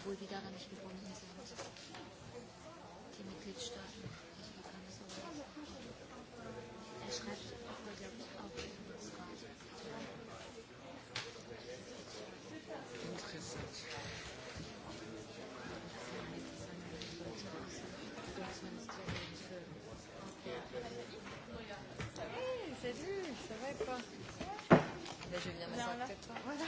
obwohl die daran nicht gebunden sind. Die Mitgliedstaaten. Ich glaube, man Er schreibt, obwohl, glaube ich, auch Bildungsrat. Interessant. Hey, salut, ça va quoi Là, je viens m'asseoir avec toi. Voilà.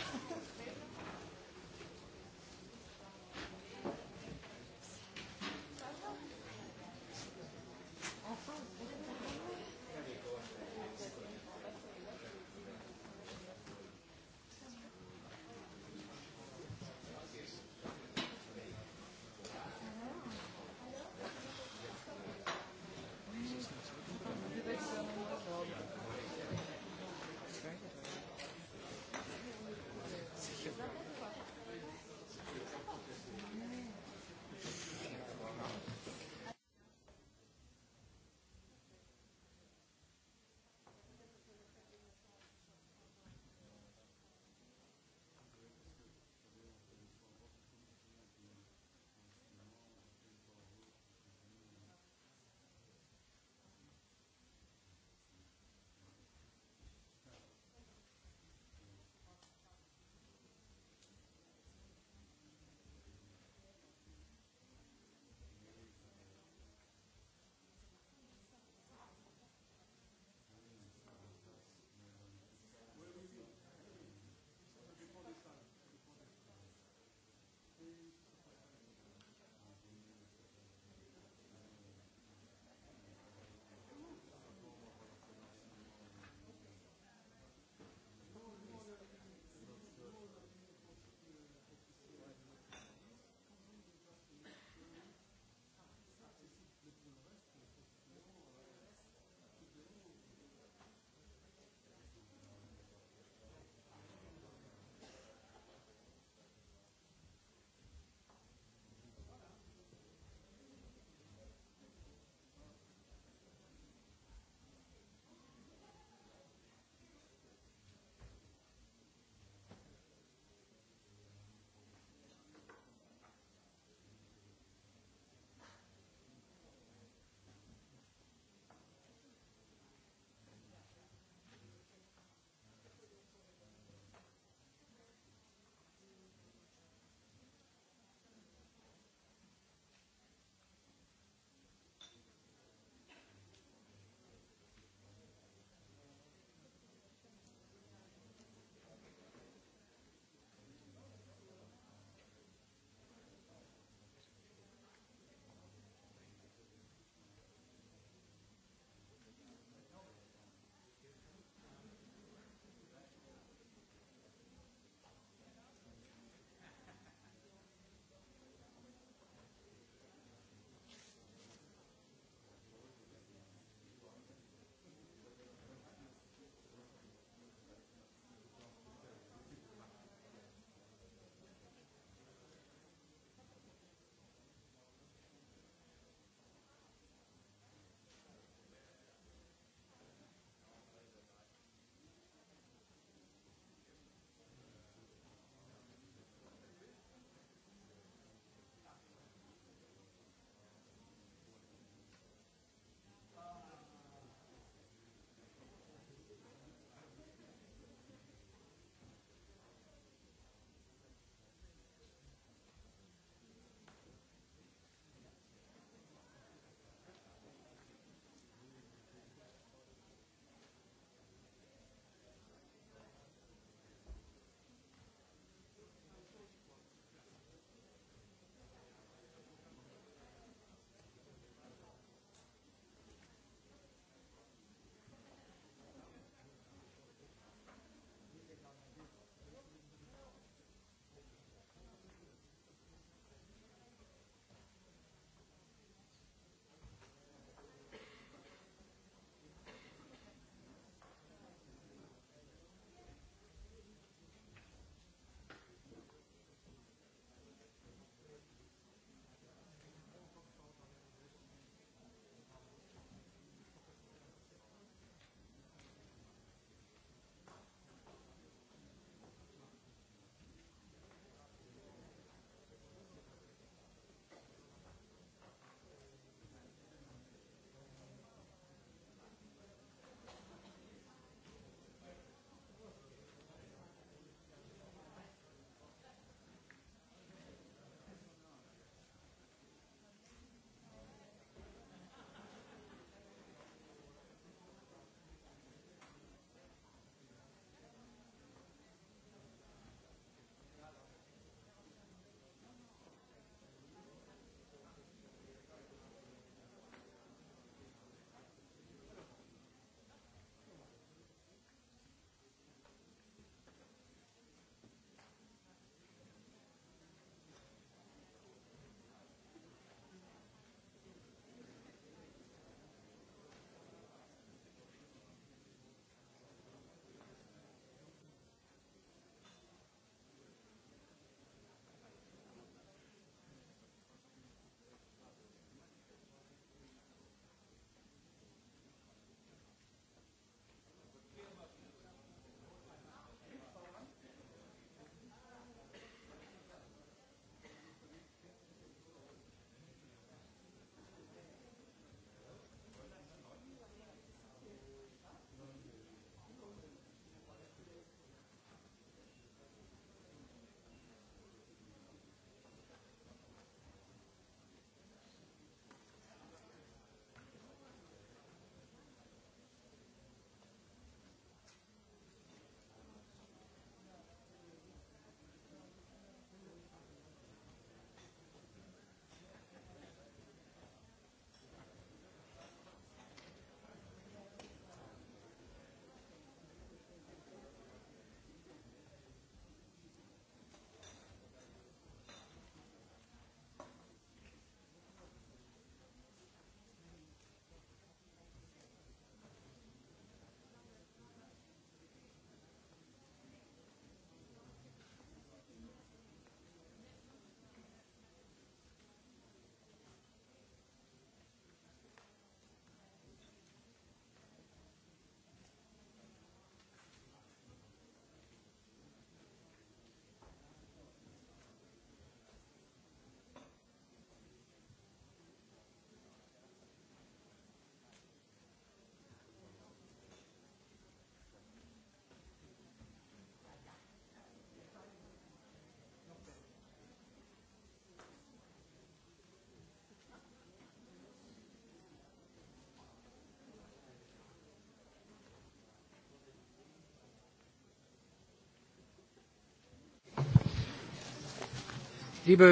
Liebe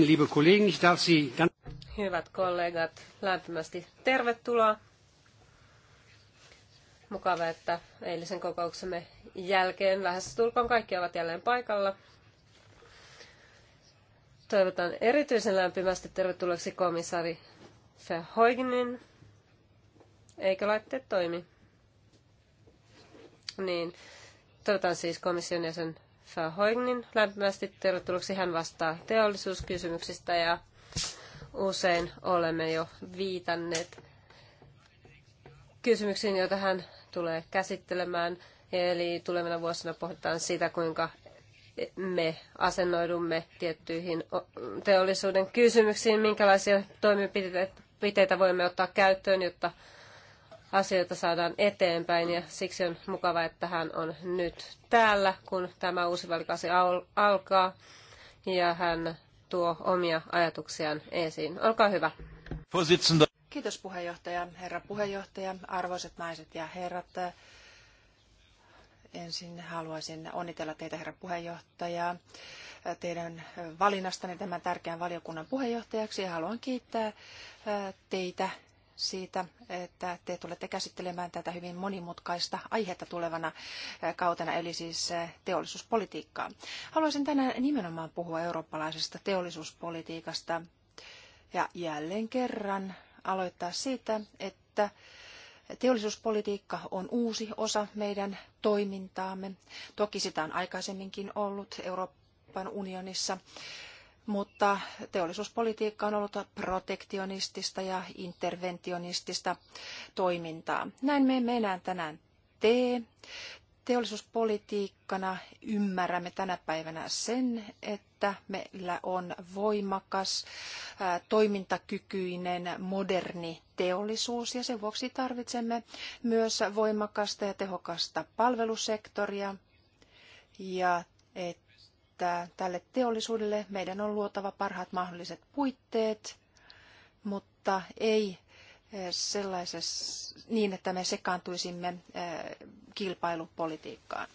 liebe Kollegen, ich darf Sie ganz... Hyvät kollegat, lämpimästi tervetuloa. Mukava, että eilisen kokouksemme jälkeen lähes tulkoon kaikki ovat jälleen paikalla. Toivotan erityisen lämpimästi tervetulleeksi komissaari Verheugenin. Eikö laitteet toimi? Niin, toivotan siis komission jäsen Verhoegenin lämpimästi tervetulleeksi. Hän vastaa teollisuuskysymyksistä ja usein olemme jo viitanneet kysymyksiin, joita hän tulee käsittelemään. Eli tulevina vuosina pohditaan sitä, kuinka me asennoidumme tiettyihin teollisuuden kysymyksiin, minkälaisia toimenpiteitä voimme ottaa käyttöön, jotta asioita saadaan eteenpäin ja siksi on mukava, että hän on nyt täällä, kun tämä uusi välikausi alkaa ja hän tuo omia ajatuksiaan esiin. Olkaa hyvä. Kiitos puheenjohtaja, herra puheenjohtaja, arvoisat naiset ja herrat. Ensin haluaisin onnitella teitä, herra puheenjohtaja, teidän valinnastanne tämän tärkeän valiokunnan puheenjohtajaksi ja haluan kiittää teitä siitä, että te tulette käsittelemään tätä hyvin monimutkaista aihetta tulevana eh, kautena, eli siis eh, teollisuuspolitiikkaa. Haluaisin tänään nimenomaan puhua eurooppalaisesta teollisuuspolitiikasta ja jälleen kerran aloittaa siitä, että Teollisuuspolitiikka on uusi osa meidän toimintaamme. Toki sitä on aikaisemminkin ollut Euroopan unionissa mutta teollisuuspolitiikka on ollut protektionistista ja interventionistista toimintaa. Näin me emme enää tänään tee. Teollisuuspolitiikkana ymmärrämme tänä päivänä sen, että meillä on voimakas, toimintakykyinen, moderni teollisuus ja sen vuoksi tarvitsemme myös voimakasta ja tehokasta palvelusektoria ja että että tälle teollisuudelle meidän on luotava parhaat mahdolliset puitteet, mutta ei eh, sellaisessa niin, että me sekaantuisimme eh, kilpailupolitiikkaan.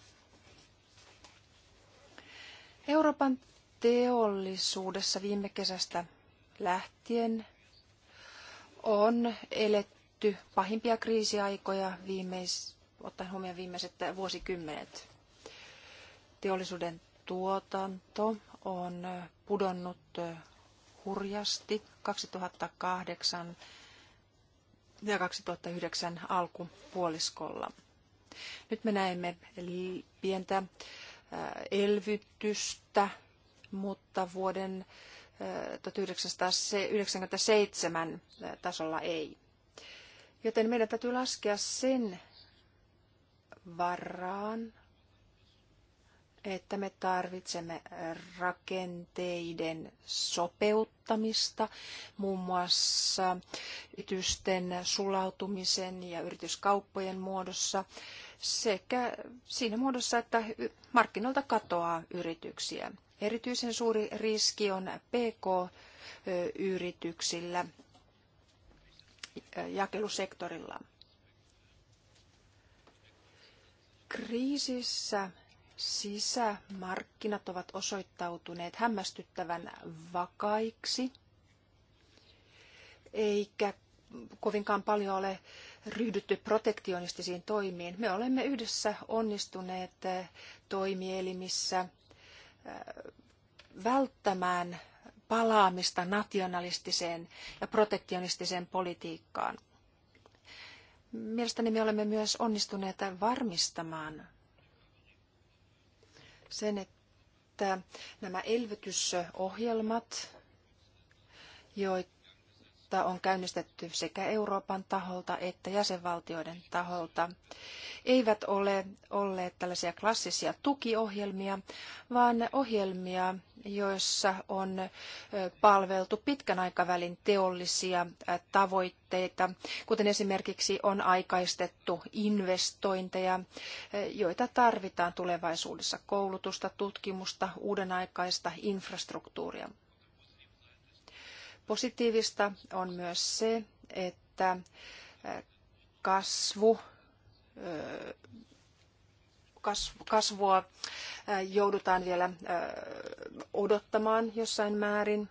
Euroopan teollisuudessa viime kesästä lähtien on eletty pahimpia kriisiaikoja viimeis, ottaen huomioon viimeiset vuosikymmenet. Teollisuuden tuotanto on pudonnut hurjasti 2008 ja 2009 alkupuoliskolla. Nyt me näemme pientä elvytystä, mutta vuoden 1997 tasolla ei. Joten meidän täytyy laskea sen varaan, että me tarvitsemme rakenteiden sopeuttamista, muun muassa yritysten sulautumisen ja yrityskauppojen muodossa sekä siinä muodossa, että markkinoilta katoaa yrityksiä. Erityisen suuri riski on PK-yrityksillä jakelusektorilla. Kriisissä sisämarkkinat ovat osoittautuneet hämmästyttävän vakaiksi, eikä kovinkaan paljon ole ryhdytty protektionistisiin toimiin. Me olemme yhdessä onnistuneet toimielimissä äh, välttämään palaamista nationalistiseen ja protektionistiseen politiikkaan. Mielestäni me olemme myös onnistuneet varmistamaan sen, että nämä elvytysohjelmat, joita vuotta on käynnistetty sekä Euroopan taholta että jäsenvaltioiden taholta, eivät ole olleet tällaisia klassisia tukiohjelmia, vaan ohjelmia, joissa on palveltu pitkän aikavälin teollisia tavoitteita, kuten esimerkiksi on aikaistettu investointeja, joita tarvitaan tulevaisuudessa koulutusta, tutkimusta, uudenaikaista infrastruktuuria Positiivista on myös se, että kasvu, kasvua joudutaan vielä odottamaan jossain määrin.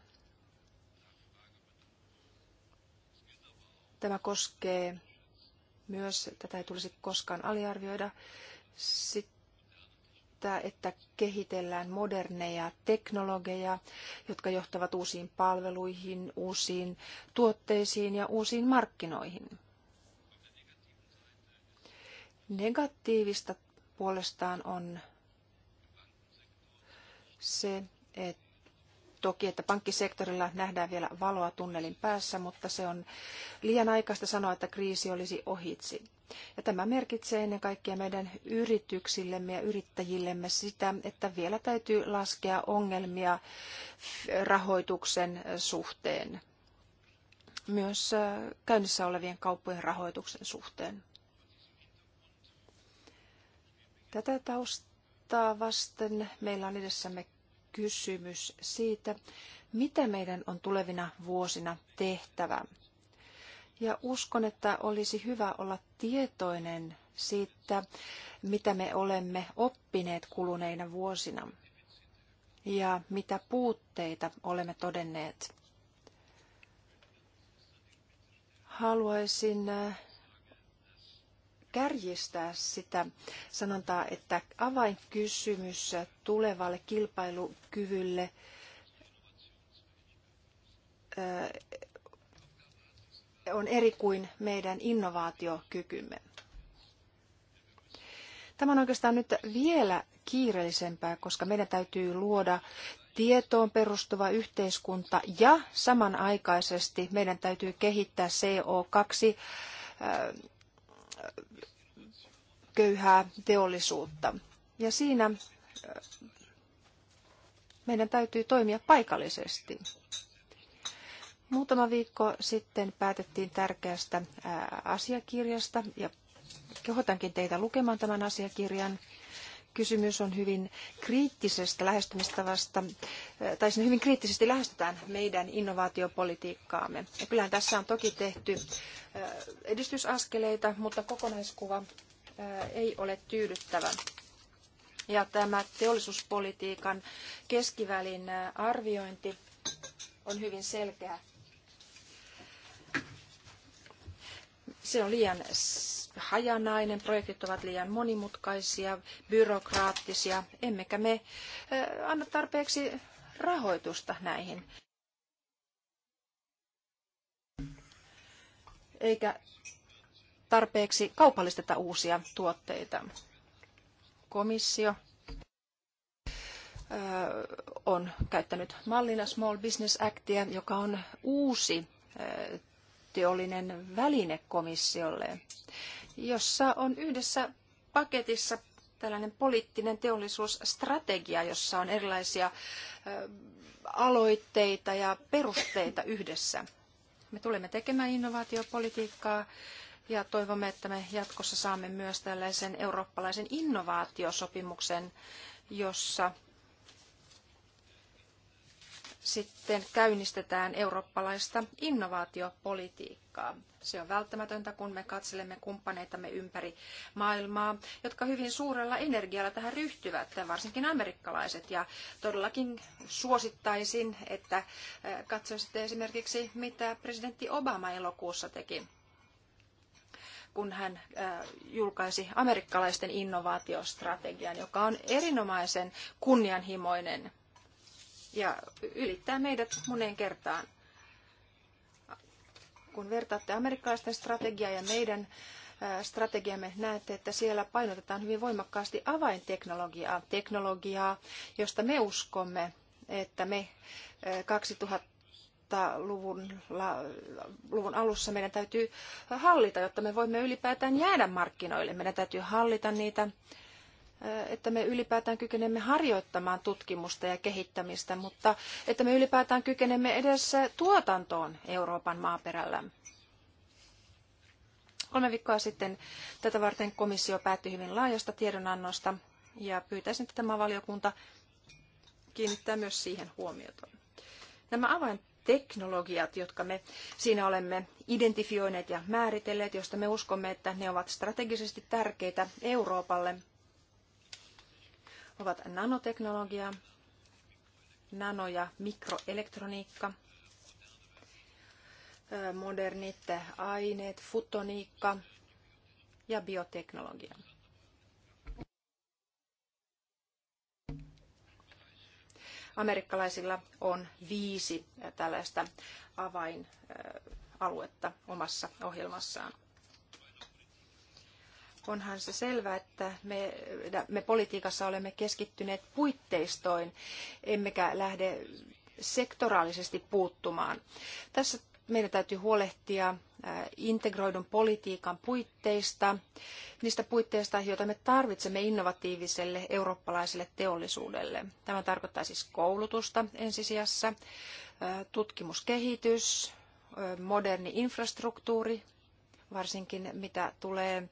Tämä koskee myös, tätä ei tulisi koskaan aliarvioida, sitten edellyttää, että kehitellään moderneja teknologeja, jotka johtavat uusiin palveluihin, uusiin tuotteisiin ja uusiin markkinoihin. Negatiivista puolestaan on se, että toki, että pankkisektorilla nähdään vielä valoa tunnelin päässä, mutta se on liian aikaista sanoa, että kriisi olisi ohitse. Ja tämä merkitsee ennen kaikkea meidän yrityksillemme ja yrittäjillemme sitä, että vielä täytyy laskea ongelmia rahoituksen suhteen, myös käynnissä olevien kauppojen rahoituksen suhteen. Tätä taustaa vasten meillä on edessämme kysymys siitä, mitä meidän on tulevina vuosina tehtävä – ja uskon, että olisi hyvä olla tietoinen siitä, mitä me olemme oppineet kuluneina vuosina ja mitä puutteita olemme todenneet. Haluaisin äh, kärjistää sitä sanontaa, että avainkysymys tulevalle kilpailukyvylle äh, on eri kuin meidän innovaatiokykymme. Tämä on oikeastaan nyt vielä kiireellisempää, koska meidän täytyy luoda tietoon perustuva yhteiskunta ja samanaikaisesti meidän täytyy kehittää CO2 äh, köyhää teollisuutta. Ja siinä äh, meidän täytyy toimia paikallisesti. Muutama viikko sitten päätettiin tärkeästä asiakirjasta ja kehotankin teitä lukemaan tämän asiakirjan. Kysymys on hyvin kriittisestä lähestymistavasta, tai siinä hyvin kriittisesti lähestytään meidän innovaatiopolitiikkaamme. Ja kyllähän tässä on toki tehty edistysaskeleita, mutta kokonaiskuva ei ole tyydyttävä. Ja tämä teollisuuspolitiikan keskivälin arviointi on hyvin selkeä Se on liian hajanainen, projektit ovat liian monimutkaisia, byrokraattisia, emmekä me anna tarpeeksi rahoitusta näihin. Eikä tarpeeksi kaupallisteta uusia tuotteita. Komissio on käyttänyt mallina Small Business Actia, joka on uusi valtiollinen väline komissiolle, jossa on yhdessä paketissa tällainen poliittinen teollisuusstrategia, jossa on erilaisia aloitteita ja perusteita yhdessä. Me tulemme tekemään innovaatiopolitiikkaa ja toivomme, että me jatkossa saamme myös tällaisen eurooppalaisen innovaatiosopimuksen, jossa sitten käynnistetään eurooppalaista innovaatiopolitiikkaa. Se on välttämätöntä, kun me katselemme kumppaneitamme ympäri maailmaa, jotka hyvin suurella energialla tähän ryhtyvät, varsinkin amerikkalaiset. Ja todellakin suosittaisin, että katsoisitte esimerkiksi, mitä presidentti Obama elokuussa teki kun hän julkaisi amerikkalaisten innovaatiostrategian, joka on erinomaisen kunnianhimoinen ja ylittää meidät moneen kertaan. Kun vertaatte amerikkalaisten strategiaa ja meidän strategiamme näette, että siellä painotetaan hyvin voimakkaasti avainteknologiaa, teknologiaa, josta me uskomme, että me 2000-luvun luvun alussa meidän täytyy hallita, jotta me voimme ylipäätään jäädä markkinoille. Meidän täytyy hallita niitä että me ylipäätään kykenemme harjoittamaan tutkimusta ja kehittämistä, mutta että me ylipäätään kykenemme edes tuotantoon Euroopan maaperällä. Kolme viikkoa sitten tätä varten komissio päätti hyvin laajasta tiedonannosta ja pyytäisin, että tämä valiokunta kiinnittää myös siihen huomiota. Nämä avainteknologiat, jotka me siinä olemme identifioineet ja määritelleet, joista me uskomme, että ne ovat strategisesti tärkeitä Euroopalle – ovat nanoteknologia, nano- ja mikroelektroniikka, modernit aineet, futoniikka ja bioteknologia. Amerikkalaisilla on viisi tällaista avainaluetta omassa ohjelmassaan onhan se selvää, että me, me politiikassa olemme keskittyneet puitteistoin, emmekä lähde sektoraalisesti puuttumaan. Tässä meidän täytyy huolehtia äh, integroidun politiikan puitteista, niistä puitteista, joita me tarvitsemme innovatiiviselle eurooppalaiselle teollisuudelle. Tämä tarkoittaa siis koulutusta ensisijassa, äh, tutkimuskehitys, äh, moderni infrastruktuuri, varsinkin mitä tulee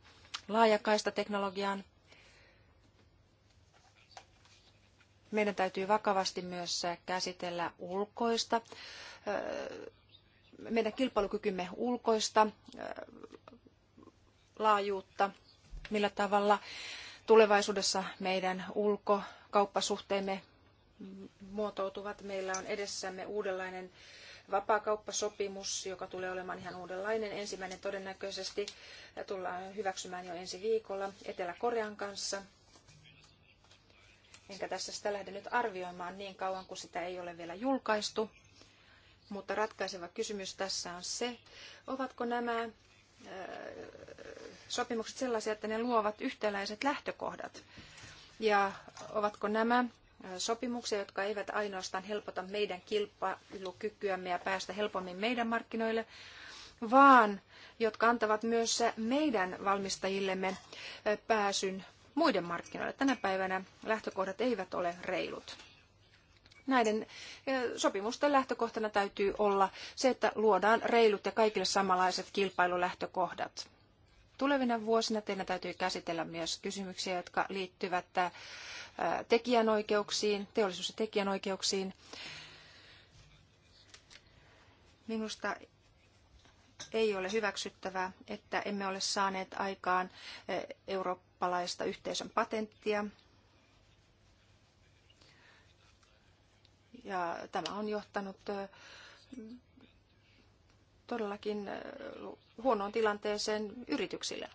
laajakaista teknologiaan. Meidän täytyy vakavasti myös käsitellä ulkoista, meidän kilpailukykymme ulkoista laajuutta, millä tavalla tulevaisuudessa meidän ulkokauppasuhteemme muotoutuvat. Meillä on edessämme uudenlainen vapaakauppasopimus, joka tulee olemaan ihan uudenlainen. Ensimmäinen todennäköisesti ja tullaan hyväksymään jo ensi viikolla Etelä-Korean kanssa. Enkä tässä sitä lähde nyt arvioimaan niin kauan, kun sitä ei ole vielä julkaistu. Mutta ratkaiseva kysymys tässä on se, ovatko nämä sopimukset sellaisia, että ne luovat yhtäläiset lähtökohdat? Ja ovatko nämä sopimuksia, jotka eivät ainoastaan helpota meidän kilpailukykyämme ja päästä helpommin meidän markkinoille, vaan jotka antavat myös meidän valmistajillemme pääsyn muiden markkinoille. Tänä päivänä lähtökohdat eivät ole reilut. Näiden sopimusten lähtökohtana täytyy olla se, että luodaan reilut ja kaikille samanlaiset kilpailulähtökohdat. Tulevina vuosina teidän täytyy käsitellä myös kysymyksiä, jotka liittyvät äh, tekijänoikeuksiin, teollisuus- ja tekijänoikeuksiin. Minusta ei ole hyväksyttävää, että emme ole saaneet aikaan äh, eurooppalaista yhteisön patenttia. Ja tämä on johtanut äh, todellakin äh, huonoon tilanteeseen yrityksille.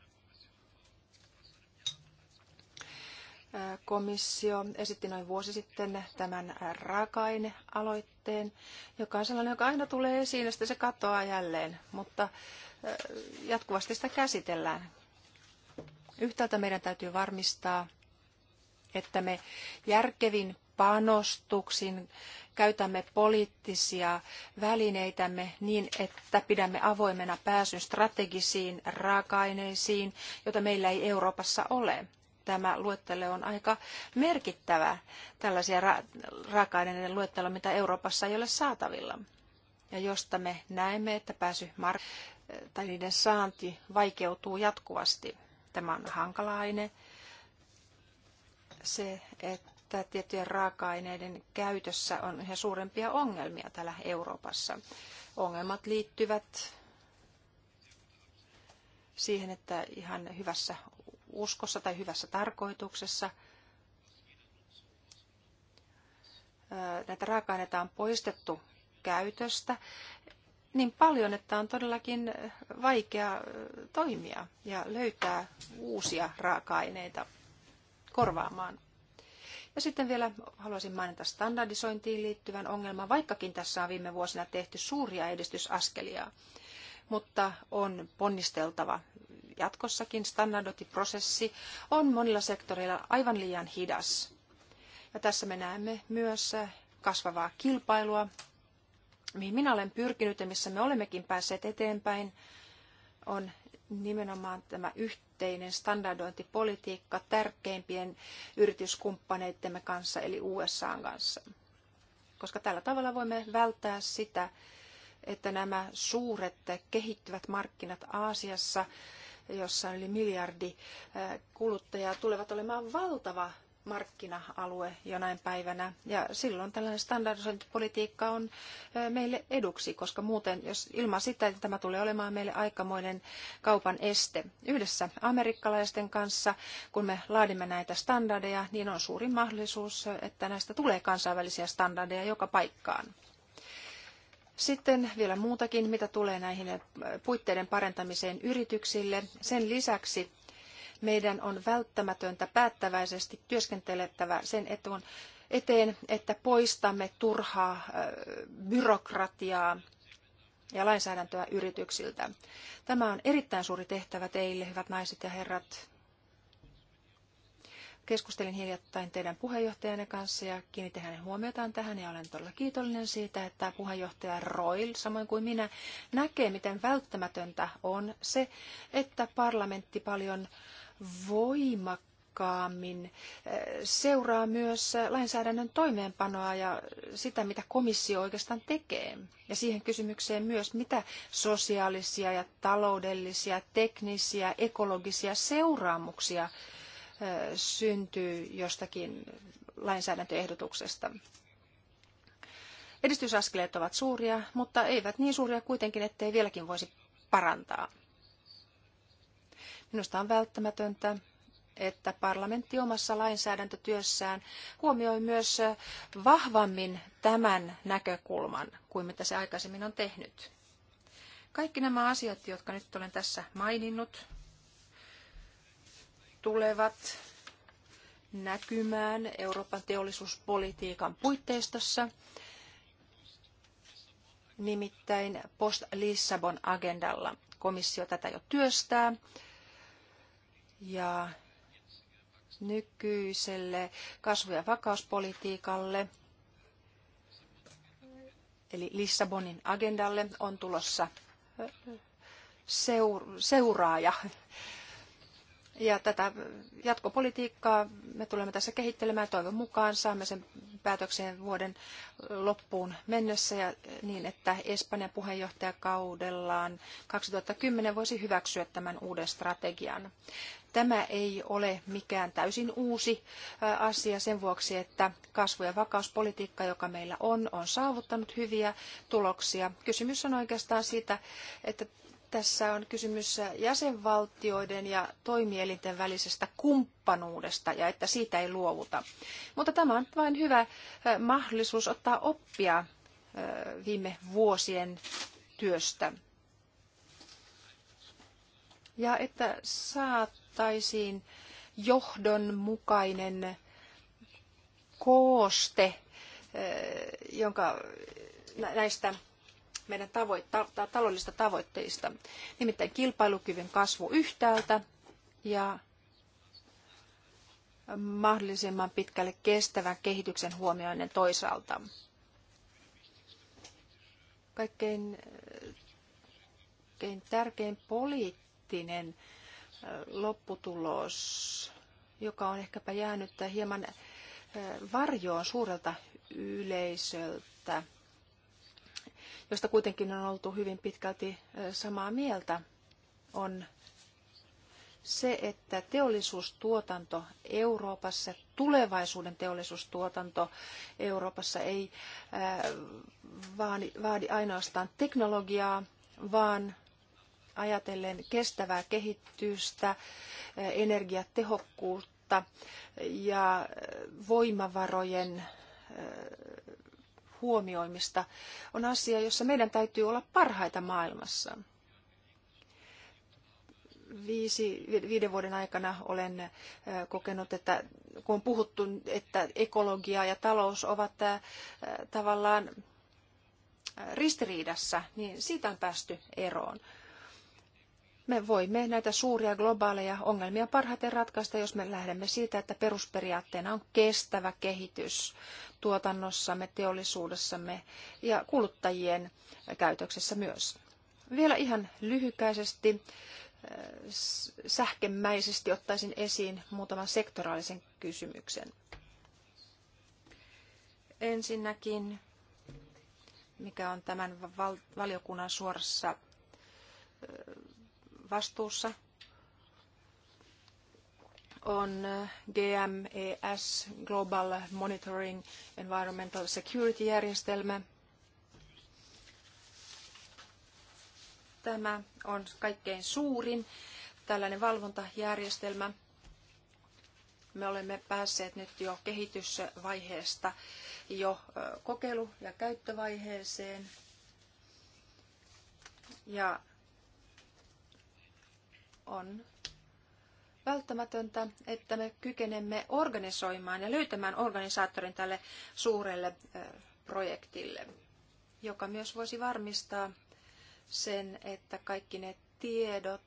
Äh, komissio esitti noin vuosi sitten tämän rakaine-aloitteen, joka on sellainen, joka aina tulee esiin ja sitten se katoaa jälleen, mutta äh, jatkuvasti sitä käsitellään. Yhtäältä meidän täytyy varmistaa, että me järkevin panostuksin käytämme poliittisia välineitämme niin, että pidämme avoimena pääsyn strategisiin raaka-aineisiin, joita meillä ei Euroopassa ole. Tämä luettelo on aika merkittävä tällaisia ra- raaka-aineiden luettelo, mitä Euroopassa ei ole saatavilla. Ja josta me näemme, että pääsy mark- tai niiden saanti vaikeutuu jatkuvasti. Tämä on hankala aine. Se, että että tiettyjen raaka-aineiden käytössä on yhä suurempia ongelmia täällä Euroopassa. Ongelmat liittyvät siihen, että ihan hyvässä uskossa tai hyvässä tarkoituksessa näitä raaka-aineita on poistettu käytöstä niin paljon, että on todellakin vaikea toimia ja löytää uusia raaka-aineita korvaamaan ja sitten vielä haluaisin mainita standardisointiin liittyvän ongelman, vaikkakin tässä on viime vuosina tehty suuria edistysaskelia, mutta on ponnisteltava jatkossakin. Standardointiprosessi on monilla sektoreilla aivan liian hidas. Ja tässä me näemme myös kasvavaa kilpailua, mihin minä olen pyrkinyt ja missä me olemmekin päässeet eteenpäin, on nimenomaan tämä yhteinen standardointipolitiikka tärkeimpien yrityskumppaneittemme kanssa, eli USAn kanssa. Koska tällä tavalla voimme välttää sitä, että nämä suuret kehittyvät markkinat Aasiassa, jossa on yli miljardi kuluttajaa, tulevat olemaan valtava markkina-alue jonain päivänä. Ja silloin tällainen standardisointipolitiikka on meille eduksi, koska muuten jos ilman sitä tämä tulee olemaan meille aikamoinen kaupan este. Yhdessä amerikkalaisten kanssa, kun me laadimme näitä standardeja, niin on suuri mahdollisuus, että näistä tulee kansainvälisiä standardeja joka paikkaan. Sitten vielä muutakin, mitä tulee näihin puitteiden parantamiseen yrityksille. Sen lisäksi meidän on välttämätöntä päättäväisesti työskentelettävä sen etun eteen, että poistamme turhaa byrokratiaa ja lainsäädäntöä yrityksiltä. Tämä on erittäin suuri tehtävä teille, hyvät naiset ja herrat. Keskustelin hiljattain teidän puheenjohtajanne kanssa ja kiinnitin hänen huomiotaan tähän ja olen todella kiitollinen siitä, että puheenjohtaja Roil, samoin kuin minä, näkee, miten välttämätöntä on se, että parlamentti paljon voimakkaammin eh, seuraa myös eh, lainsäädännön toimeenpanoa ja sitä, mitä komissio oikeastaan tekee. Ja siihen kysymykseen myös, mitä sosiaalisia ja taloudellisia, teknisiä, ekologisia seuraamuksia eh, syntyy jostakin lainsäädäntöehdotuksesta. Edistysaskeleet ovat suuria, mutta eivät niin suuria kuitenkin, ettei vieläkin voisi parantaa. Minusta on välttämätöntä, että parlamentti omassa lainsäädäntötyössään huomioi myös vahvammin tämän näkökulman kuin mitä se aikaisemmin on tehnyt. Kaikki nämä asiat, jotka nyt olen tässä maininnut, tulevat näkymään Euroopan teollisuuspolitiikan puitteistossa, nimittäin post-Lissabon agendalla. Komissio tätä jo työstää ja nykyiselle kasvu- ja vakauspolitiikalle, eli Lissabonin agendalle, on tulossa seur- seuraaja. Ja tätä jatkopolitiikkaa me tulemme tässä kehittelemään. Toivon mukaan saamme sen päätökseen vuoden loppuun mennessä ja niin, että Espanjan puheenjohtajakaudellaan 2010 voisi hyväksyä tämän uuden strategian. Tämä ei ole mikään täysin uusi asia sen vuoksi, että kasvu- ja vakauspolitiikka, joka meillä on, on saavuttanut hyviä tuloksia. Kysymys on oikeastaan siitä, että tässä on kysymys jäsenvaltioiden ja toimielinten välisestä kumppanuudesta ja että siitä ei luovuta. Mutta tämä on vain hyvä mahdollisuus ottaa oppia viime vuosien työstä. Ja että saat tarvittaisiin johdonmukainen kooste, eh, jonka näistä meidän tavoitta taloudellista tavoitteista. Nimittäin kilpailukyvyn kasvu yhtäältä ja mahdollisimman pitkälle kestävän kehityksen huomioinen toisaalta. Kaikkein, kaikkein eh, tärkein poliittinen lopputulos, joka on ehkäpä jäänyt hieman varjoon suurelta yleisöltä, josta kuitenkin on oltu hyvin pitkälti samaa mieltä, on se, että teollisuustuotanto Euroopassa, tulevaisuuden teollisuustuotanto Euroopassa ei vaadi ainoastaan teknologiaa, vaan ajatellen kestävää kehitystä, eh, energiatehokkuutta ja eh, voimavarojen eh, huomioimista on asia, jossa meidän täytyy olla parhaita maailmassa. Viisi, viiden vuoden aikana olen kokenut, että kun on puhuttu, että ekologia ja talous ovat tavallaan ristiriidassa, niin siitä on päästy eroon. Me voimme näitä suuria globaaleja ongelmia parhaiten ratkaista, jos me lähdemme siitä, että perusperiaatteena on kestävä kehitys tuotannossamme, teollisuudessamme ja kuluttajien käytöksessä myös. Vielä ihan lyhykäisesti äh, sähkemäisesti ottaisin esiin muutaman sektoraalisen kysymyksen. Ensinnäkin, mikä on tämän valiokunnan suorassa äh, vastuussa on GMES, Global Monitoring Environmental Security-järjestelmä. Tämä on kaikkein suurin tällainen valvontajärjestelmä. Me olemme päässeet nyt jo kehitysvaiheesta jo kokeilu- ja käyttövaiheeseen. Ja on välttämätöntä, että me kykenemme organisoimaan ja löytämään organisaattorin tälle suurelle projektille, joka myös voisi varmistaa sen, että kaikki ne tiedot,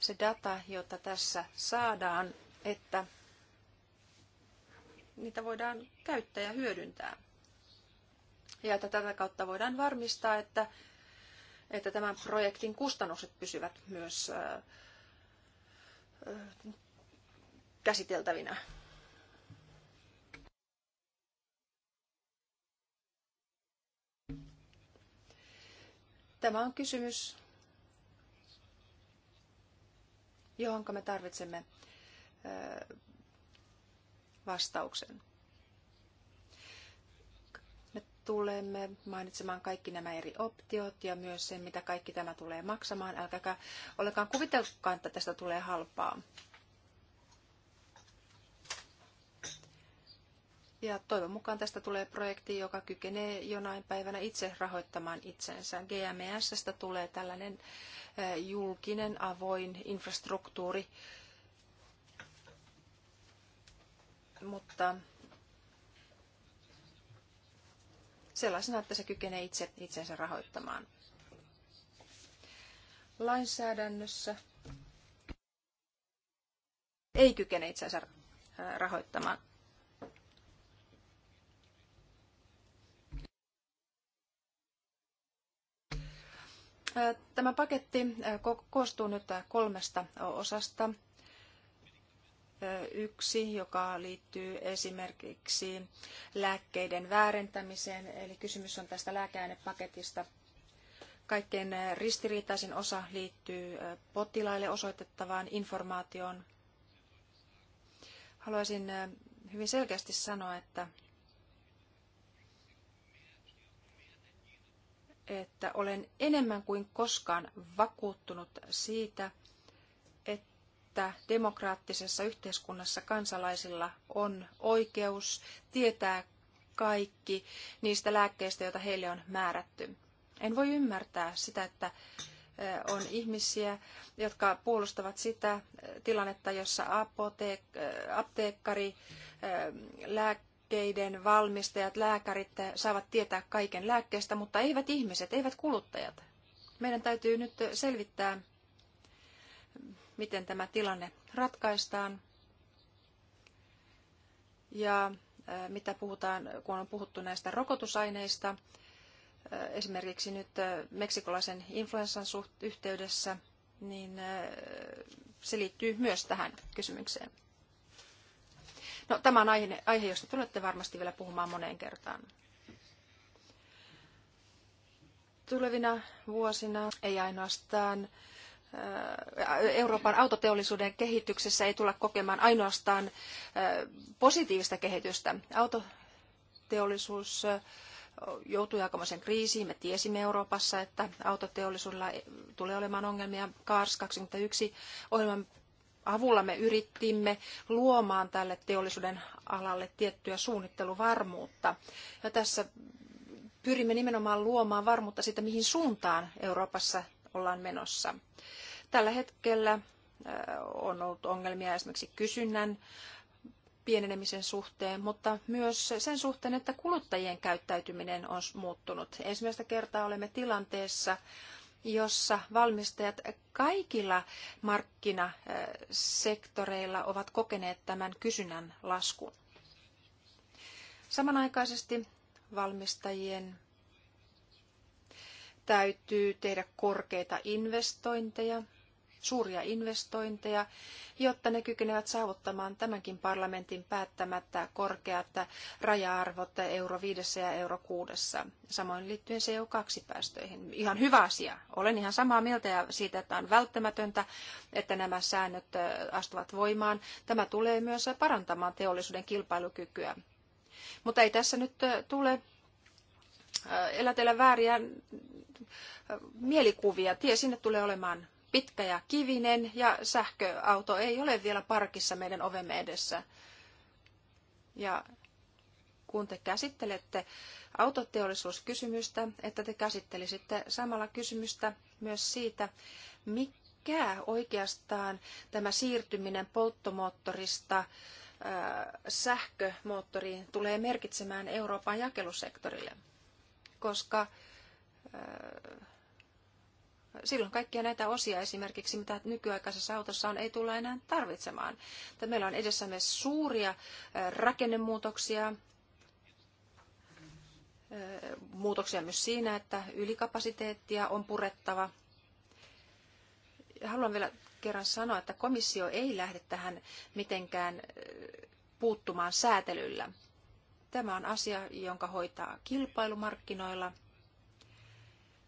se data, jota tässä saadaan, että niitä voidaan käyttää ja hyödyntää. Ja että tätä kautta voidaan varmistaa, että, että tämän projektin kustannukset pysyvät myös käsiteltävinä. Tämä on kysymys, johon me tarvitsemme vastauksen tulemme mainitsemaan kaikki nämä eri optiot ja myös sen, mitä kaikki tämä tulee maksamaan. Älkääkä ollenkaan kuvitelkaan, että tästä tulee halpaa. Ja toivon mukaan tästä tulee projekti, joka kykenee jonain päivänä itse rahoittamaan itsensä. GMSstä tulee tällainen julkinen, avoin infrastruktuuri. Mutta sellaisena, että se kykenee itse itsensä rahoittamaan. Lainsäädännössä ei kykene itsensä äh, rahoittamaan. Äh, tämä paketti äh, koostuu nyt kolmesta osasta yksi, joka liittyy esimerkiksi lääkkeiden väärentämiseen, eli kysymys on tästä lääkeainepaketista. Kaikkein ristiriitaisin osa liittyy potilaille osoitettavaan informaatioon. Haluaisin hyvin selkeästi sanoa, että, että olen enemmän kuin koskaan vakuuttunut siitä, että demokraattisessa yhteiskunnassa kansalaisilla on oikeus tietää kaikki niistä lääkkeistä, joita heille on määrätty. En voi ymmärtää sitä, että on ihmisiä, jotka puolustavat sitä tilannetta, jossa apoteek- apteekkari, lääkkeiden valmistajat, lääkärit saavat tietää kaiken lääkkeestä, mutta eivät ihmiset, eivät kuluttajat. Meidän täytyy nyt selvittää, miten tämä tilanne ratkaistaan ja äh, mitä puhutaan, kun on puhuttu näistä rokotusaineista, äh, esimerkiksi nyt äh, meksikolaisen influenssan suht yhteydessä, niin se liittyy myös tähän kysymykseen. No, tämä on aihe, aihe josta tulette varmasti vielä puhumaan moneen kertaan. Tulevina vuosina ei ainoastaan Euroopan autoteollisuuden kehityksessä ei tulla kokemaan ainoastaan positiivista kehitystä. Autoteollisuus joutui aikamoisen kriisiin. Me tiesimme Euroopassa, että autoteollisuudella e, tulee olemaan ongelmia. Kaars 21 ohjelman avulla me yritimme luomaan tälle teollisuuden alalle tiettyä suunnitteluvarmuutta. Ja tässä pyrimme nimenomaan luomaan varmuutta siitä, mihin suuntaan Euroopassa ollaan menossa. Tällä hetkellä on ollut ongelmia esimerkiksi kysynnän pienenemisen suhteen, mutta myös sen suhteen, että kuluttajien käyttäytyminen on muuttunut. Ensimmäistä kertaa olemme tilanteessa, jossa valmistajat kaikilla markkinasektoreilla ovat kokeneet tämän kysynnän laskun. Samanaikaisesti valmistajien täytyy tehdä korkeita investointeja, suuria investointeja, jotta ne kykenevät saavuttamaan tämänkin parlamentin päättämättä korkeat raja-arvot euro 5 ja euro 6. Samoin liittyen CO2-päästöihin. Ihan hyvä asia. Olen ihan samaa mieltä siitä, että on välttämätöntä, että nämä säännöt astuvat voimaan. Tämä tulee myös parantamaan teollisuuden kilpailukykyä. Mutta ei tässä nyt tule Äh, elätellä vääriä äh, mielikuvia. Tie sinne tulee olemaan pitkä ja kivinen ja sähköauto ei ole vielä parkissa meidän ovemme edessä. Ja kun te käsittelette autoteollisuuskysymystä, että te käsittelisitte samalla kysymystä myös siitä, mikä oikeastaan tämä siirtyminen polttomoottorista äh, sähkömoottoriin tulee merkitsemään Euroopan jakelusektorille koska äh, silloin kaikkia näitä osia esimerkiksi, mitä nykyaikaisessa autossa on, ei tulla enää tarvitsemaan. Meillä on edessämme suuria äh, rakennemuutoksia, äh, muutoksia myös siinä, että ylikapasiteettia on purettava. Haluan vielä kerran sanoa, että komissio ei lähde tähän mitenkään puuttumaan säätelyllä. Tämä on asia, jonka hoitaa kilpailumarkkinoilla.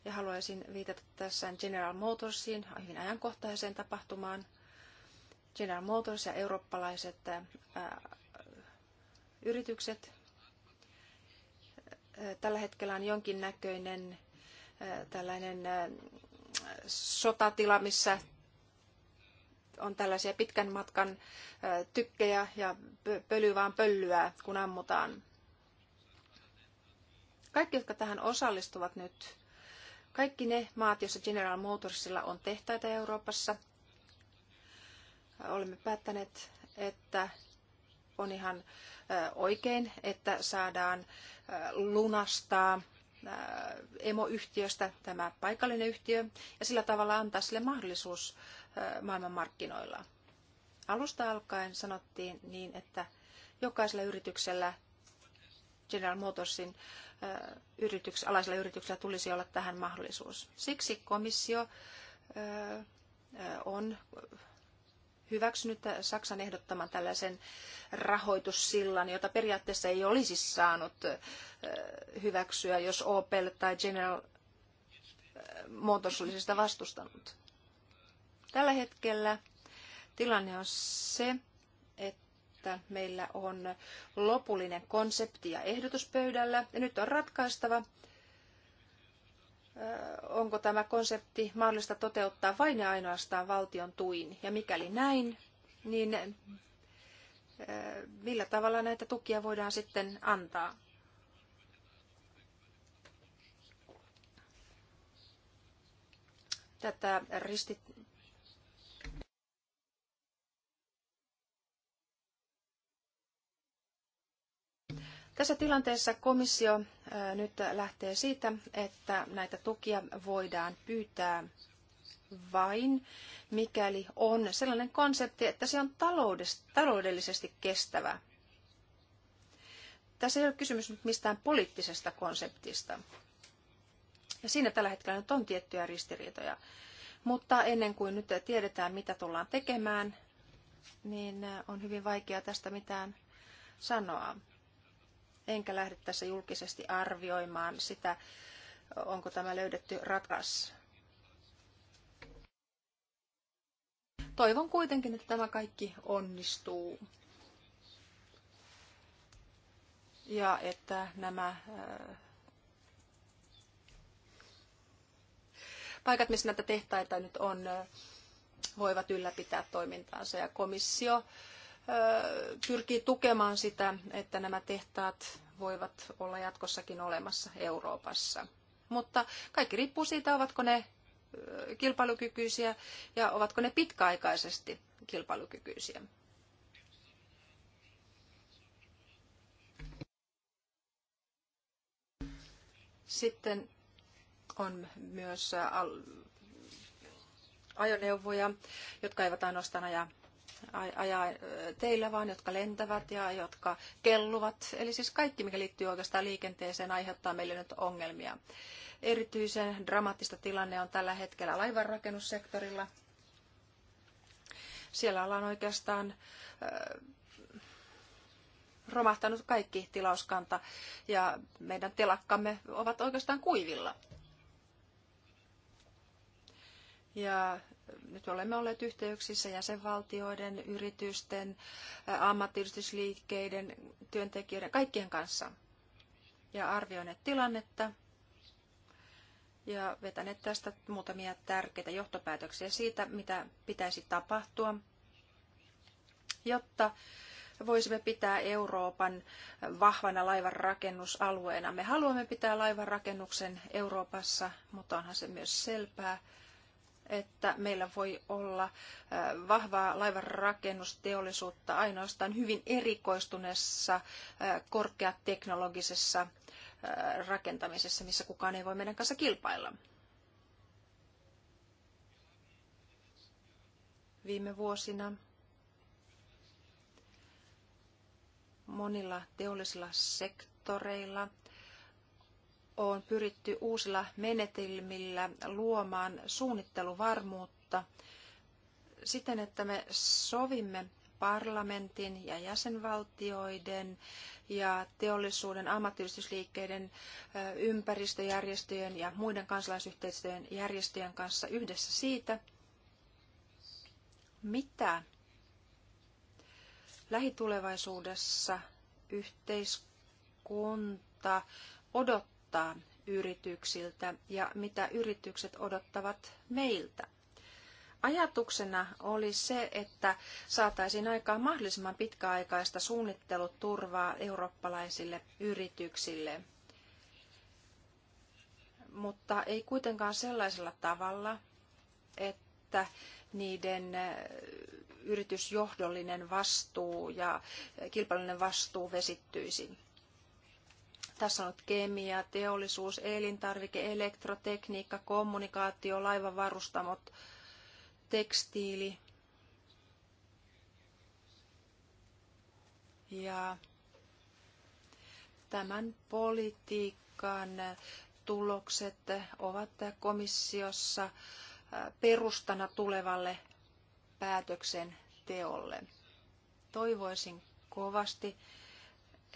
Ja haluaisin viitata tässä General Motorsiin, hyvin ajankohtaiseen tapahtumaan. General Motors ja eurooppalaiset ää, yritykset. Tällä hetkellä on jonkinnäköinen ää, tällainen ää, sotatila, missä on tällaisia pitkän matkan tykkejä ja pöly vaan pöllyää, kun ammutaan. Kaikki, jotka tähän osallistuvat nyt, kaikki ne maat, joissa General Motorsilla on tehtaita Euroopassa, olemme päättäneet, että on ihan oikein, että saadaan lunastaa emoyhtiöstä tämä paikallinen yhtiö ja sillä tavalla antaa sille mahdollisuus maailmanmarkkinoilla. Alusta alkaen sanottiin niin, että jokaisella yrityksellä General Motorsin yrityks, alaisilla tulisi olla tähän mahdollisuus. Siksi komissio on hyväksynyt Saksan ehdottaman tällaisen rahoitussillan, jota periaatteessa ei olisi saanut hyväksyä, jos Opel tai General Motors olisi sitä vastustanut. Tällä hetkellä tilanne on se, että meillä on lopullinen konsepti ja ehdotus pöydällä. Ja nyt on ratkaistava, onko tämä konsepti mahdollista toteuttaa vain ja ainoastaan valtion tuin. Ja mikäli näin, niin millä tavalla näitä tukia voidaan sitten antaa. Tätä ristit. Tässä tilanteessa komissio nyt lähtee siitä, että näitä tukia voidaan pyytää vain, mikäli on sellainen konsepti, että se on taloudellisesti kestävä. Tässä ei ole kysymys mistään poliittisesta konseptista. Ja siinä tällä hetkellä nyt on tiettyjä ristiriitoja. Mutta ennen kuin nyt tiedetään, mitä tullaan tekemään, niin on hyvin vaikea tästä mitään sanoa enkä lähde tässä julkisesti arvioimaan sitä, onko tämä löydetty rakas. Toivon kuitenkin, että tämä kaikki onnistuu. Ja että nämä äh, paikat, missä näitä tehtaita nyt on, äh, voivat ylläpitää toimintaansa. Ja komissio pyrkii tukemaan sitä, että nämä tehtaat voivat olla jatkossakin olemassa Euroopassa. Mutta kaikki riippuu siitä, ovatko ne kilpailukykyisiä ja ovatko ne pitkäaikaisesti kilpailukykyisiä. Sitten on myös ajoneuvoja, jotka eivät ainoastaan aja ajaa teillä, vaan jotka lentävät ja jotka kelluvat. Eli siis kaikki, mikä liittyy oikeastaan liikenteeseen, aiheuttaa meille nyt ongelmia. Erityisen dramaattista tilanne on tällä hetkellä laivanrakennussektorilla. Siellä ollaan oikeastaan romahtanut kaikki tilauskanta ja meidän telakkamme ovat oikeastaan kuivilla. Ja nyt olemme olleet yhteyksissä jäsenvaltioiden, yritysten, ammattiyhdistysliikkeiden, työntekijöiden, kaikkien kanssa ja arvioineet tilannetta ja vetäneet tästä muutamia tärkeitä johtopäätöksiä siitä, mitä pitäisi tapahtua, jotta voisimme pitää Euroopan vahvana laivanrakennusalueena. Me haluamme pitää laivanrakennuksen Euroopassa, mutta onhan se myös selvää, että meillä voi olla vahvaa laivanrakennusteollisuutta ainoastaan hyvin erikoistuneessa korkeateknologisessa rakentamisessa, missä kukaan ei voi meidän kanssa kilpailla. Viime vuosina monilla teollisilla sektoreilla – on pyritty uusilla menetelmillä luomaan suunnitteluvarmuutta siten, että me sovimme parlamentin ja jäsenvaltioiden ja teollisuuden, ammattiyhdistysliikkeiden, ympäristöjärjestöjen ja muiden kansalaisyhteistyön järjestöjen kanssa yhdessä siitä, mitä lähitulevaisuudessa yhteiskunta odottaa odotetaan yrityksiltä ja mitä yritykset odottavat meiltä. Ajatuksena oli se, että saataisiin aikaan mahdollisimman pitkäaikaista suunnitteluturvaa eurooppalaisille yrityksille, mutta ei kuitenkaan sellaisella tavalla, että niiden äh, yritysjohdollinen vastuu ja kilpailullinen vastuu vesittyisi. Tässä on ollut kemia, teollisuus, elintarvike, elektrotekniikka, kommunikaatio, laivavarustamot, tekstiili. Ja tämän politiikan tulokset ovat komissiossa perustana tulevalle päätöksenteolle. Toivoisin kovasti,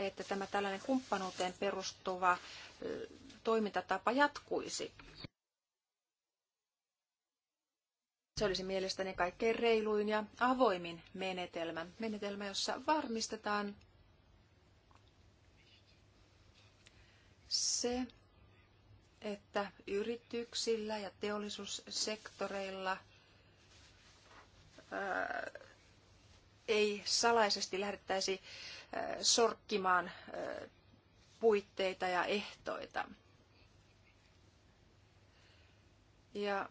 että tämä tällainen kumppanuuteen perustuva toimintatapa jatkuisi. Se olisi mielestäni kaikkein reiluin ja avoimin menetelmä. Menetelmä, jossa varmistetaan se, että yrityksillä ja teollisuussektoreilla ää, ei salaisesti lähdettäisi sorkkimaan puitteita ja ehtoita. Ja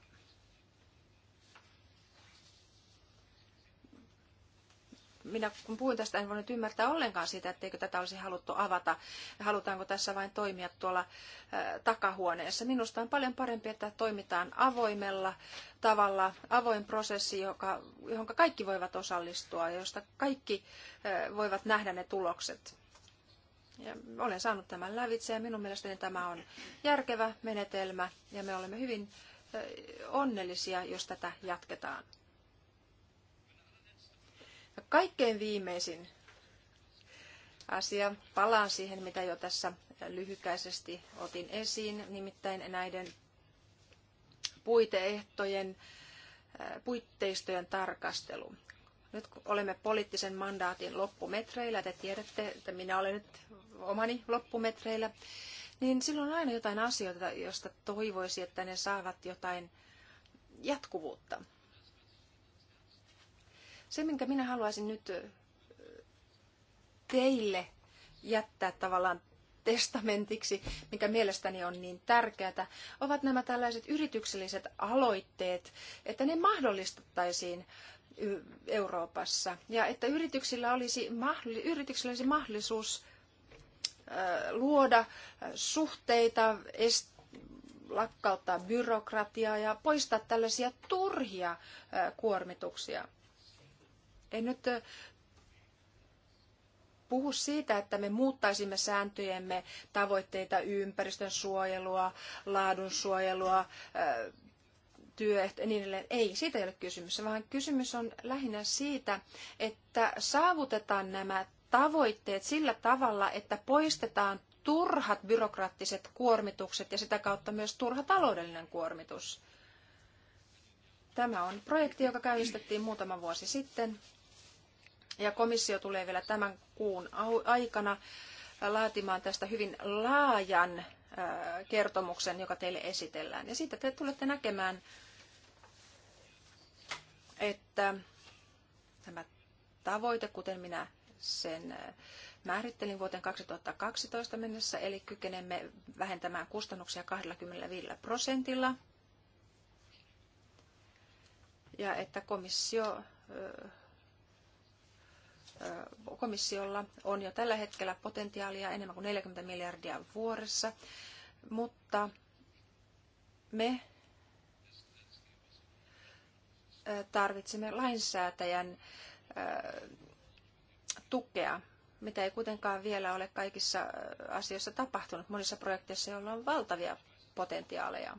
minä kun puhuin tästä, en voinut ymmärtää ollenkaan sitä, etteikö tätä olisi haluttu avata ja halutaanko tässä vain toimia tuolla äh, takahuoneessa. Minusta on paljon parempi, että toimitaan avoimella tavalla, avoin prosessi, joka, johon kaikki voivat osallistua ja josta kaikki äh, voivat nähdä ne tulokset. Ja olen saanut tämän lävitse ja minun mielestäni tämä on järkevä menetelmä ja me olemme hyvin äh, onnellisia, jos tätä jatketaan. Ja kaikkein viimeisin asia, palaan siihen, mitä jo tässä lyhykäisesti otin esiin, nimittäin näiden puiteehtojen, puitteistojen tarkastelu. Nyt kun olemme poliittisen mandaatin loppumetreillä, te tiedätte, että minä olen nyt omani loppumetreillä, niin silloin on aina jotain asioita, joista toivoisi, että ne saavat jotain jatkuvuutta. Se, minkä minä haluaisin nyt teille jättää tavallaan testamentiksi, mikä mielestäni on niin tärkeää, ovat nämä tällaiset yritykselliset aloitteet, että ne mahdollistettaisiin Euroopassa ja että yrityksillä olisi, mahdolli, yrityksillä olisi mahdollisuus luoda suhteita, est, lakkauttaa byrokratiaa ja poistaa tällaisia turhia kuormituksia. En nyt puhu siitä, että me muuttaisimme sääntöjemme tavoitteita ympäristön suojelua, laadun suojelua, työehto ja niin edelleen. Ei, siitä ei ole kysymys, vaan kysymys on lähinnä siitä, että saavutetaan nämä tavoitteet sillä tavalla, että poistetaan turhat byrokraattiset kuormitukset ja sitä kautta myös turha taloudellinen kuormitus. Tämä on projekti, joka käynnistettiin muutama vuosi sitten ja komissio tulee vielä tämän kuun aikana laatimaan tästä hyvin laajan kertomuksen, joka teille esitellään. Ja siitä te tulette näkemään, että tämä tavoite, kuten minä sen määrittelin vuoteen 2012 mennessä, eli kykenemme vähentämään kustannuksia 25 prosentilla. Ja että komissio komissiolla on jo tällä hetkellä potentiaalia enemmän kuin 40 miljardia vuodessa, mutta me tarvitsemme lainsäätäjän tukea, mitä ei kuitenkaan vielä ole kaikissa asioissa tapahtunut, monissa projekteissa, joilla on valtavia potentiaaleja.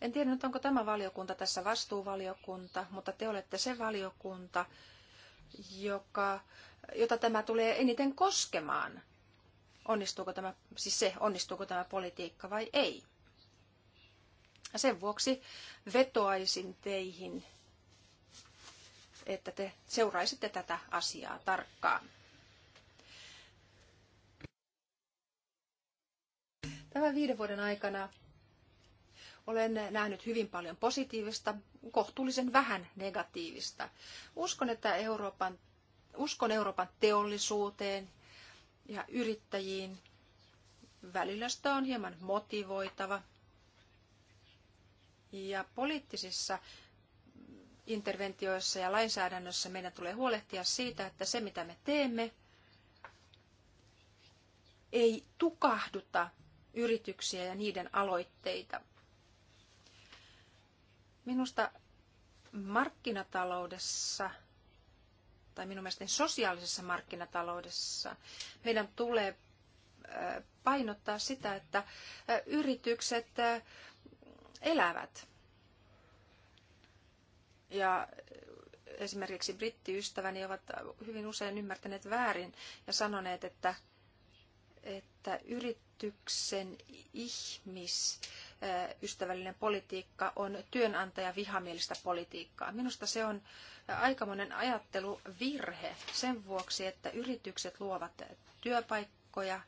En tiedä nyt, onko tämä valiokunta tässä vastuuvaliokunta, mutta te olette se valiokunta, joka, jota tämä tulee eniten koskemaan. Onnistuuko tämä, siis se, onnistuuko tämä politiikka vai ei. Ja sen vuoksi vetoaisin teihin, että te seuraisitte tätä asiaa tarkkaan. Tämän viiden vuoden aikana olen nähnyt hyvin paljon positiivista, kohtuullisen vähän negatiivista. Uskon, että Euroopan, uskon Euroopan teollisuuteen ja yrittäjiin. Välillä sitä on hieman motivoitava. Ja poliittisissa interventioissa ja lainsäädännössä meidän tulee huolehtia siitä, että se mitä me teemme ei tukahduta yrityksiä ja niiden aloitteita. Minusta markkinataloudessa tai minun mielestäni sosiaalisessa markkinataloudessa meidän tulee äh, painottaa sitä, että äh, yritykset äh, elävät. Ja esimerkiksi brittiystäväni ovat hyvin usein ymmärtäneet väärin ja sanoneet, että, että yrityksen ihmis, ympäristöystävällinen politiikka on työnantaja vihamielistä politiikkaa. Minusta se on aikamoinen ajatteluvirhe sen vuoksi, että yritykset luovat työpaikkoja,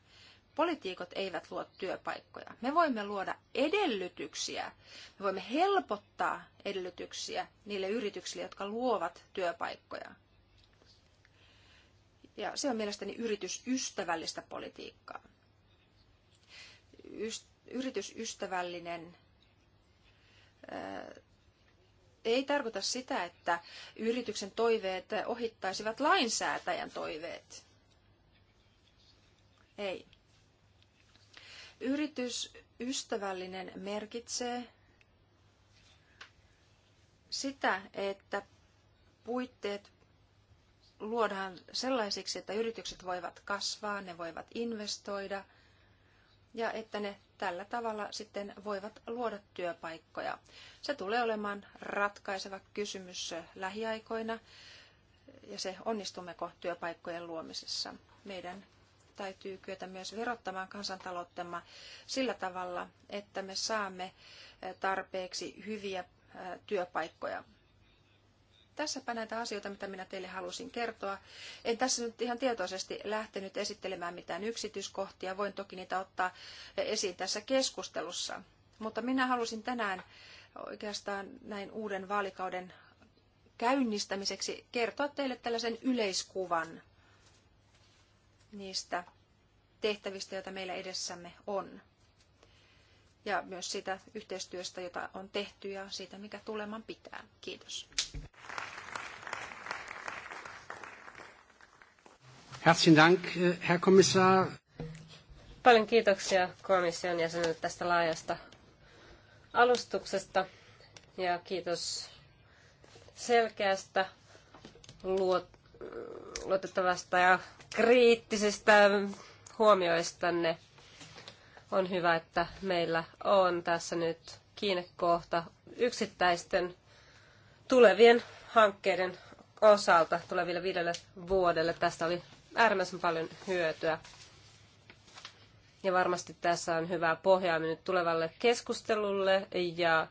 poliitikot eivät luo työpaikkoja. Me voimme luoda edellytyksiä, me voimme helpottaa edellytyksiä niille yrityksille, jotka luovat työpaikkoja. Ja se on mielestäni yritysystävällistä politiikkaa. Yst- yritysystävällinen ei tarkoita sitä, että yrityksen toiveet ohittaisivat lainsäätäjän toiveet. Ei. Yritysystävällinen merkitsee sitä, että puitteet luodaan sellaisiksi, että yritykset voivat kasvaa, ne voivat investoida ja että ne tällä tavalla sitten voivat luoda työpaikkoja. Se tulee olemaan ratkaiseva kysymys lähiaikoina ja se onnistummeko työpaikkojen luomisessa. Meidän täytyy kyetä myös verottamaan kansantalouttamme sillä tavalla, että me saamme tarpeeksi hyviä työpaikkoja. Tässäpä näitä asioita, mitä minä teille halusin kertoa. En tässä nyt ihan tietoisesti lähtenyt esittelemään mitään yksityiskohtia. Voin toki niitä ottaa esiin tässä keskustelussa. Mutta minä halusin tänään oikeastaan näin uuden vaalikauden käynnistämiseksi kertoa teille tällaisen yleiskuvan niistä tehtävistä, joita meillä edessämme on. Ja myös siitä yhteistyöstä, jota on tehty ja siitä, mikä tuleman pitää. Kiitos. Herzlichen Dank, äh, Herr Kommissar. Paljon kiitoksia komission jäsenelle tästä laajasta alustuksesta ja kiitos selkeästä, luotettavasta ja kriittisistä huomioistanne. On hyvä, että meillä on tässä nyt kiinnekohta yksittäisten tulevien hankkeiden osalta tuleville viidelle vuodelle. Tästä oli äärimmäisen paljon hyötyä. Ja varmasti tässä on hyvää pohjaa nyt tulevalle keskustelulle ja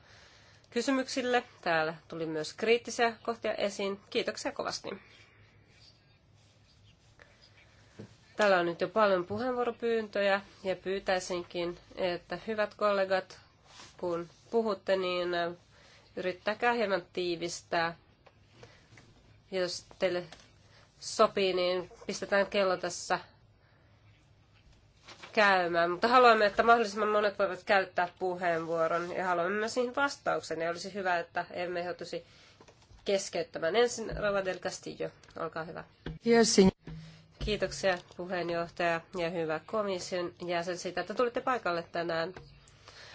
kysymyksille. Täällä tuli myös kriittisiä kohtia esiin. Kiitoksia kovasti. Täällä on nyt jo paljon puheenvuoropyyntöjä ja pyytäisinkin, että hyvät kollegat, kun puhutte, niin yrittäkää hieman tiivistää. Jos teille sopii, niin pistetään kello tässä käymään. Mutta haluamme, että mahdollisimman monet voivat käyttää puheenvuoron ja haluamme myös siihen vastauksen. Ja olisi hyvä, että emme joutuisi keskeyttämään. Ensin Rova del Castillo, olkaa hyvä. Kiitoksia puheenjohtaja ja hyvä komission jäsen siitä, että tulitte paikalle tänään.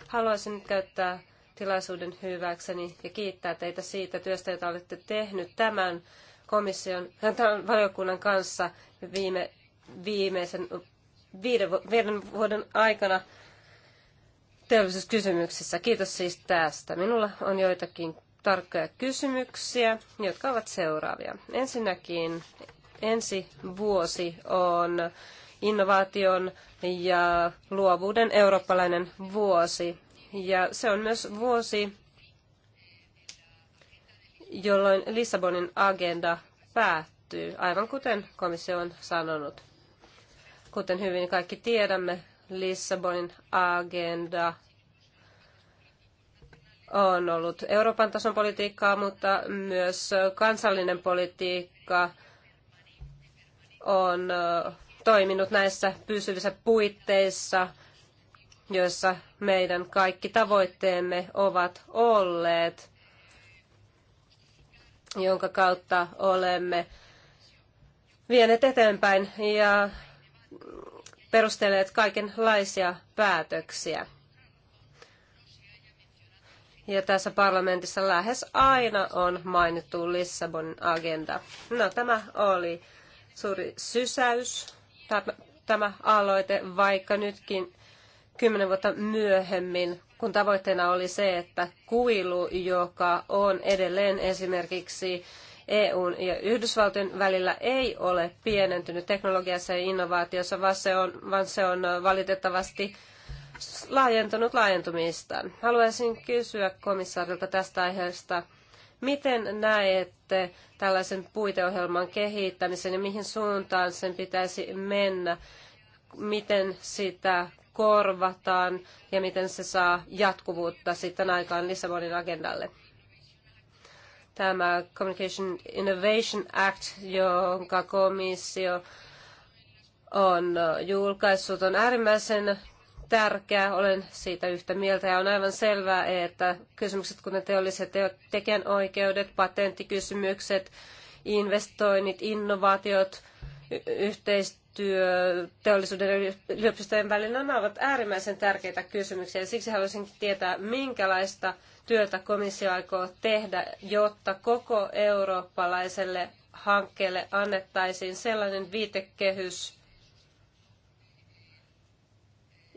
Haluaisin nyt käyttää tilaisuuden hyväkseni ja kiittää teitä siitä työstä, jota olette tehnyt tämän komission, äh, tämän valiokunnan kanssa viime, viimeisen viiden, viiden vuoden aikana teollisuuskysymyksissä. Kiitos siis tästä. Minulla on joitakin tarkkoja kysymyksiä, jotka ovat seuraavia. Ensinnäkin ensi vuosi on innovaation ja luovuuden eurooppalainen vuosi. Ja se on myös vuosi, jolloin Lissabonin agenda päättyy, aivan kuten komissio on sanonut. Kuten hyvin kaikki tiedämme, Lissabonin agenda on ollut Euroopan tason politiikkaa, mutta myös kansallinen politiikka on toiminut näissä pysyvissä puitteissa, joissa meidän kaikki tavoitteemme ovat olleet jonka kautta olemme vieneet eteenpäin ja perustelleet kaikenlaisia päätöksiä. Ja tässä parlamentissa lähes aina on mainittu Lissabon agenda. No tämä oli suuri sysäys, tämä, tämä aloite, vaikka nytkin kymmenen vuotta myöhemmin kun tavoitteena oli se, että kuilu, joka on edelleen esimerkiksi EUn ja Yhdysvaltojen välillä ei ole pienentynyt teknologiassa ja innovaatiossa, vaan se on, vaan se on valitettavasti laajentunut laajentumistaan. Haluaisin kysyä komissaarilta tästä aiheesta. Miten näette tällaisen puiteohjelman kehittämisen ja mihin suuntaan sen pitäisi mennä? Miten sitä korvataan ja miten se saa jatkuvuutta sitten aikaan Lissabonin agendalle. Tämä Communication Innovation Act, jonka komissio on julkaissut, on äärimmäisen tärkeä. Olen siitä yhtä mieltä ja on aivan selvää, että kysymykset kuten teolliset tekijänoikeudet, patenttikysymykset, investoinnit, innovaatiot, yhteistyö, työ teollisuuden ja yliopistojen välillä, nämä ovat äärimmäisen tärkeitä kysymyksiä. Siksi haluaisin tietää, minkälaista työtä komissio aikoo tehdä, jotta koko eurooppalaiselle hankkeelle annettaisiin sellainen viitekehys,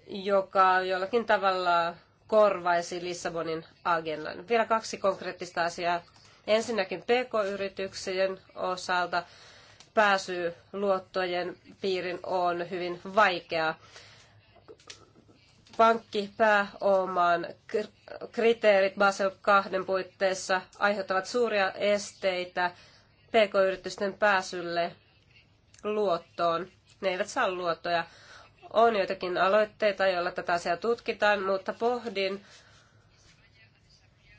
joka jollakin tavalla korvaisi Lissabonin agendan. Vielä kaksi konkreettista asiaa. Ensinnäkin PK-yrityksien osalta pääsy luottojen piirin on hyvin vaikeaa. Pankkipääoman kriteerit Basel kahden puitteissa aiheuttavat suuria esteitä pk-yritysten pääsylle luottoon. Ne eivät saa luottoja. On joitakin aloitteita, joilla tätä asiaa tutkitaan, mutta pohdin,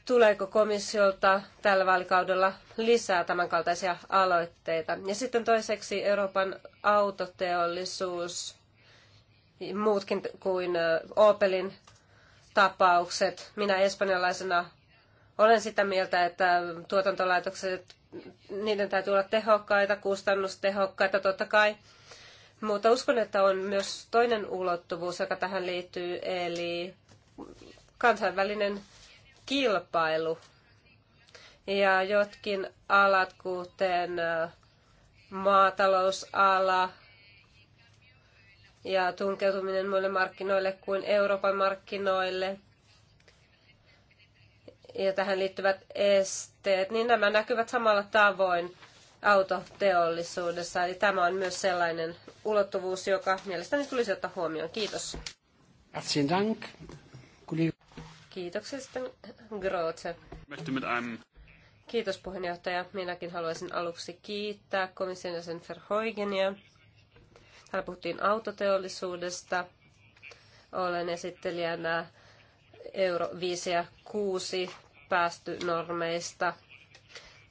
tuleeko komissiolta tällä vaalikaudella lisää tämänkaltaisia aloitteita. Ja sitten toiseksi Euroopan autoteollisuus, muutkin kuin Opelin tapaukset. Minä espanjalaisena olen sitä mieltä, että tuotantolaitokset, niiden täytyy olla tehokkaita, kustannustehokkaita totta kai. Mutta uskon, että on myös toinen ulottuvuus, joka tähän liittyy, eli kansainvälinen kilpailu. Ja jotkin alat, kuten maatalousala ja tunkeutuminen muille markkinoille kuin Euroopan markkinoille, ja tähän liittyvät esteet, niin nämä näkyvät samalla tavoin autoteollisuudessa. Eli tämä on myös sellainen ulottuvuus, joka mielestäni tulisi ottaa huomioon. Kiitos. Herzlichen Dank. Kiitoksesta, sitten Grote. Kiitos puheenjohtaja. Minäkin haluaisin aluksi kiittää komission jäsen Verhoigenia. Täällä puhuttiin autoteollisuudesta. Olen esittelijänä euro 5 ja 6 päästynormeista.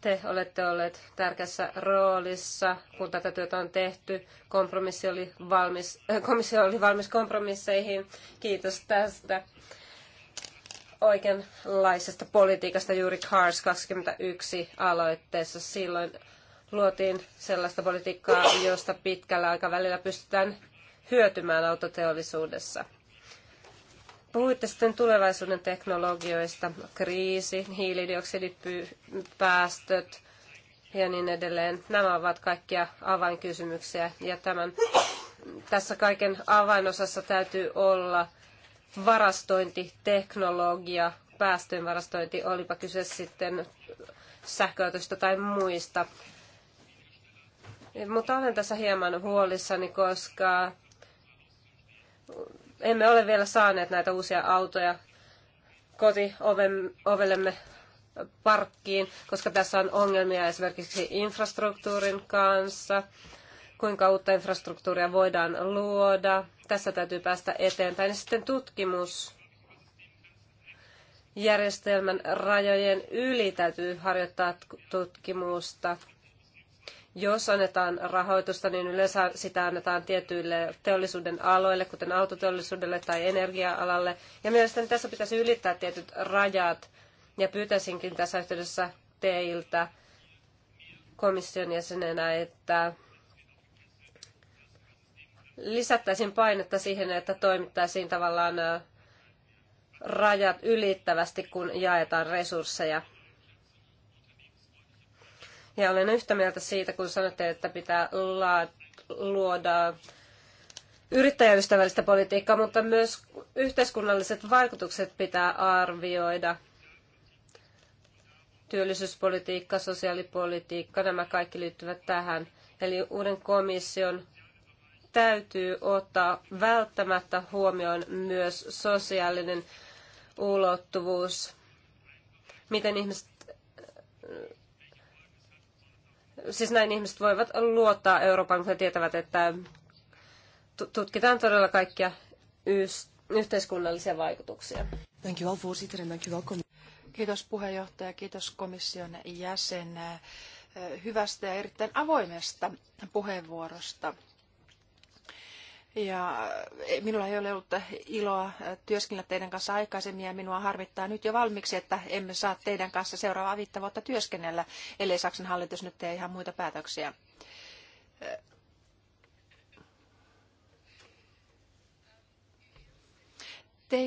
Te olette olleet tärkeässä roolissa, kun tätä työtä on tehty. Kompromissi oli valmis, komissio oli valmis kompromisseihin. Kiitos tästä oikeanlaisesta politiikasta juuri Cars 21 aloitteessa. Silloin luotiin sellaista politiikkaa, josta pitkällä aikavälillä pystytään hyötymään autoteollisuudessa. Puhuitte sitten tulevaisuuden teknologioista, kriisi, hiilidioksidipäästöt ja niin edelleen. Nämä ovat kaikkia avainkysymyksiä ja tämän, tässä kaiken avainosassa täytyy olla – varastointiteknologia, päästöjen varastointi, olipa kyse sitten sähköautoista tai muista. Mutta olen tässä hieman huolissani, koska emme ole vielä saaneet näitä uusia autoja koti ovellemme parkkiin, koska tässä on ongelmia esimerkiksi infrastruktuurin kanssa, kuinka uutta infrastruktuuria voidaan luoda, tässä täytyy päästä eteenpäin. Ja sitten tutkimus järjestelmän rajojen yli täytyy harjoittaa tutkimusta. Jos annetaan rahoitusta, niin yleensä sitä annetaan tietyille teollisuuden aloille, kuten autoteollisuudelle tai energia-alalle. Ja mielestäni tässä pitäisi ylittää tietyt rajat. Ja pyytäisinkin tässä yhteydessä teiltä komission jäsenenä, että lisättäisiin painetta siihen, että toimittaisiin tavallaan rajat ylittävästi, kun jaetaan resursseja. Ja olen yhtä mieltä siitä, kun sanotte, että pitää luoda yrittäjäystävällistä politiikkaa, mutta myös yhteiskunnalliset vaikutukset pitää arvioida. Työllisyyspolitiikka, sosiaalipolitiikka, nämä kaikki liittyvät tähän. Eli uuden komission täytyy ottaa välttämättä huomioon myös sosiaalinen ulottuvuus. Miten ihmiset, siis näin ihmiset voivat luottaa Euroopan, kun he tietävät, että tutkitaan todella kaikkia yhteiskunnallisia vaikutuksia. Thank you all, thank you all, Kiitos puheenjohtaja, kiitos komission jäsen eh, hyvästä ja erittäin avoimesta puheenvuorosta. Ja eh, minulla ei ole ollut iloa eh, työskennellä teidän kanssa aikaisemmin ja minua harmittaa nyt jo valmiiksi, että emme saa teidän kanssa seuraavaa viittä vuotta työskennellä, ellei Saksan hallitus nyt tee ihan muita päätöksiä. Eh, te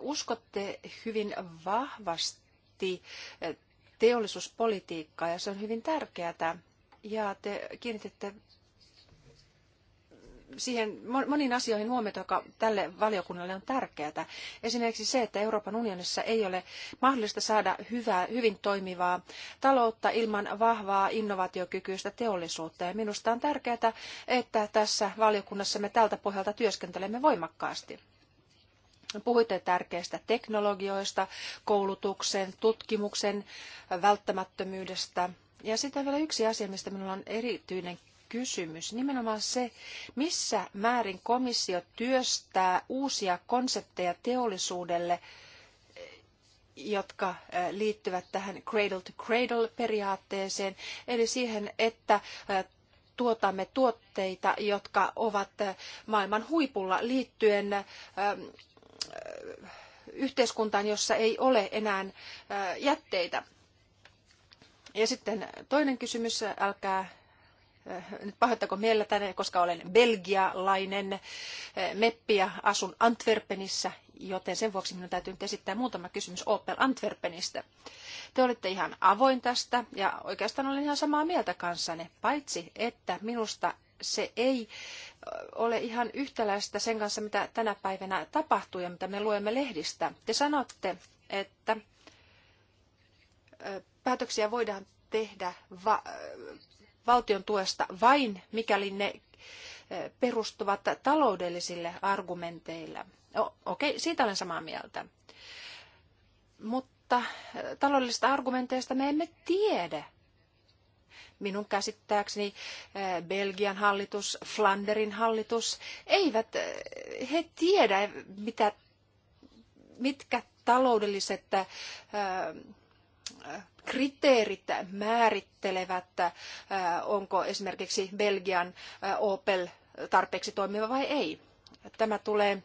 uskotte hyvin vahvasti teollisuuspolitiikkaa ja se on hyvin tärkeää. Ja te kiinnitette siihen moniin asioihin huomiota, joka tälle valiokunnalle on tärkeää. Esimerkiksi se, että Euroopan unionissa ei ole mahdollista saada hyvää, hyvin toimivaa taloutta ilman vahvaa innovaatiokykyistä teollisuutta. Ja minusta on tärkeää, että tässä valiokunnassa me tältä pohjalta työskentelemme voimakkaasti. Puhuitte tärkeistä teknologioista, koulutuksen, tutkimuksen välttämättömyydestä. Ja sitten vielä yksi asia, mistä minulla on erityinen kysymys. Nimenomaan se, missä määrin komissio työstää uusia konsepteja teollisuudelle, jotka liittyvät tähän cradle to cradle periaatteeseen, eli siihen, että tuotamme tuotteita, jotka ovat maailman huipulla liittyen yhteiskuntaan, jossa ei ole enää jätteitä. Ja sitten toinen kysymys, älkää Äh, nyt pahoittako tänne, koska olen belgialainen äh, meppi ja asun Antwerpenissä, joten sen vuoksi minun täytyy nyt esittää muutama kysymys Opel Antwerpenistä. Te olitte ihan avoin tästä ja oikeastaan olen ihan samaa mieltä kanssanne, paitsi että minusta se ei äh, ole ihan yhtäläistä sen kanssa, mitä tänä päivänä tapahtuu ja mitä me luemme lehdistä. Te sanotte, että päätöksiä voidaan tehdä va- valtion tuesta vain, mikäli ne eh, perustuvat taloudellisille argumenteille. okei, okay, siitä olen samaa mieltä. Mutta eh, taloudellisista argumenteista me emme tiedä. Minun käsittääkseni eh, Belgian hallitus, Flanderin hallitus, eivät he tiedä, mitä, mitkä taloudelliset kriteerit määrittelevät, äh, onko esimerkiksi Belgian äh, Opel tarpeeksi toimiva vai ei. Tämä tulee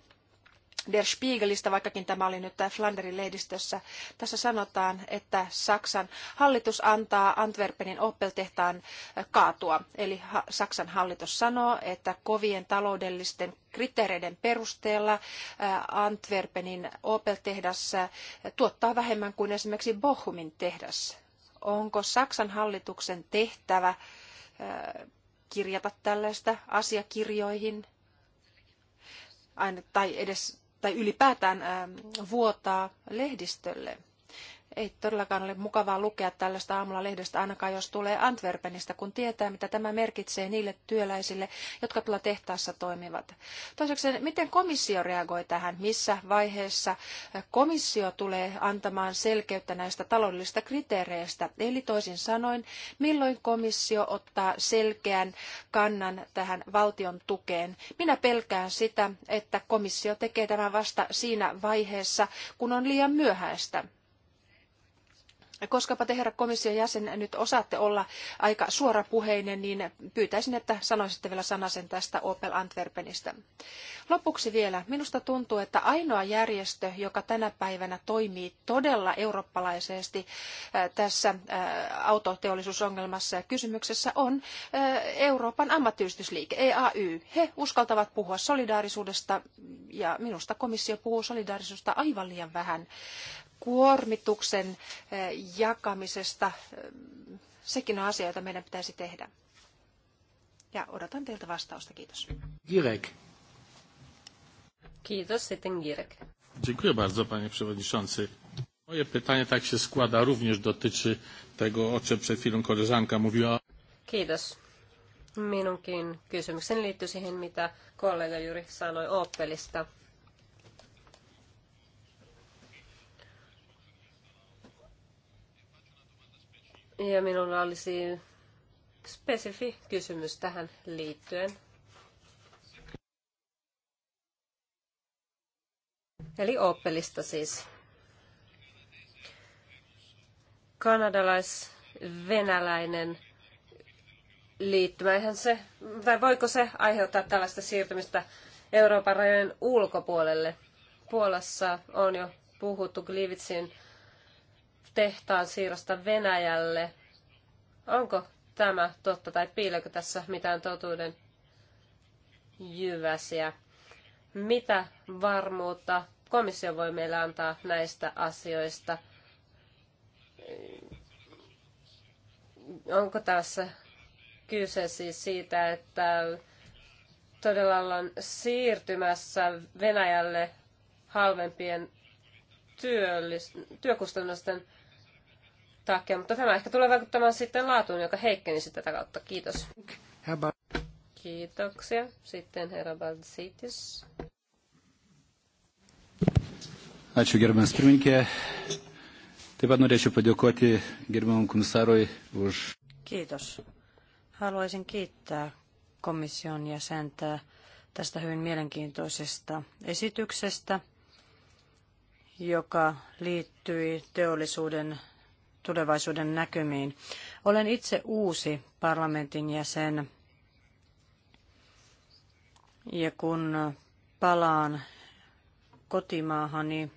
Der Spiegelistä, vaikkakin tämä oli nyt Flanderin lehdistössä. Tässä sanotaan, että Saksan hallitus antaa Antwerpenin Opel-tehtaan eh, kaatua. Eli Saksan hallitus sanoo, että kovien taloudellisten kriteereiden perusteella eh, Antwerpenin Opel-tehdas eh, tuottaa vähemmän kuin esimerkiksi Bochumin tehdas. Onko Saksan hallituksen tehtävä kirjata tällaista asiakirjoihin? tai edes tai ylipäätään vuotaa lehdistölle. Ei todellakaan ole mukavaa lukea tällaista aamulla lehdestä, ainakaan jos tulee Antwerpenistä, kun tietää, mitä tämä merkitsee niille työläisille, jotka tuolla tehtaassa toimivat. Toiseksi, miten komissio reagoi tähän? Missä vaiheessa komissio tulee antamaan selkeyttä näistä taloudellisista kriteereistä? Eli toisin sanoen, milloin komissio ottaa selkeän kannan tähän valtion tukeen? Minä pelkään sitä, että komissio tekee tämän vasta siinä vaiheessa, kun on liian myöhäistä. Koskapa te, herra komission jäsen, nyt osaatte olla aika suorapuheinen, niin pyytäisin, että sanoisitte vielä sanasen tästä Opel Antwerpenistä. Lopuksi vielä, minusta tuntuu, että ainoa järjestö, joka tänä päivänä toimii todella eurooppalaisesti äh, tässä äh, autoteollisuusongelmassa ja kysymyksessä on äh, Euroopan ammattiyhdistysliike, EAY. He uskaltavat puhua solidaarisuudesta ja minusta komissio puhuu solidaarisuudesta aivan liian vähän kuormituksen eh, jakamisesta, eh, sekin on asia, jota meidän pitäisi tehdä. Ja odotan teiltä vastausta. Kiitos. Girek. Kiitos. Sitten Girek. Dziękuję bardzo, panie przewodniczący. Moje pytanie tak się składa, również dotyczy tego, o czym przed chwilą koleżanka mówiła. Kiitos. Minunkin kysymykseni liittyy siihen, mitä kollega juuri sanoi Opelista. Ja minulla olisi spesifi kysymys tähän liittyen. Eli Opelista siis. Kanadalais-venäläinen liittymä, eihän se, tai voiko se aiheuttaa tällaista siirtymistä Euroopan rajojen ulkopuolelle? Puolassa on jo puhuttu Gliwitsin tehtaan siirrosta Venäjälle. Onko tämä totta tai piileekö tässä mitään totuuden jyväsiä? Mitä varmuutta komissio voi meille antaa näistä asioista? Onko tässä kyse siis siitä, että todella ollaan siirtymässä Venäjälle halvempien työkustannusten takia, mutta tämä ehkä tulee vaikuttamaan sitten laatuun, joka heikkenisi tätä kautta. Kiitos. Kiitoksia. Sitten herra Balsitis. Ačiū gerbiamas pirmininkė. Taip pat norėčiau padėkoti gerbiamam komisarui už. Kiitos. Haluaisin kiittää komission jäsentä tästä hyvin mielenkiintoisesta esityksestä, joka liittyi teollisuuden tulevaisuuden näkymiin. Olen itse uusi parlamentin jäsen ja kun palaan kotimaahani,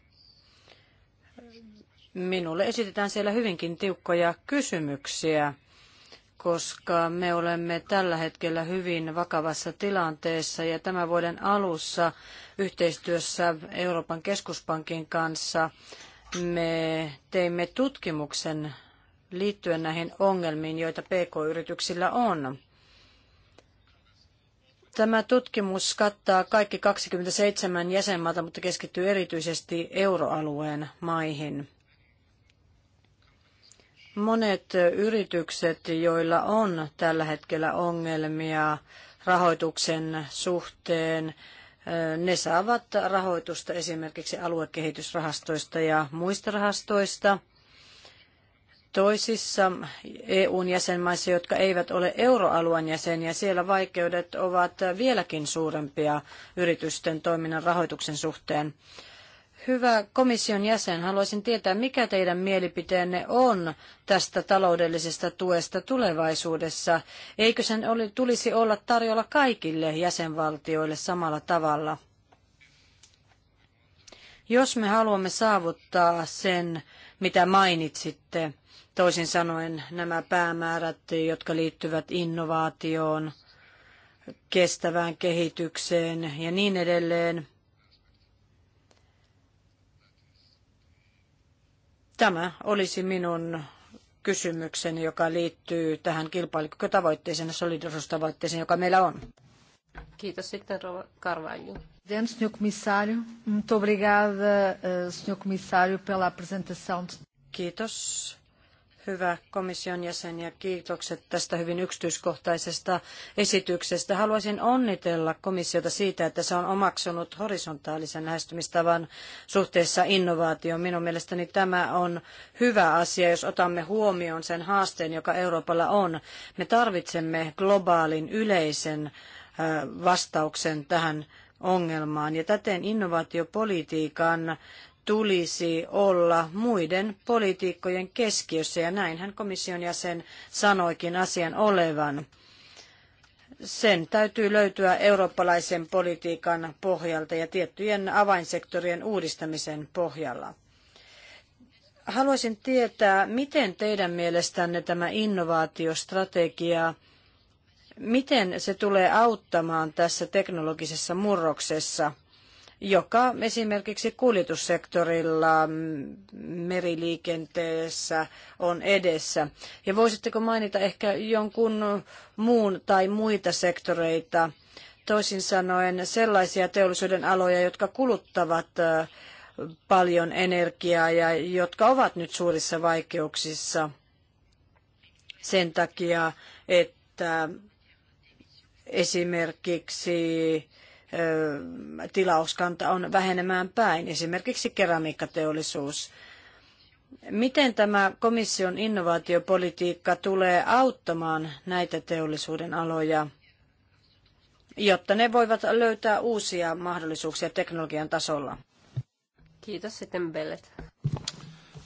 minulle esitetään siellä hyvinkin tiukkoja kysymyksiä, koska me olemme tällä hetkellä hyvin vakavassa tilanteessa ja tämän vuoden alussa yhteistyössä Euroopan keskuspankin kanssa me teimme tutkimuksen liittyen näihin ongelmiin, joita PK-yrityksillä on. Tämä tutkimus kattaa kaikki 27 jäsenmaata, mutta keskittyy erityisesti euroalueen maihin. Monet yritykset, joilla on tällä hetkellä ongelmia rahoituksen suhteen, ne saavat rahoitusta esimerkiksi aluekehitysrahastoista ja muista rahastoista. Toisissa EUn jäsenmaissa, jotka eivät ole euroalueen jäseniä, siellä vaikeudet ovat vieläkin suurempia yritysten toiminnan rahoituksen suhteen. Hyvä komission jäsen, haluaisin tietää, mikä teidän mielipiteenne on tästä taloudellisesta tuesta tulevaisuudessa. Eikö sen oli, tulisi olla tarjolla kaikille jäsenvaltioille samalla tavalla? Jos me haluamme saavuttaa sen, mitä mainitsitte, toisin sanoen nämä päämäärät, jotka liittyvät innovaatioon, kestävään kehitykseen ja niin edelleen, Tämä olisi minun kysymykseni, joka liittyy tähän kilpailukykytavoitteeseen ja solidarisuustavoitteeseen, joka meillä on. Kiitos sitten Carvalho. Senhor Comissário, muito obrigada, eh, Senhor Comissário, pela apresentação. Kiitos hyvä komission jäsen ja kiitokset tästä hyvin yksityiskohtaisesta esityksestä. Haluaisin onnitella komissiota siitä, että se on omaksunut horisontaalisen lähestymistavan suhteessa innovaatioon. Minun mielestäni tämä on hyvä asia, jos otamme huomioon sen haasteen, joka Euroopalla on. Me tarvitsemme globaalin yleisen vastauksen tähän ongelmaan ja täten innovaatiopolitiikan tulisi olla muiden poliitikkojen keskiössä, ja näinhän komission jäsen sanoikin asian olevan. Sen täytyy löytyä eurooppalaisen politiikan pohjalta ja tiettyjen avainsektorien uudistamisen pohjalla. Haluaisin tietää, miten teidän mielestänne tämä innovaatiostrategia, miten se tulee auttamaan tässä teknologisessa murroksessa – joka esimerkiksi kuljetussektorilla mm, meriliikenteessä on edessä. Ja voisitteko mainita ehkä jonkun muun tai muita sektoreita, toisin sanoen sellaisia teollisuuden aloja, jotka kuluttavat paljon energiaa ja jotka ovat nyt suurissa vaikeuksissa sen takia, että esimerkiksi tilauskanta on vähenemään päin, esimerkiksi keramiikkateollisuus. Miten tämä komission innovaatiopolitiikka tulee auttamaan näitä teollisuuden aloja, jotta ne voivat löytää uusia mahdollisuuksia teknologian tasolla? Kiitos sitten Bellet.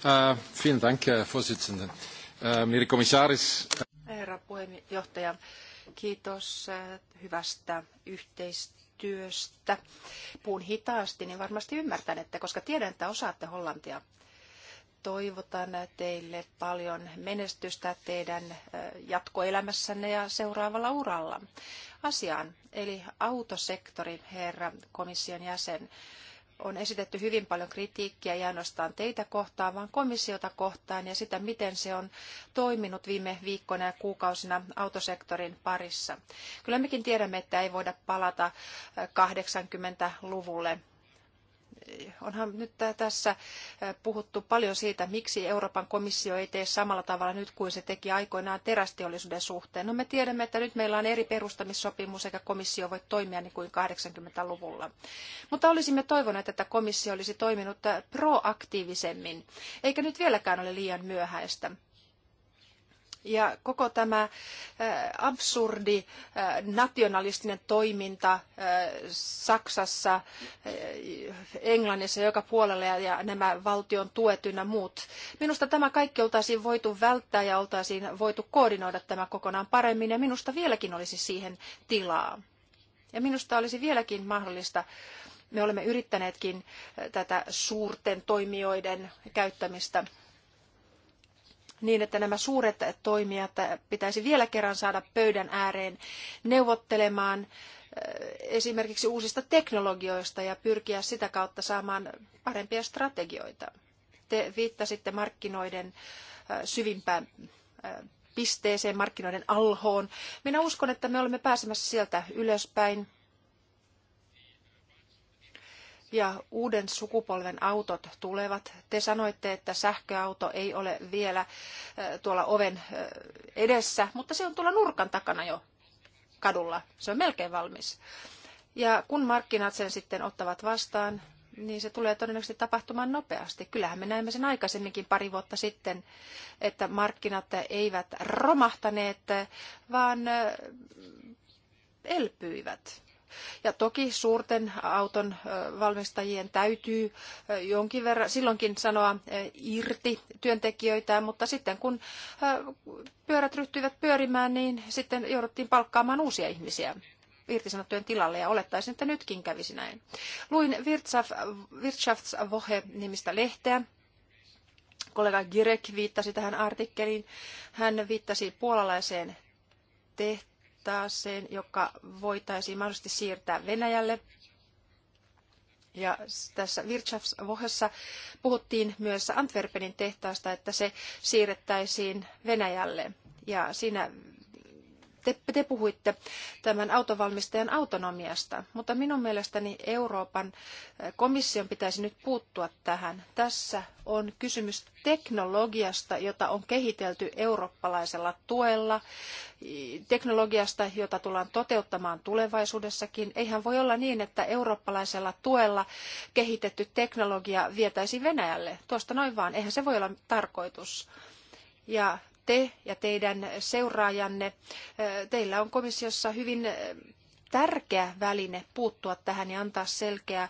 Äh, vielen äh, Herra puheenjohtaja, kiitos äh, hyvästä yhteistyöstä työstä. Puun hitaasti, niin varmasti että koska tiedän, että osaatte hollantia. Toivotan teille paljon menestystä teidän jatkoelämässänne ja seuraavalla uralla. Asiaan, eli autosektori, herra komission jäsen on esitetty hyvin paljon kritiikkiä ei ainoastaan teitä kohtaan, vaan komissiota kohtaan ja sitä, miten se on toiminut viime viikkoina ja kuukausina autosektorin parissa. Kyllä mekin tiedämme, että ei voida palata 80-luvulle onhan nyt tässä puhuttu paljon siitä, miksi Euroopan komissio ei tee samalla tavalla nyt kuin se teki aikoinaan terästeollisuuden suhteen. No me tiedämme, että nyt meillä on eri perustamissopimus eikä komissio voi toimia niin kuin 80-luvulla. Mutta olisimme toivoneet, että komissio olisi toiminut proaktiivisemmin, eikä nyt vieläkään ole liian myöhäistä. Ja koko tämä äh, absurdi äh, nationalistinen toiminta äh, Saksassa, Englannissa joka puolella ja nämä valtion tuet ynnä muut. Minusta tämä kaikki oltaisiin voitu välttää ja oltaisiin voitu koordinoida tämä kokonaan paremmin ja minusta vieläkin olisi siihen tilaa. Ja minusta olisi vieläkin mahdollista me olemme yrittäneetkin tätä suurten toimijoiden käyttämistä niin, että nämä suuret toimijat pitäisi vielä kerran saada pöydän ääreen neuvottelemaan esimerkiksi uusista teknologioista ja pyrkiä sitä kautta saamaan parempia strategioita. Te viittasitte markkinoiden syvimpään pisteeseen, markkinoiden alhoon. Minä uskon, että me olemme pääsemässä sieltä ylöspäin ja uuden sukupolven autot tulevat. Te sanoitte, että sähköauto ei ole vielä tuolla oven edessä, mutta se on tuolla nurkan takana jo kadulla. Se on melkein valmis. Ja kun markkinat sen sitten ottavat vastaan, niin se tulee todennäköisesti tapahtumaan nopeasti. Kyllähän me näimme sen aikaisemminkin pari vuotta sitten, että markkinat eivät romahtaneet, vaan elpyivät. Ja toki suurten auton valmistajien täytyy jonkin verran silloinkin sanoa irti työntekijöitään, mutta sitten kun pyörät ryhtyivät pyörimään, niin sitten jouduttiin palkkaamaan uusia ihmisiä irtisanottujen tilalle ja olettaisin, että nytkin kävisi näin. Luin Wirtschaftswoche nimistä lehteä. Kollega Girek viittasi tähän artikkeliin. Hän viittasi puolalaiseen tehtävään taaseen, joka voitaisiin mahdollisesti siirtää Venäjälle. Ja tässä Wirtschaftswochessa puhuttiin myös Antwerpenin tehtaasta, että se siirrettäisiin Venäjälle. Ja siinä te, te puhuitte tämän autovalmistajan autonomiasta, mutta minun mielestäni Euroopan eh, komission pitäisi nyt puuttua tähän. Tässä on kysymys teknologiasta, jota on kehitelty eurooppalaisella tuella, teknologiasta, jota tullaan toteuttamaan tulevaisuudessakin. Eihän voi olla niin, että eurooppalaisella tuella kehitetty teknologia vietäisi Venäjälle. Tuosta noin vaan, eihän se voi olla tarkoitus. Ja te ja teidän seuraajanne, teillä on komissiossa hyvin tärkeä väline puuttua tähän ja antaa selkeä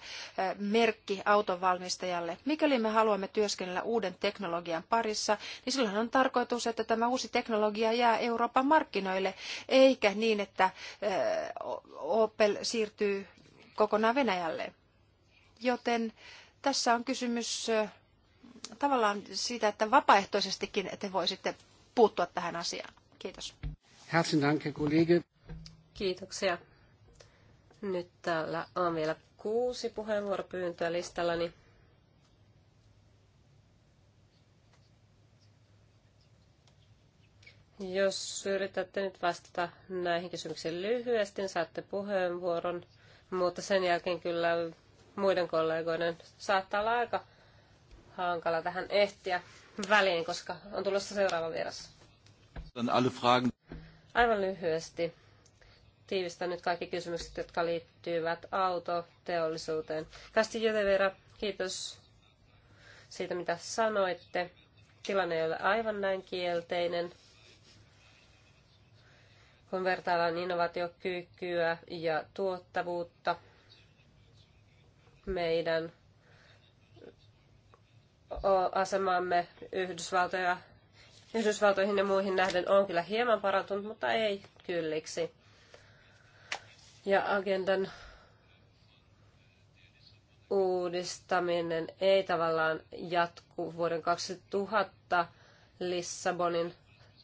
merkki autonvalmistajalle. Mikäli me haluamme työskennellä uuden teknologian parissa, niin silloin on tarkoitus, että tämä uusi teknologia jää Euroopan markkinoille, eikä niin, että Opel siirtyy kokonaan Venäjälle. Joten tässä on kysymys tavallaan siitä, että vapaaehtoisestikin te voisitte puuttua tähän asiaan. Kiitos. Herzlichen Dank, Kollege. Kiitoksia. Nyt täällä on vielä kuusi puheenvuoropyyntöä listallani. Jos yritätte nyt vastata näihin kysymyksiin lyhyesti, niin saatte puheenvuoron, mutta sen jälkeen kyllä muiden kollegoiden saattaa olla aika hankala tähän ehtiä väliin, koska on tulossa seuraava vieras. Aivan lyhyesti. Tiivistän nyt kaikki kysymykset, jotka liittyvät autoteollisuuteen. Kasti Jytevera, kiitos siitä, mitä sanoitte. Tilanne ei ole aivan näin kielteinen. Kun vertaillaan innovaatiokykyä ja tuottavuutta, meidän asemamme Yhdysvaltoja, Yhdysvaltoihin ja muihin nähden on kyllä hieman parantunut, mutta ei kylliksi. Ja agendan uudistaminen ei tavallaan jatku vuoden 2000 Lissabonin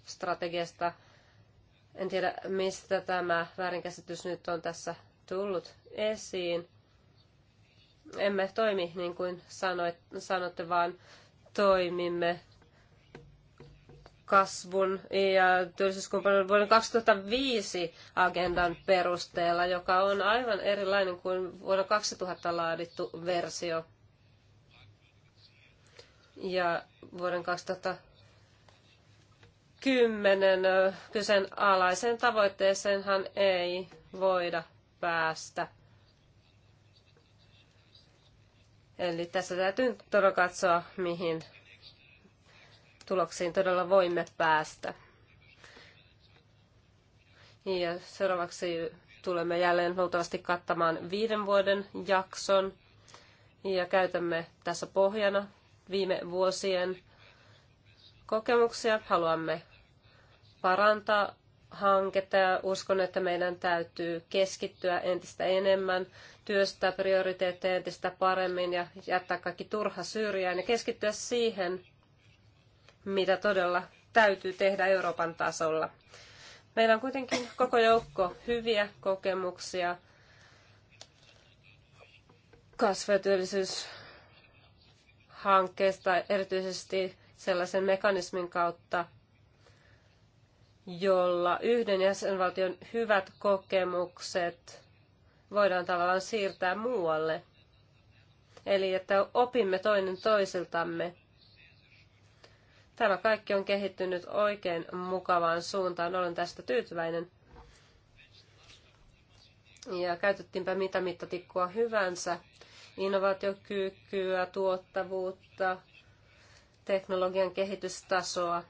strategiasta. En tiedä, mistä tämä väärinkäsitys nyt on tässä tullut esiin emme toimi niin kuin sanoit, sanotte, vaan toimimme kasvun ja työllisyyskumppanuuden vuoden 2005 agendan perusteella, joka on aivan erilainen kuin vuonna 2000 laadittu versio. Ja vuoden 2010 kyseenalaiseen tavoitteeseenhan ei voida päästä. Eli tässä täytyy todella katsoa, mihin tuloksiin todella voimme päästä. Ja seuraavaksi tulemme jälleen luultavasti kattamaan viiden vuoden jakson ja käytämme tässä pohjana viime vuosien kokemuksia. Haluamme parantaa hanketta ja uskon, että meidän täytyy keskittyä entistä enemmän, työstää prioriteetteja entistä paremmin ja jättää kaikki turha syrjään ja keskittyä siihen, mitä todella täytyy tehdä Euroopan tasolla. Meillä on kuitenkin koko joukko hyviä kokemuksia kasvu- ja työllisyyshankkeesta, erityisesti sellaisen mekanismin kautta, jolla yhden jäsenvaltion hyvät kokemukset voidaan tavallaan siirtää muualle. Eli että opimme toinen toisiltamme. Tämä kaikki on kehittynyt oikein mukavaan suuntaan. Olen tästä tyytyväinen. Ja käytettiinpä mitä mittatikkua hyvänsä. Innovaatiokykyä, tuottavuutta, teknologian kehitystasoa –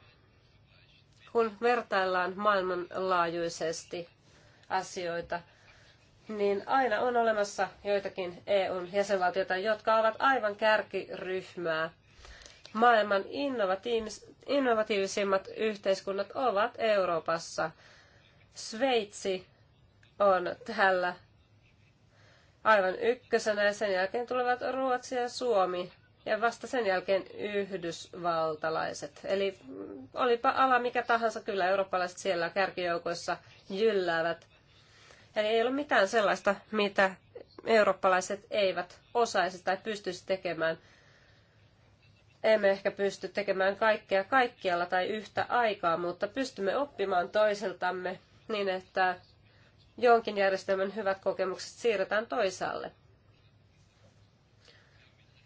kun vertaillaan maailmanlaajuisesti asioita, niin aina on olemassa joitakin EUn jäsenvaltioita, jotka ovat aivan kärkiryhmää. Maailman innovatiivisimmat yhteiskunnat ovat Euroopassa. Sveitsi on tällä aivan ykkösenä ja sen jälkeen tulevat Ruotsi ja Suomi ja vasta sen jälkeen yhdysvaltalaiset. Eli olipa ala mikä tahansa, kyllä eurooppalaiset siellä kärkijoukoissa jylläävät. Eli ei ole mitään sellaista, mitä eurooppalaiset eivät osaisi tai pystyisi tekemään. Emme ehkä pysty tekemään kaikkea kaikkialla tai yhtä aikaa, mutta pystymme oppimaan toisiltamme niin, että jonkin järjestelmän hyvät kokemukset siirretään toisaalle.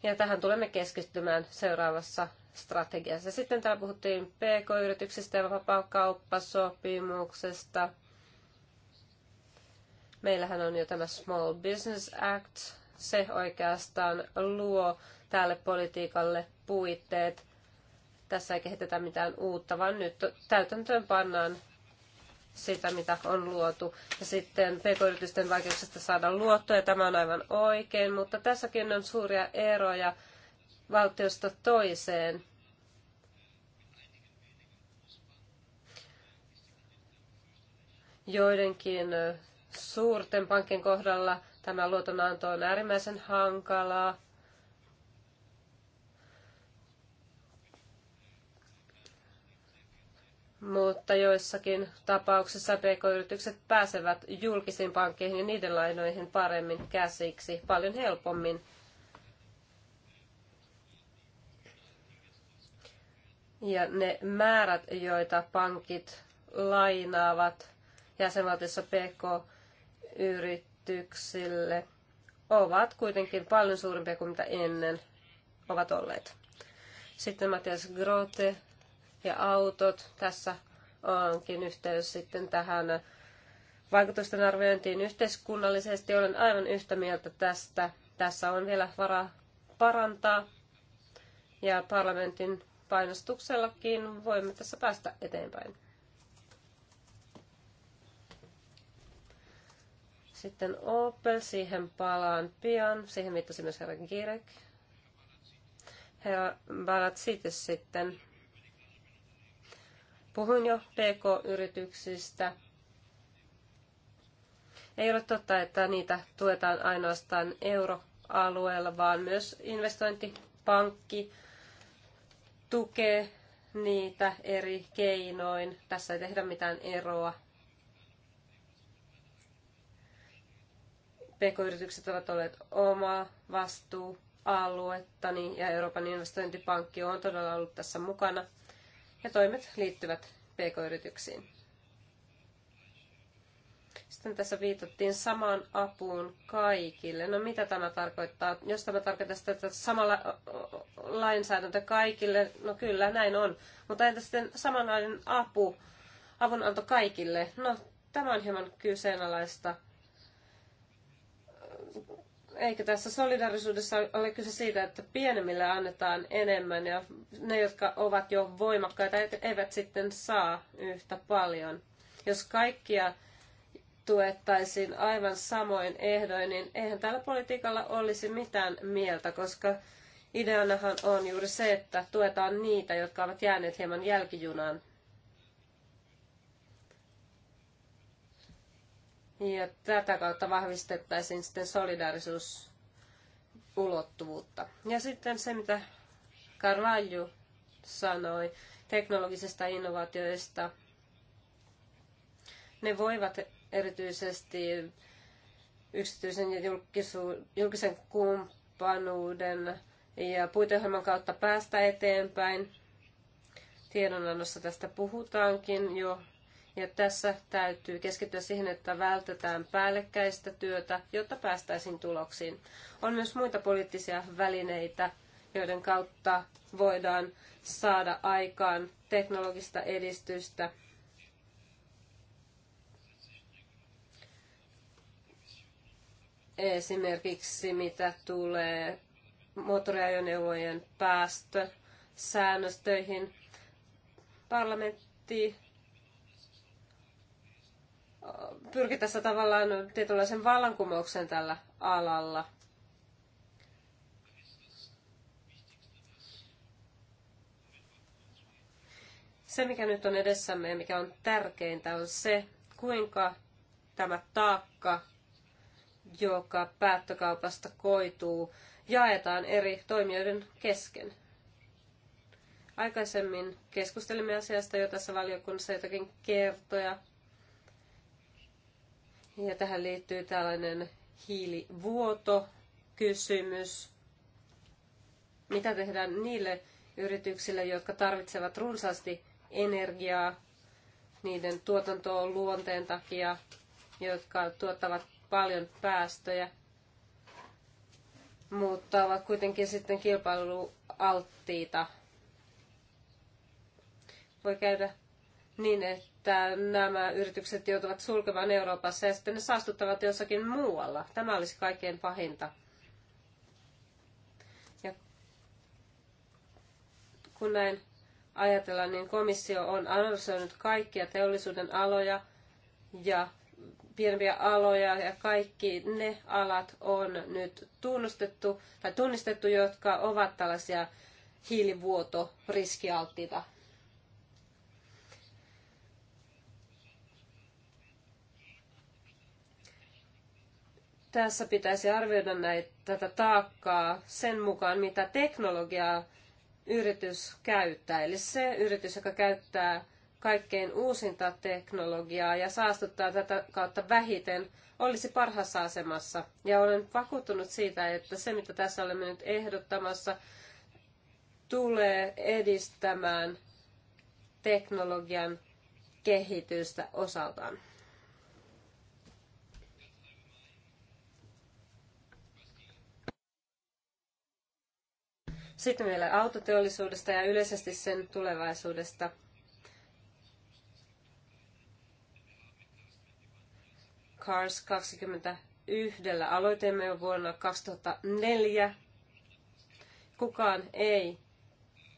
Ja tähän tulemme keskittymään seuraavassa strategiassa. Sitten täällä puhuttiin PK-yrityksistä ja vapaakauppasopimuksesta. Meillähän on jo tämä Small Business Act. Se oikeastaan luo tälle politiikalle puitteet. Tässä ei kehitetä mitään uutta, vaan nyt täytäntöön pannaan sitä, mitä on luotu. Ja sitten pk-yritysten vaikeuksista saada luottoja, tämä on aivan oikein, mutta tässäkin on suuria eroja valtiosta toiseen. Joidenkin äh, suurten pankin kohdalla tämä luotonanto on äärimmäisen hankalaa. mutta joissakin tapauksissa pk-yritykset pääsevät julkisiin pankkeihin ja niiden lainoihin paremmin käsiksi, paljon helpommin. Ja ne määrät, joita pankit lainaavat jäsenvaltiossa pk-yrityksille, ovat kuitenkin paljon suurempia kuin mitä ennen ovat olleet. Sitten Matias Grote ja autot. Tässä onkin yhteys sitten tähän vaikutusten arviointiin yhteiskunnallisesti. Olen aivan yhtä mieltä tästä. Tässä on vielä varaa parantaa ja parlamentin painostuksellakin voimme tässä päästä eteenpäin. Sitten Opel, siihen palaan pian. Siihen viittasi myös herra Girek. Herra Balatsitis sitten Puhuin jo PK-yrityksistä. Ei ole totta, että niitä tuetaan ainoastaan euroalueella, vaan myös investointipankki tukee niitä eri keinoin. Tässä ei tehdä mitään eroa. PK-yritykset ovat olleet oma vastuualuettani ja Euroopan investointipankki on todella ollut tässä mukana ja toimet liittyvät pk-yrityksiin. Sitten tässä viitattiin samaan apuun kaikille. No mitä tämä tarkoittaa? Jos tämä tarkoittaa sitä, että sama lainsäädäntö kaikille, no kyllä, näin on. Mutta entä sitten samanlainen apu, avunanto kaikille? No tämä on hieman kyseenalaista. Eikä tässä solidarisuudessa ole kyse siitä, että pienemmille annetaan enemmän ja ne, jotka ovat jo voimakkaita, eivät sitten saa yhtä paljon. Jos kaikkia tuettaisiin aivan samoin ehdoin, niin eihän tällä politiikalla olisi mitään mieltä, koska ideanahan on juuri se, että tuetaan niitä, jotka ovat jääneet hieman jälkijunaan Ja tätä kautta vahvistettaisiin sitten solidaarisuusulottuvuutta. Ja sitten se, mitä Carvalho sanoi teknologisesta innovaatioista. Ne voivat erityisesti yksityisen ja julkisen kumppanuuden ja puiteohjelman kautta päästä eteenpäin. Tiedonannossa tästä puhutaankin jo ja tässä täytyy keskittyä siihen, että vältetään päällekkäistä työtä, jotta päästäisiin tuloksiin. On myös muita poliittisia välineitä, joiden kautta voidaan saada aikaan teknologista edistystä. Esimerkiksi mitä tulee moottoriajoneuvojen päästösäännöstöihin, parlamentti pyrki tässä tavallaan tietynlaisen vallankumouksen tällä alalla. Se, mikä nyt on edessämme ja mikä on tärkeintä, on se, kuinka tämä taakka, joka päättökaupasta koituu, jaetaan eri toimijoiden kesken. Aikaisemmin keskustelimme asiasta jo tässä valiokunnassa jotakin kertoja ja tähän liittyy tällainen hiilivuotokysymys. Mitä tehdään niille yrityksille, jotka tarvitsevat runsaasti energiaa niiden tuotantoon luonteen takia, jotka tuottavat paljon päästöjä, mutta ovat kuitenkin sitten kilpailualttiita. Voi käydä niin, että että nämä yritykset joutuvat sulkemaan Euroopassa ja sitten ne saastuttavat jossakin muualla. Tämä olisi kaikkein pahinta. Ja kun näin ajatellaan, niin komissio on analysoinut kaikkia teollisuuden aloja ja pienempiä aloja ja kaikki ne alat on nyt tunnustettu tai tunnistettu, jotka ovat tällaisia hiilivuotoriskialttiita Tässä pitäisi arvioida näitä, tätä taakkaa sen mukaan, mitä teknologiaa yritys käyttää. Eli se yritys, joka käyttää kaikkein uusinta teknologiaa ja saastuttaa tätä kautta vähiten, olisi parhaassa asemassa. Ja olen vakuuttunut siitä, että se mitä tässä olemme nyt ehdottamassa, tulee edistämään teknologian kehitystä osaltaan. Sitten vielä autoteollisuudesta ja yleisesti sen tulevaisuudesta. Cars 21 aloitimme jo vuonna 2004. Kukaan ei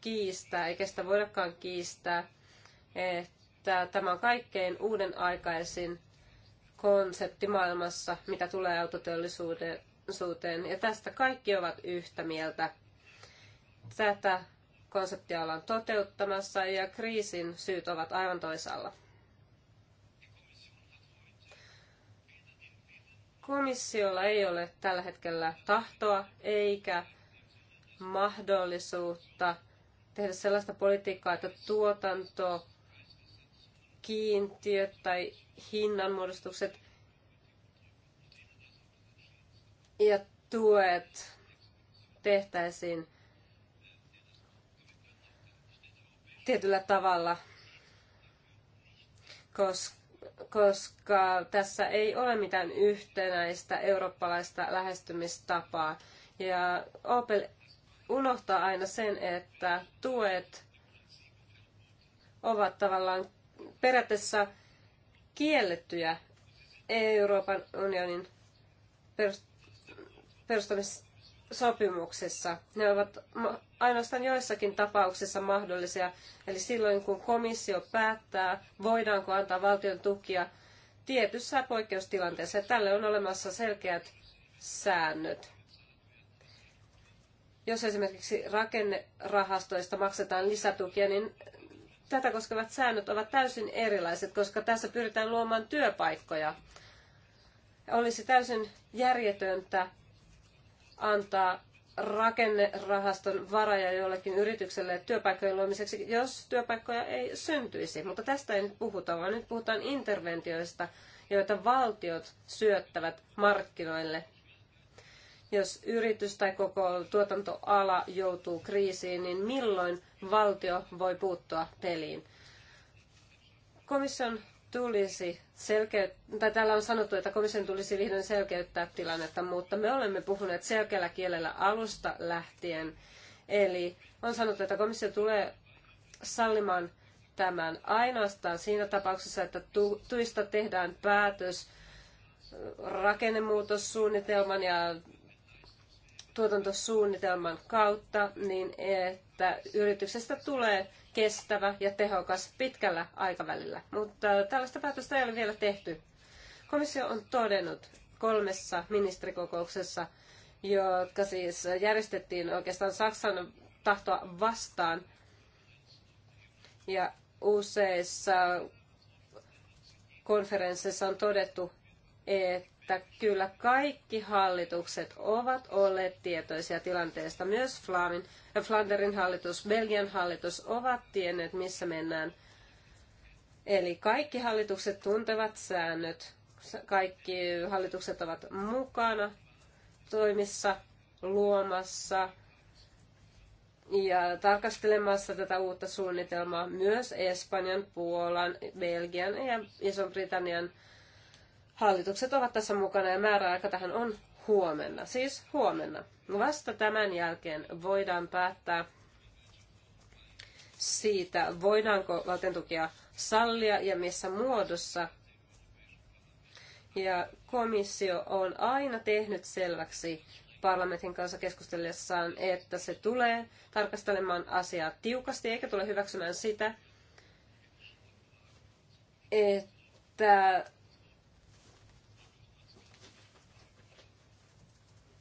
kiistää, eikä sitä voidakaan kiistää, että tämä on kaikkein uuden aikaisin konsepti maailmassa, mitä tulee autoteollisuuteen. Ja tästä kaikki ovat yhtä mieltä. Tätä konseptia ollaan toteuttamassa ja kriisin syyt ovat aivan toisaalla. Komissiolla ei ole tällä hetkellä tahtoa eikä mahdollisuutta tehdä sellaista politiikkaa, että tuotanto, kiintiöt tai hinnanmuodostukset ja tuet tehtäisiin tietyllä tavalla, koska tässä ei ole mitään yhtenäistä eurooppalaista lähestymistapaa. Ja Opel unohtaa aina sen, että tuet ovat tavallaan periaatteessa kiellettyjä Euroopan unionin perustamista sopimuksessa. Ne ovat ainoastaan joissakin tapauksissa mahdollisia, eli silloin kun komissio päättää, voidaanko antaa valtion tukia tietyssä poikkeustilanteessa. Ja tälle on olemassa selkeät säännöt. Jos esimerkiksi rakennerahastoista maksetaan lisätukia, niin tätä koskevat säännöt ovat täysin erilaiset, koska tässä pyritään luomaan työpaikkoja. Olisi täysin järjetöntä antaa rakennerahaston varaja jollekin yritykselle työpaikkojen luomiseksi, jos työpaikkoja ei syntyisi. Mutta tästä ei nyt puhuta, vaan nyt puhutaan interventioista, joita valtiot syöttävät markkinoille. Jos yritys tai koko tuotantoala joutuu kriisiin, niin milloin valtio voi puuttua peliin? Komission tulisi selkeyttää, tai täällä on sanottu, että komission tulisi vihdoin selkeyttää tilannetta, mutta me olemme puhuneet selkeällä kielellä alusta lähtien. Eli on sanottu, että komissio tulee sallimaan tämän ainoastaan siinä tapauksessa, että tuista tehdään päätös äh, rakennemuutossuunnitelman ja tuotantosuunnitelman kautta, niin että yrityksestä tulee kestävä ja tehokas pitkällä aikavälillä, mutta äh, tällaista päätöstä ei ole vielä tehty. Komissio on todennut kolmessa ministerikokouksessa, jotka siis järjestettiin oikeastaan Saksan tahtoa vastaan, ja useissa konferensseissa on todettu, että että kyllä kaikki hallitukset ovat olleet tietoisia tilanteesta. Myös Flamin, äh, Flanderin hallitus, Belgian hallitus ovat tienneet, missä mennään. Eli kaikki hallitukset tuntevat säännöt, kaikki hallitukset ovat mukana toimissa, luomassa ja tarkastelemassa tätä uutta suunnitelmaa myös Espanjan, Puolan, Belgian ja Ison-Britannian Hallitukset ovat tässä mukana ja määräaika tähän on huomenna, siis huomenna. Vasta tämän jälkeen voidaan päättää siitä, voidaanko tukia sallia ja missä muodossa. Ja komissio on aina tehnyt selväksi parlamentin kanssa keskustellessaan, että se tulee tarkastelemaan asiaa tiukasti eikä tule hyväksymään sitä, että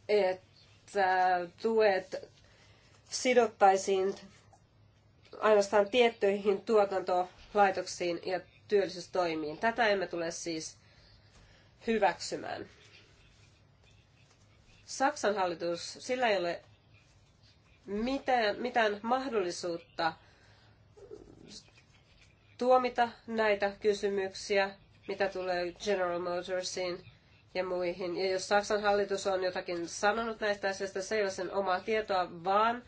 että tuet sidottaisiin ainoastaan tiettyihin tuotantolaitoksiin ja työllisyystoimiin. Tätä emme tule siis hyväksymään. Saksan hallitus, sillä ei ole mitään, mitään mahdollisuutta tuomita näitä kysymyksiä, mitä tulee General Motorsiin – ja muihin. Ja jos Saksan hallitus on jotakin sanonut näistä asioista, se ei ole sen omaa tietoa, vaan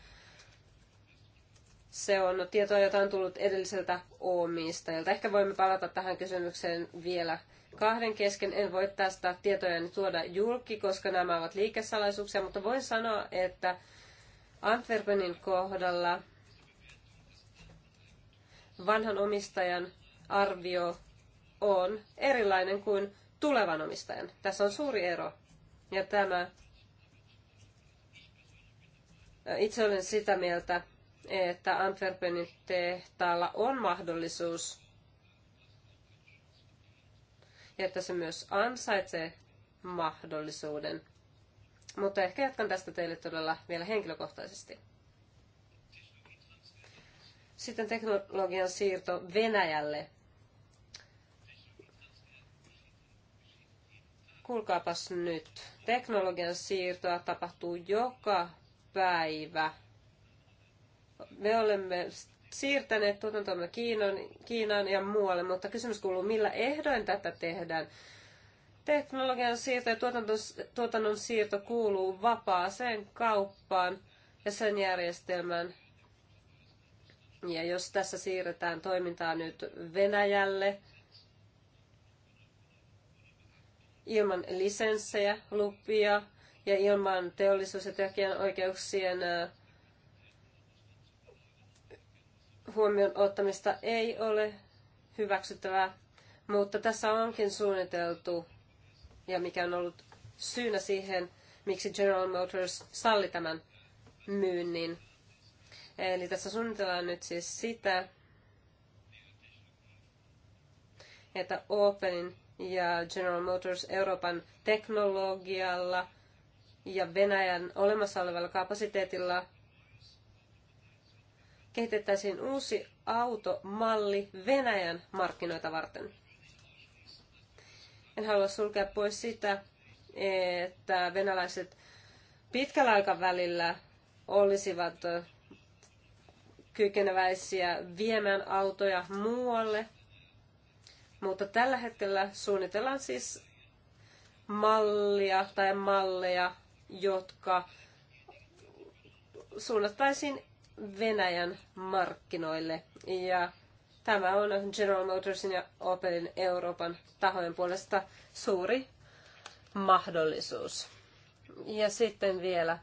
se on tietoa, jota on tullut edelliseltä omistajilta. Ehkä voimme palata tähän kysymykseen vielä kahden kesken. En voi tästä tietoja tuoda julki, koska nämä ovat liikesalaisuuksia, mutta voin sanoa, että Antwerpenin kohdalla vanhan omistajan arvio on erilainen kuin tulevan omistajan. Tässä on suuri ero. Ja tämä, äh, itse olen sitä mieltä, että Antwerpenin tehtaalla on mahdollisuus ja että se myös ansaitsee mahdollisuuden. Mutta ehkä jatkan tästä teille todella vielä henkilökohtaisesti. Sitten teknologian siirto Venäjälle kuulkaapas nyt, teknologian siirtoa tapahtuu joka päivä. Me olemme siirtäneet tuotantomme Kiinan, Kiinaan ja muualle, mutta kysymys kuuluu, millä ehdoin tätä tehdään? Teknologian siirto ja tuotannon, tuotannon siirto kuuluu vapaaseen kauppaan ja sen järjestelmään. Ja jos tässä siirretään toimintaa nyt Venäjälle, ilman lisenssejä, lupia ja ilman teollisuus- ja tekijänoikeuksien huomioon ottamista ei ole hyväksyttävää, mutta tässä onkin suunniteltu ja mikä on ollut syynä siihen, miksi General Motors salli tämän myynnin. Eli tässä suunnitellaan nyt siis sitä, että Openin ja General Motors Euroopan teknologialla ja Venäjän olemassa olevalla kapasiteetilla kehitettäisiin uusi automalli Venäjän markkinoita varten. En halua sulkea pois sitä, että venäläiset pitkällä aikavälillä olisivat kykeneväisiä viemään autoja muualle mutta tällä hetkellä suunnitellaan siis mallia tai malleja, jotka suunnattaisiin Venäjän markkinoille. Ja tämä on General Motorsin ja Opelin Euroopan tahojen puolesta suuri mahdollisuus. Ja sitten vielä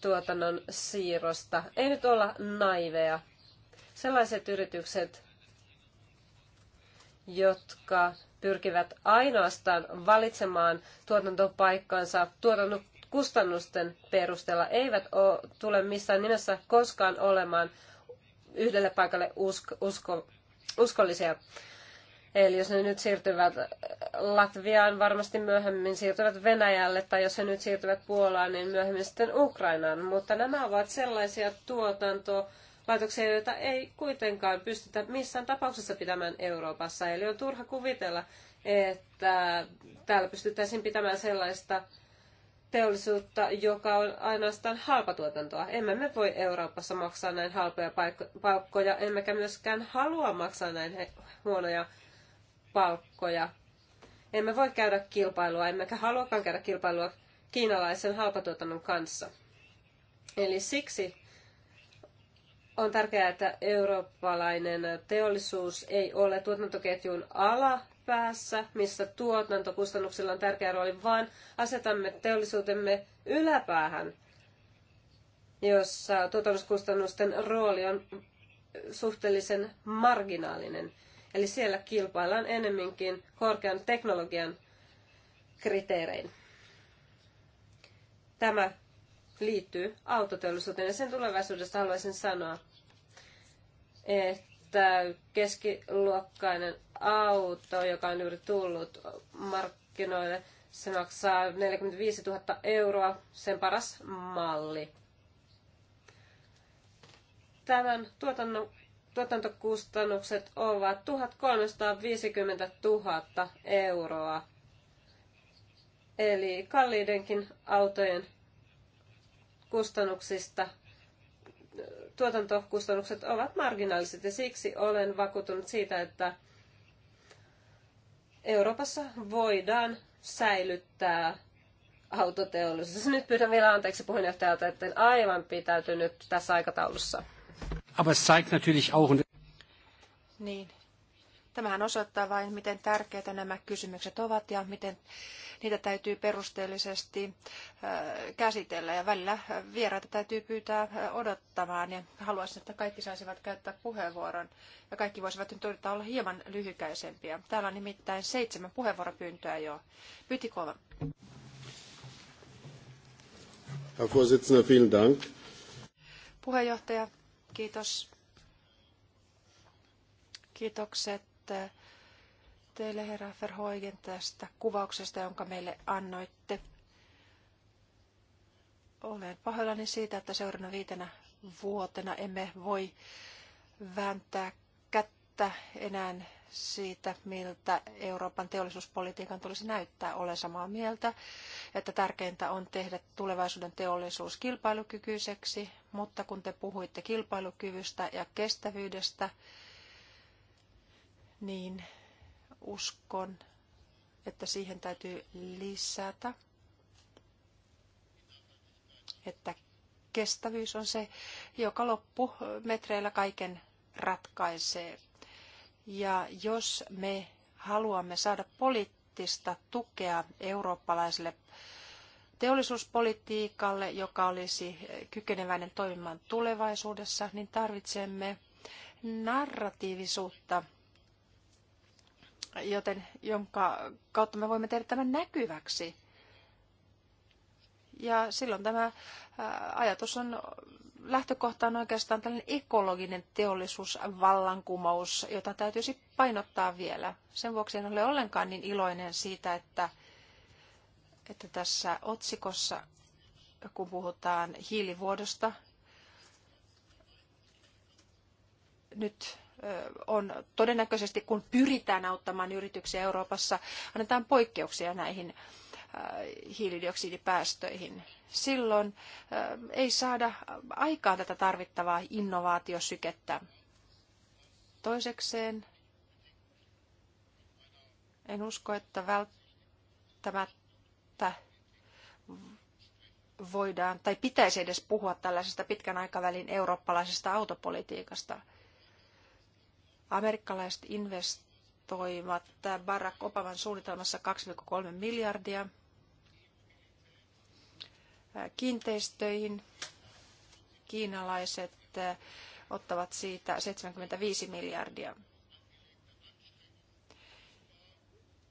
tuotannon siirrosta. Ei nyt olla naiveja. Sellaiset yritykset, jotka pyrkivät ainoastaan valitsemaan tuotantopaikkansa tuotannon kustannusten perusteella, eivät ole, tule missään nimessä koskaan olemaan yhdelle paikalle usko, usko, uskollisia. Eli jos ne nyt siirtyvät Latviaan, varmasti myöhemmin siirtyvät Venäjälle, tai jos he nyt siirtyvät Puolaan, niin myöhemmin sitten Ukrainaan. Mutta nämä ovat sellaisia tuotanto- laitoksia, joita ei kuitenkaan pystytä missään tapauksessa pitämään Euroopassa. Eli on turha kuvitella, että täällä pystyttäisiin pitämään sellaista teollisuutta, joka on ainoastaan halpatuotantoa. Emme me voi Euroopassa maksaa näin halpoja palkkoja, emmekä myöskään halua maksaa näin huonoja palkkoja. Emme voi käydä kilpailua, emmekä haluakaan käydä kilpailua kiinalaisen halpatuotannon kanssa. Eli siksi on tärkeää, että eurooppalainen teollisuus ei ole tuotantoketjun alapäässä, missä tuotantokustannuksilla on tärkeä rooli, vaan asetamme teollisuutemme yläpäähän, jossa tuotantokustannusten rooli on suhteellisen marginaalinen. Eli siellä kilpaillaan enemminkin korkean teknologian kriteerein. Tämä liittyy autoteollisuuteen. Ja sen tulevaisuudesta haluaisin sanoa, että keskiluokkainen auto, joka on juuri tullut markkinoille, se maksaa 45 000 euroa, sen paras malli. Tämän tuotannon tuotantokustannukset ovat 1350 000 euroa. Eli kalliidenkin autojen kustannuksista tuotantokustannukset ovat marginaaliset ja siksi olen vakuuttunut siitä, että Euroopassa voidaan säilyttää autoteollisuus. Nyt pyydän vielä anteeksi puheenjohtajalta, että en aivan pitäytynyt tässä aikataulussa. Aber es zeigt natürlich auch... Niin. Tämähän osoittaa vain, miten tärkeitä nämä kysymykset ovat ja miten niitä täytyy perusteellisesti käsitellä ja välillä vieraita täytyy pyytää odottamaan ja haluaisin, että kaikki saisivat käyttää puheenvuoron ja kaikki voisivat nyt yrittää olla hieman lyhykäisempiä. Täällä on nimittäin seitsemän puheenvuoropyyntöä jo. Pytikova. Herr Vorsitzender, vielen Dank. Puheenjohtaja, kiitos. Kiitokset teille, herra Verhoigen, tästä kuvauksesta, jonka meille annoitte. Olen pahoillani siitä, että seuraavana viitenä vuotena emme voi vääntää kättä enää siitä, miltä Euroopan teollisuuspolitiikan tulisi näyttää. Olen samaa mieltä, että tärkeintä on tehdä tulevaisuuden teollisuus kilpailukykyiseksi, mutta kun te puhuitte kilpailukyvystä ja kestävyydestä, niin uskon, että siihen täytyy lisätä, että kestävyys on se, joka loppumetreillä kaiken ratkaisee. Ja jos me haluamme saada poliittista tukea eurooppalaiselle teollisuuspolitiikalle, joka olisi kykeneväinen toimimaan tulevaisuudessa, niin tarvitsemme narratiivisuutta joten, jonka kautta me voimme tehdä tämän näkyväksi. Ja silloin tämä ajatus on lähtökohtaan oikeastaan tällainen ekologinen teollisuusvallankumous, jota täytyisi painottaa vielä. Sen vuoksi en ole ollenkaan niin iloinen siitä, että, että tässä otsikossa, kun puhutaan hiilivuodosta, nyt on todennäköisesti, kun pyritään auttamaan yrityksiä Euroopassa, annetaan poikkeuksia näihin hiilidioksidipäästöihin. Silloin ei saada aikaan tätä tarvittavaa innovaatiosykettä. Toisekseen en usko, että välttämättä voidaan tai pitäisi edes puhua tällaisesta pitkän aikavälin eurooppalaisesta autopolitiikasta – Amerikkalaiset investoivat Barack Obaman suunnitelmassa 2,3 miljardia kiinteistöihin. Kiinalaiset eh, ottavat siitä 75 miljardia.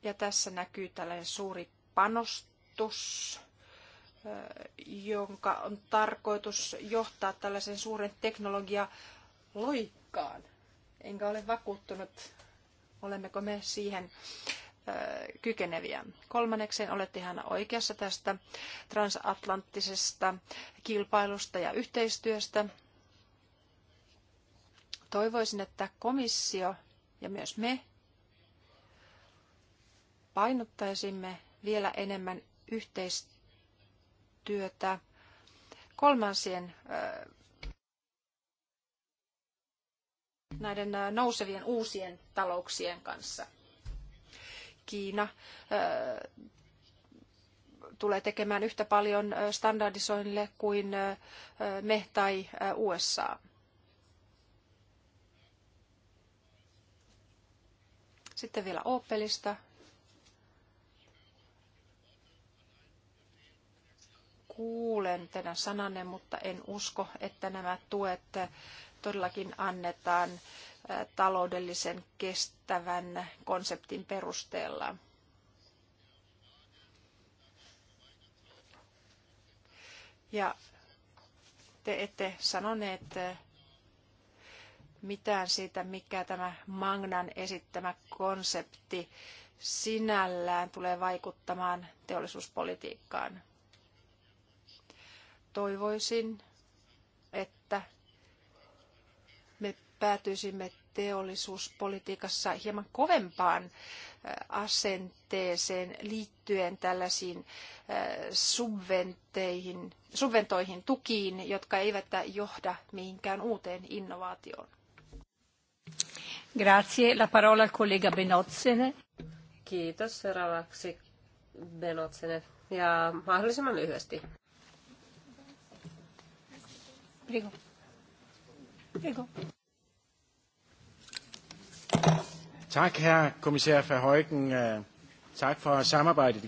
Ja tässä näkyy tällainen suuri panostus, eh, jonka on tarkoitus johtaa tällaisen suuren teknologialoikkaan – enkä ole vakuuttunut, olemmeko me siihen kykeneviä. Kolmanneksen olette ihan oikeassa tästä transatlanttisesta kilpailusta ja yhteistyöstä. Toivoisin, että komissio ja myös me painottaisimme vielä enemmän yhteistyötä kolmansien näiden äh, nousevien uusien talouksien kanssa. Kiina äh, tulee tekemään yhtä paljon äh, standardisoinnille kuin me tai USA. Sitten vielä Opelista. Kuulen teidän sananne, mutta en usko, että nämä tuet todellakin annetaan taloudellisen kestävän konseptin perusteella. Ja te ette sanoneet mitään siitä, mikä tämä Magnan esittämä konsepti sinällään tulee vaikuttamaan teollisuuspolitiikkaan. Toivoisin, päätyisimme teollisuuspolitiikassa hieman kovempaan äh, asenteeseen liittyen tällaisiin äh, subventeihin, subventoihin, tukiin, jotka eivät johda mihinkään uuteen innovaatioon. Grazie. La parola al collega Benotsene. Kiitos. Seuraavaksi Benotsene. Ja mahdollisimman lyhyesti. Prego. Prego. Tak, herr kommissär Verheugen. Øh, Tack för samarbetet.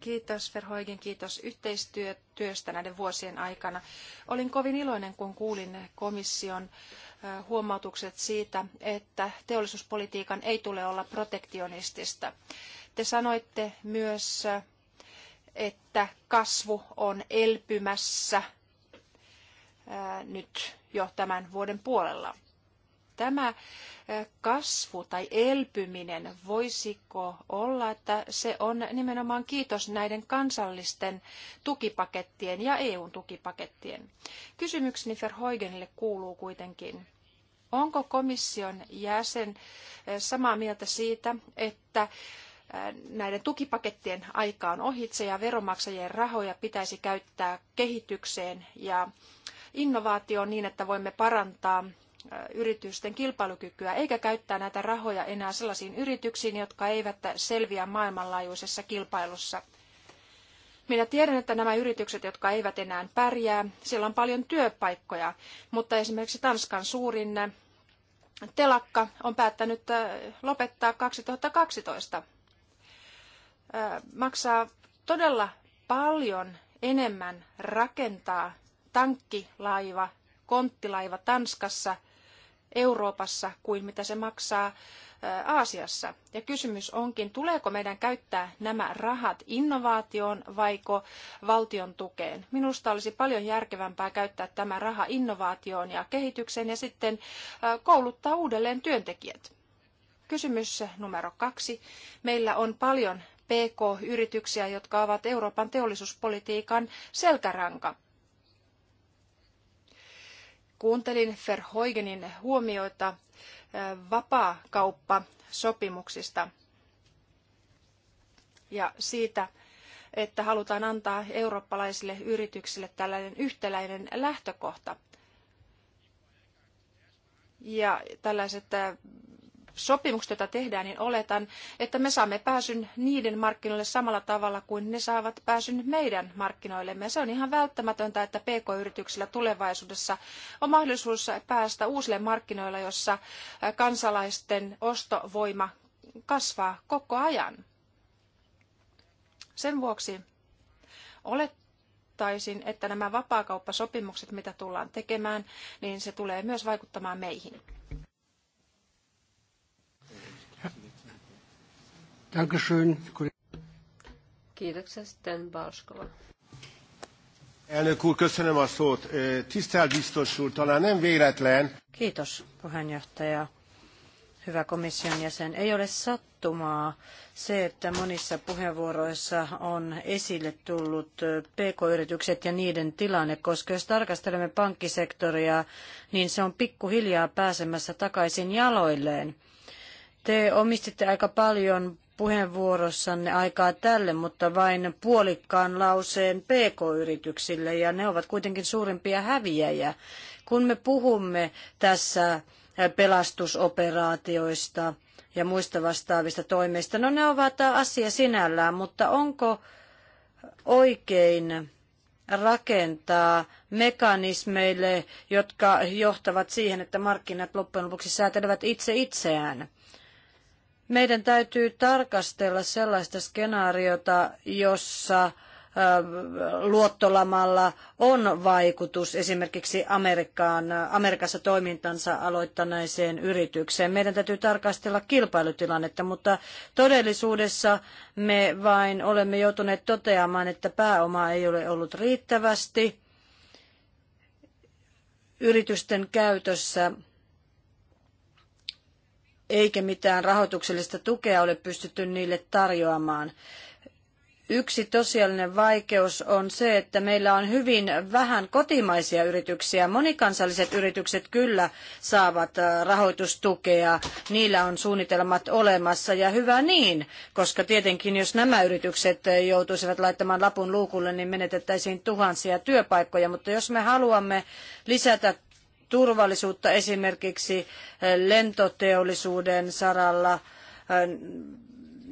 Kiitos Verhoigen, kiitos yhteistyöstä näiden vuosien aikana. Olin kovin iloinen, kun kuulin komission huomautukset siitä, että teollisuuspolitiikan ei tule olla protektionistista. Te sanoitte myös, että kasvu on elpymässä nyt jo tämän vuoden puolella tämä kasvu tai elpyminen, voisiko olla, että se on nimenomaan kiitos näiden kansallisten tukipakettien ja EUn tukipakettien? Kysymykseni Verhoigenille kuuluu kuitenkin. Onko komission jäsen samaa mieltä siitä, että näiden tukipakettien aika on ohitse ja veronmaksajien rahoja pitäisi käyttää kehitykseen ja innovaatioon niin, että voimme parantaa yritysten kilpailukykyä, eikä käyttää näitä rahoja enää sellaisiin yrityksiin, jotka eivät selviä maailmanlaajuisessa kilpailussa. Minä tiedän, että nämä yritykset, jotka eivät enää pärjää, siellä on paljon työpaikkoja, mutta esimerkiksi Tanskan suurin telakka on päättänyt lopettaa 2012. Maksaa todella paljon enemmän rakentaa tankkilaiva, konttilaiva Tanskassa Euroopassa kuin mitä se maksaa Aasiassa. Ja kysymys onkin, tuleeko meidän käyttää nämä rahat innovaatioon vaiko valtion tukeen. Minusta olisi paljon järkevämpää käyttää tämä raha innovaatioon ja kehitykseen ja sitten kouluttaa uudelleen työntekijät. Kysymys numero kaksi. Meillä on paljon PK-yrityksiä, jotka ovat Euroopan teollisuuspolitiikan selkäranka. Kuuntelin Verhoigenin huomioita vapaakauppasopimuksista ja siitä, että halutaan antaa eurooppalaisille yrityksille tällainen yhtäläinen lähtökohta. Ja tällaiset sopimukset, joita tehdään, niin oletan, että me saamme pääsyn niiden markkinoille samalla tavalla kuin ne saavat pääsyn meidän markkinoillemme. Ja se on ihan välttämätöntä, että PK-yrityksillä tulevaisuudessa on mahdollisuus päästä uusille markkinoille, jossa kansalaisten ostovoima kasvaa koko ajan. Sen vuoksi olettaisin, että nämä vapaakauppasopimukset, mitä tullaan tekemään, niin se tulee myös vaikuttamaan meihin. Dankeschön. Kiitoksia sitten Balskova. Elnök úr, köszönöm a szót. Tisztelt biztos úr, talán nem véletlen. Kiitos, puheenjohtaja. Hyvä komission jäsen. Ei ole sattumaa se, että monissa puheenvuoroissa on esille tullut pk-yritykset ja niiden tilanne, koska jos tarkastelemme pankkisektoria, niin se on pikkuhiljaa pääsemässä takaisin jaloilleen. Te omistitte aika paljon puheenvuorossanne aikaa tälle, mutta vain puolikkaan lauseen PK-yrityksille, ja ne ovat kuitenkin suurimpia häviäjiä. Kun me puhumme tässä pelastusoperaatioista ja muista vastaavista toimista, no ne ovat asia sinällään, mutta onko oikein rakentaa mekanismeille, jotka johtavat siihen, että markkinat loppujen lopuksi säätelevät itse itseään. Meidän täytyy tarkastella sellaista skenaariota, jossa luottolamalla on vaikutus esimerkiksi Amerikkaan, Amerikassa toimintansa aloittaneeseen yritykseen. Meidän täytyy tarkastella kilpailutilannetta, mutta todellisuudessa me vain olemme joutuneet toteamaan, että pääoma ei ole ollut riittävästi yritysten käytössä eikä mitään rahoituksellista tukea ole pystytty niille tarjoamaan. Yksi tosiaalinen vaikeus on se, että meillä on hyvin vähän kotimaisia yrityksiä. Monikansalliset yritykset kyllä saavat äh, rahoitustukea, niillä on suunnitelmat olemassa ja hyvä niin, koska tietenkin jos nämä yritykset äh, joutuisivat laittamaan lapun luukulle, niin menetettäisiin tuhansia työpaikkoja, mutta jos me haluamme lisätä turvallisuutta esimerkiksi eh, lentoteollisuuden saralla, eh,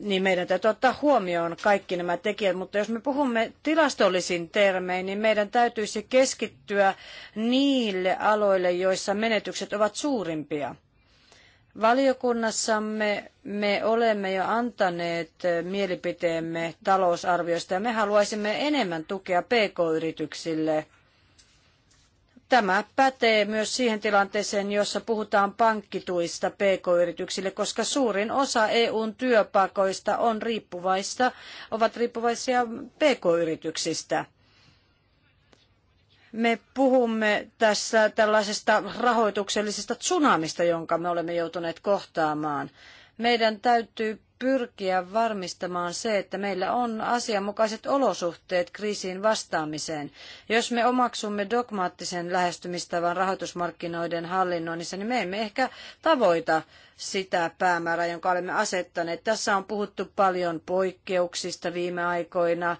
niin meidän täytyy ottaa huomioon kaikki nämä tekijät. Mutta jos me puhumme tilastollisin termein, niin meidän täytyisi keskittyä niille aloille, joissa menetykset ovat suurimpia. Valiokunnassamme me olemme jo antaneet eh, mielipiteemme talousarviosta ja me haluaisimme enemmän tukea pk-yrityksille – Tämä pätee myös siihen tilanteeseen, jossa puhutaan pankkituista pk-yrityksille, koska suurin osa EUn työpaikoista on riippuvaista, ovat riippuvaisia pk-yrityksistä. Me puhumme tässä tällaisesta rahoituksellisesta tsunamista, jonka me olemme joutuneet kohtaamaan. Meidän täytyy pyrkiä varmistamaan se, että meillä on asianmukaiset olosuhteet kriisiin vastaamiseen. Jos me omaksumme dogmaattisen lähestymistavan rahoitusmarkkinoiden hallinnoinnissa, niin me emme ehkä tavoita sitä päämäärää, jonka olemme asettaneet. Tässä on puhuttu paljon poikkeuksista viime aikoina.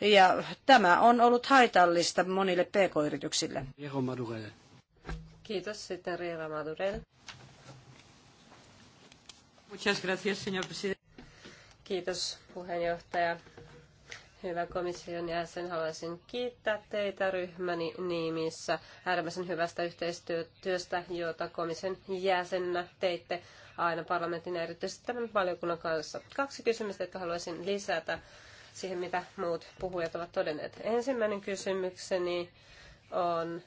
Ja tämä on ollut haitallista monille pk-yrityksille. Kiitos, sitten Riera Madurel. Muchas Kiitos puheenjohtaja. Hyvä komission jäsen, haluaisin kiittää teitä ryhmäni nimissä äärimmäisen hyvästä yhteistyöstä, jota komission jäsenenä teitte aina parlamentin ja erityisesti tämän valiokunnan kanssa. Kaksi kysymystä, jotka haluaisin lisätä siihen, mitä muut puhujat ovat todenneet. Ensimmäinen kysymykseni on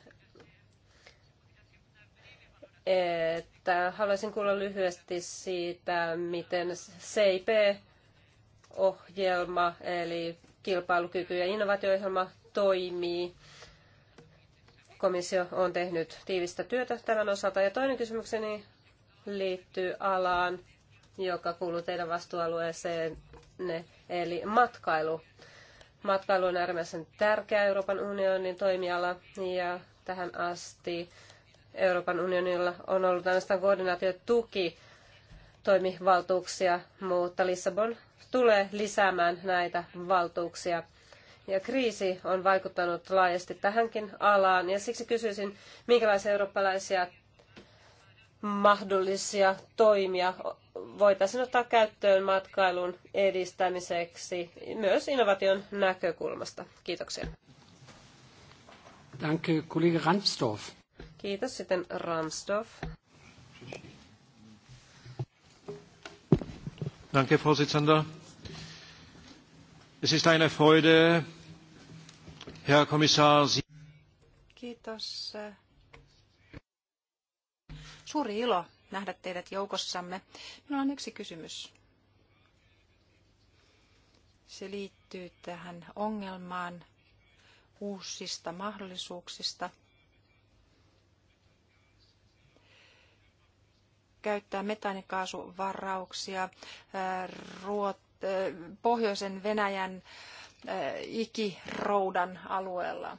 että haluaisin kuulla lyhyesti siitä, miten CIP-ohjelma, eli kilpailukyky- ja innovaatio-ohjelma toimii. Komissio on tehnyt tiivistä työtä tämän osalta. Ja toinen kysymykseni liittyy alaan, joka kuuluu teidän vastuualueeseen, eli matkailu. Matkailu on äärimmäisen tärkeä Euroopan unionin toimiala ja tähän asti Euroopan unionilla on ollut ainoastaan koordinaatiotuki toimivaltuuksia, mutta Lissabon tulee lisäämään näitä valtuuksia. Ja kriisi on vaikuttanut laajasti tähänkin alaan, ja siksi kysyisin, minkälaisia eurooppalaisia mahdollisia toimia voitaisiin ottaa käyttöön matkailun edistämiseksi myös innovaation näkökulmasta. Kiitoksia. Danke, kollega Ransdorf. Kiitos sitten Ramstorff. Danke, Vorsitzender. Es ist eine Freude, Herr Kommissar. Sie Kiitos. Suuri ilo nähdä teidät joukossamme. Minulla on yksi kysymys. Se liittyy tähän ongelmaan uusista mahdollisuuksista – käyttää metaanikaasuvarauksia äh, Ruot- äh, pohjoisen Venäjän äh, ikiroudan alueella.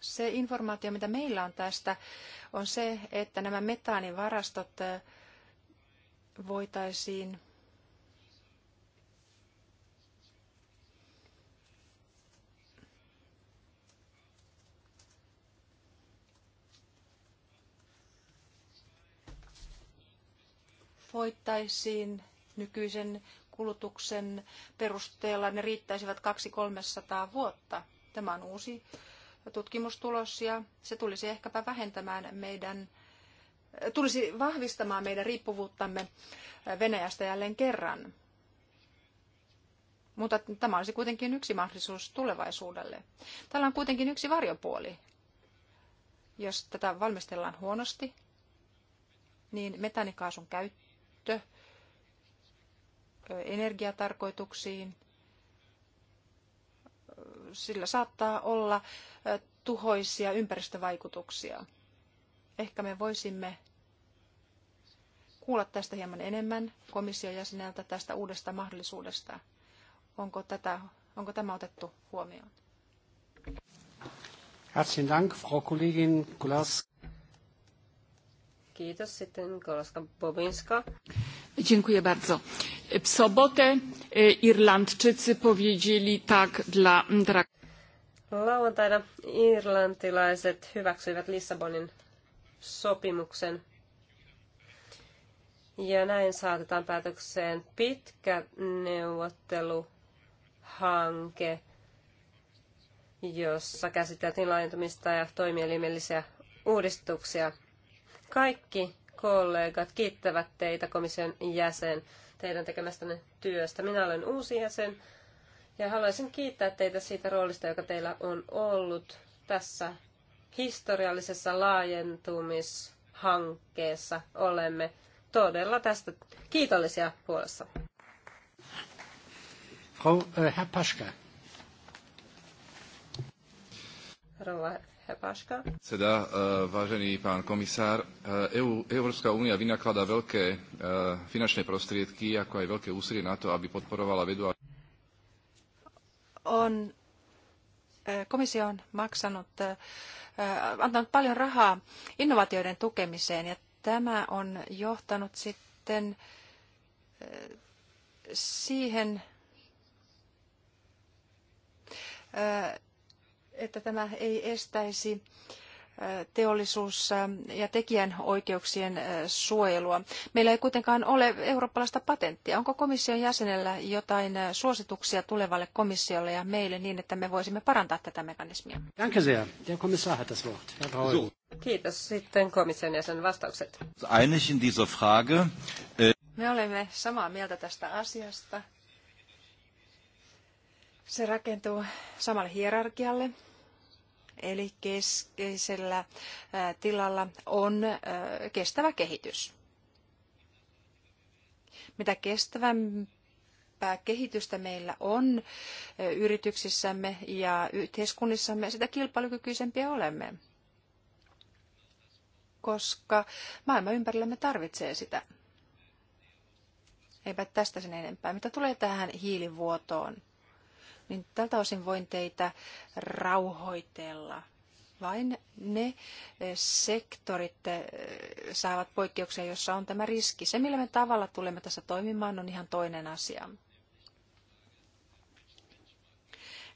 Se informaatio, mitä meillä on tästä, on se, että nämä metaanivarastot voitaisiin voitaisiin nykyisen kulutuksen perusteella, ne riittäisivät 200-300 vuotta. Tämä on uusi tutkimustulos ja se tulisi ehkäpä vähentämään meidän tulisi vahvistamaan meidän riippuvuuttamme Venäjästä jälleen kerran. Mutta tämä olisi kuitenkin yksi mahdollisuus tulevaisuudelle. Tällä on kuitenkin yksi varjopuoli. Jos tätä valmistellaan huonosti, niin metanikaasun käyttö käyttö energiatarkoituksiin. Sillä saattaa olla tuhoisia ympäristövaikutuksia. Ehkä me voisimme kuulla tästä hieman enemmän komission jäseneltä tästä uudesta mahdollisuudesta. Onko, tätä, onko tämä otettu huomioon? Herzlichen Dank, Frau Kollegin Kulas. Kiitos sitten Koloska Bobinska. Dziękuję bardzo. W sobotę e, Irlandczycy powiedzieli tak dla... Mm, Lauantaina irlantilaiset hyväksyivät Lissabonin sopimuksen. Ja näin saatetaan päätökseen pitkä neuvotteluhanke, jossa käsiteltiin laajentumista ja toimielimellisiä uudistuksia – kaikki kollegat kiittävät teitä komission jäsen teidän tekemästänne työstä. Minä olen uusi jäsen ja haluaisin kiittää teitä siitä roolista, joka teillä on ollut tässä historiallisessa laajentumishankkeessa. Olemme todella tästä kiitollisia puolessa. Frau äh, Herr Rouva Hepáška. Seda, eh, vážený pán komisár, eh, EU, Európska únia vynakladá veľké eh, finančné prostriedky, ako aj veľké úsilie na to, aby podporovala vedu On, komissio on maksanut, antanut paljon rahaa innovaatioiden tukemiseen ja tämä on johtanut sitten siihen, että tämä ei estäisi äh, teollisuus- äh, ja tekijänoikeuksien äh, suojelua. Meillä ei kuitenkaan ole eurooppalaista patenttia. Onko komission jäsenellä jotain suosituksia tulevalle komissiolle ja meille niin, että me voisimme parantaa tätä mekanismia? Danke sehr. Der Kommissar hat das Wort. Kiitos. Sitten komission jäsen vastaukset. Einig in dieser Frage. Me olemme samaa mieltä tästä asiasta. Se rakentuu samalle hierarkialle, eli keskeisellä tilalla on kestävä kehitys. Mitä kestävämpää kehitystä meillä on yrityksissämme ja yhteiskunnissamme, sitä kilpailukykyisempiä olemme, koska maailma ympärillämme tarvitsee sitä. Eipä tästä sen enempää. Mitä tulee tähän hiilivuotoon? niin tältä osin voin teitä rauhoitella. Vain ne eh, sektorit eh, saavat poikkeuksia, jossa on tämä riski. Se, millä me tavalla tulemme tässä toimimaan, on ihan toinen asia.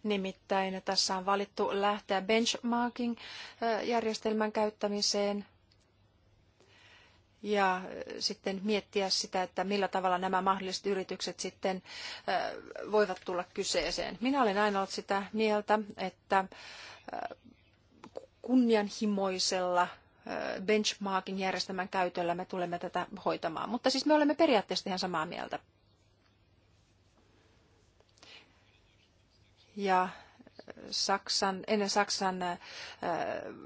Nimittäin tässä on valittu lähteä benchmarking-järjestelmän eh, käyttämiseen – ja äh, sitten miettiä sitä, että millä tavalla nämä mahdolliset yritykset sitten äh, voivat tulla kyseeseen. Minä olen aina ollut sitä mieltä, että äh, kunnianhimoisella benchmarkin järjestelmän käytöllä me tulemme tätä hoitamaan. Mutta siis me olemme periaatteessa ihan samaa mieltä. Ja Saksan, ennen Saksan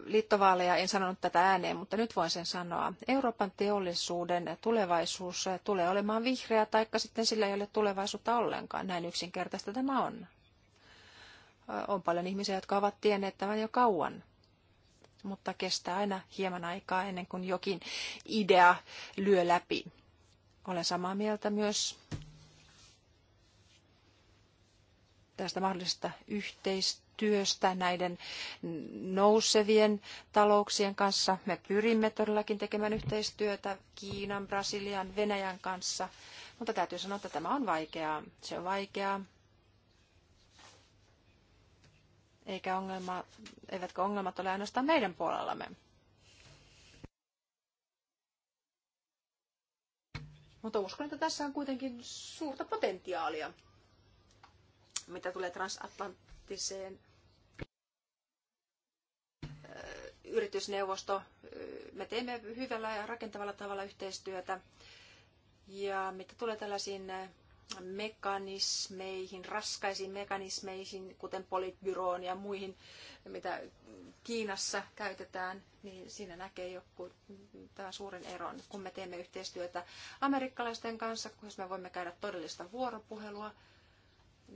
liittovaaleja en sanonut tätä ääneen, mutta nyt voin sen sanoa. Euroopan teollisuuden tulevaisuus tulee olemaan vihreä, taikka sitten sillä ei ole tulevaisuutta ollenkaan. Näin yksinkertaista tämä on. On paljon ihmisiä, jotka ovat tienneet tämän jo kauan, mutta kestää aina hieman aikaa ennen kuin jokin idea lyö läpi. Olen samaa mieltä myös tästä mahdollisesta yhteistyöstä näiden nousevien talouksien kanssa. Me pyrimme todellakin tekemään yhteistyötä Kiinan, Brasilian, Venäjän kanssa, mutta täytyy sanoa, että tämä on vaikeaa. Se on vaikeaa. Eikä ongelma, eivätkä ongelmat ole ainoastaan meidän puolellamme. Mutta uskon, että tässä on kuitenkin suurta potentiaalia mitä tulee transatlanttiseen yritysneuvosto, me teemme hyvällä ja rakentavalla tavalla yhteistyötä. Ja mitä tulee tällaisiin mekanismeihin, raskaisiin mekanismeihin, kuten politbyroon ja muihin, mitä Kiinassa käytetään, niin siinä näkee joku tämä suuren eron, kun me teemme yhteistyötä amerikkalaisten kanssa, koska me voimme käydä todellista vuoropuhelua –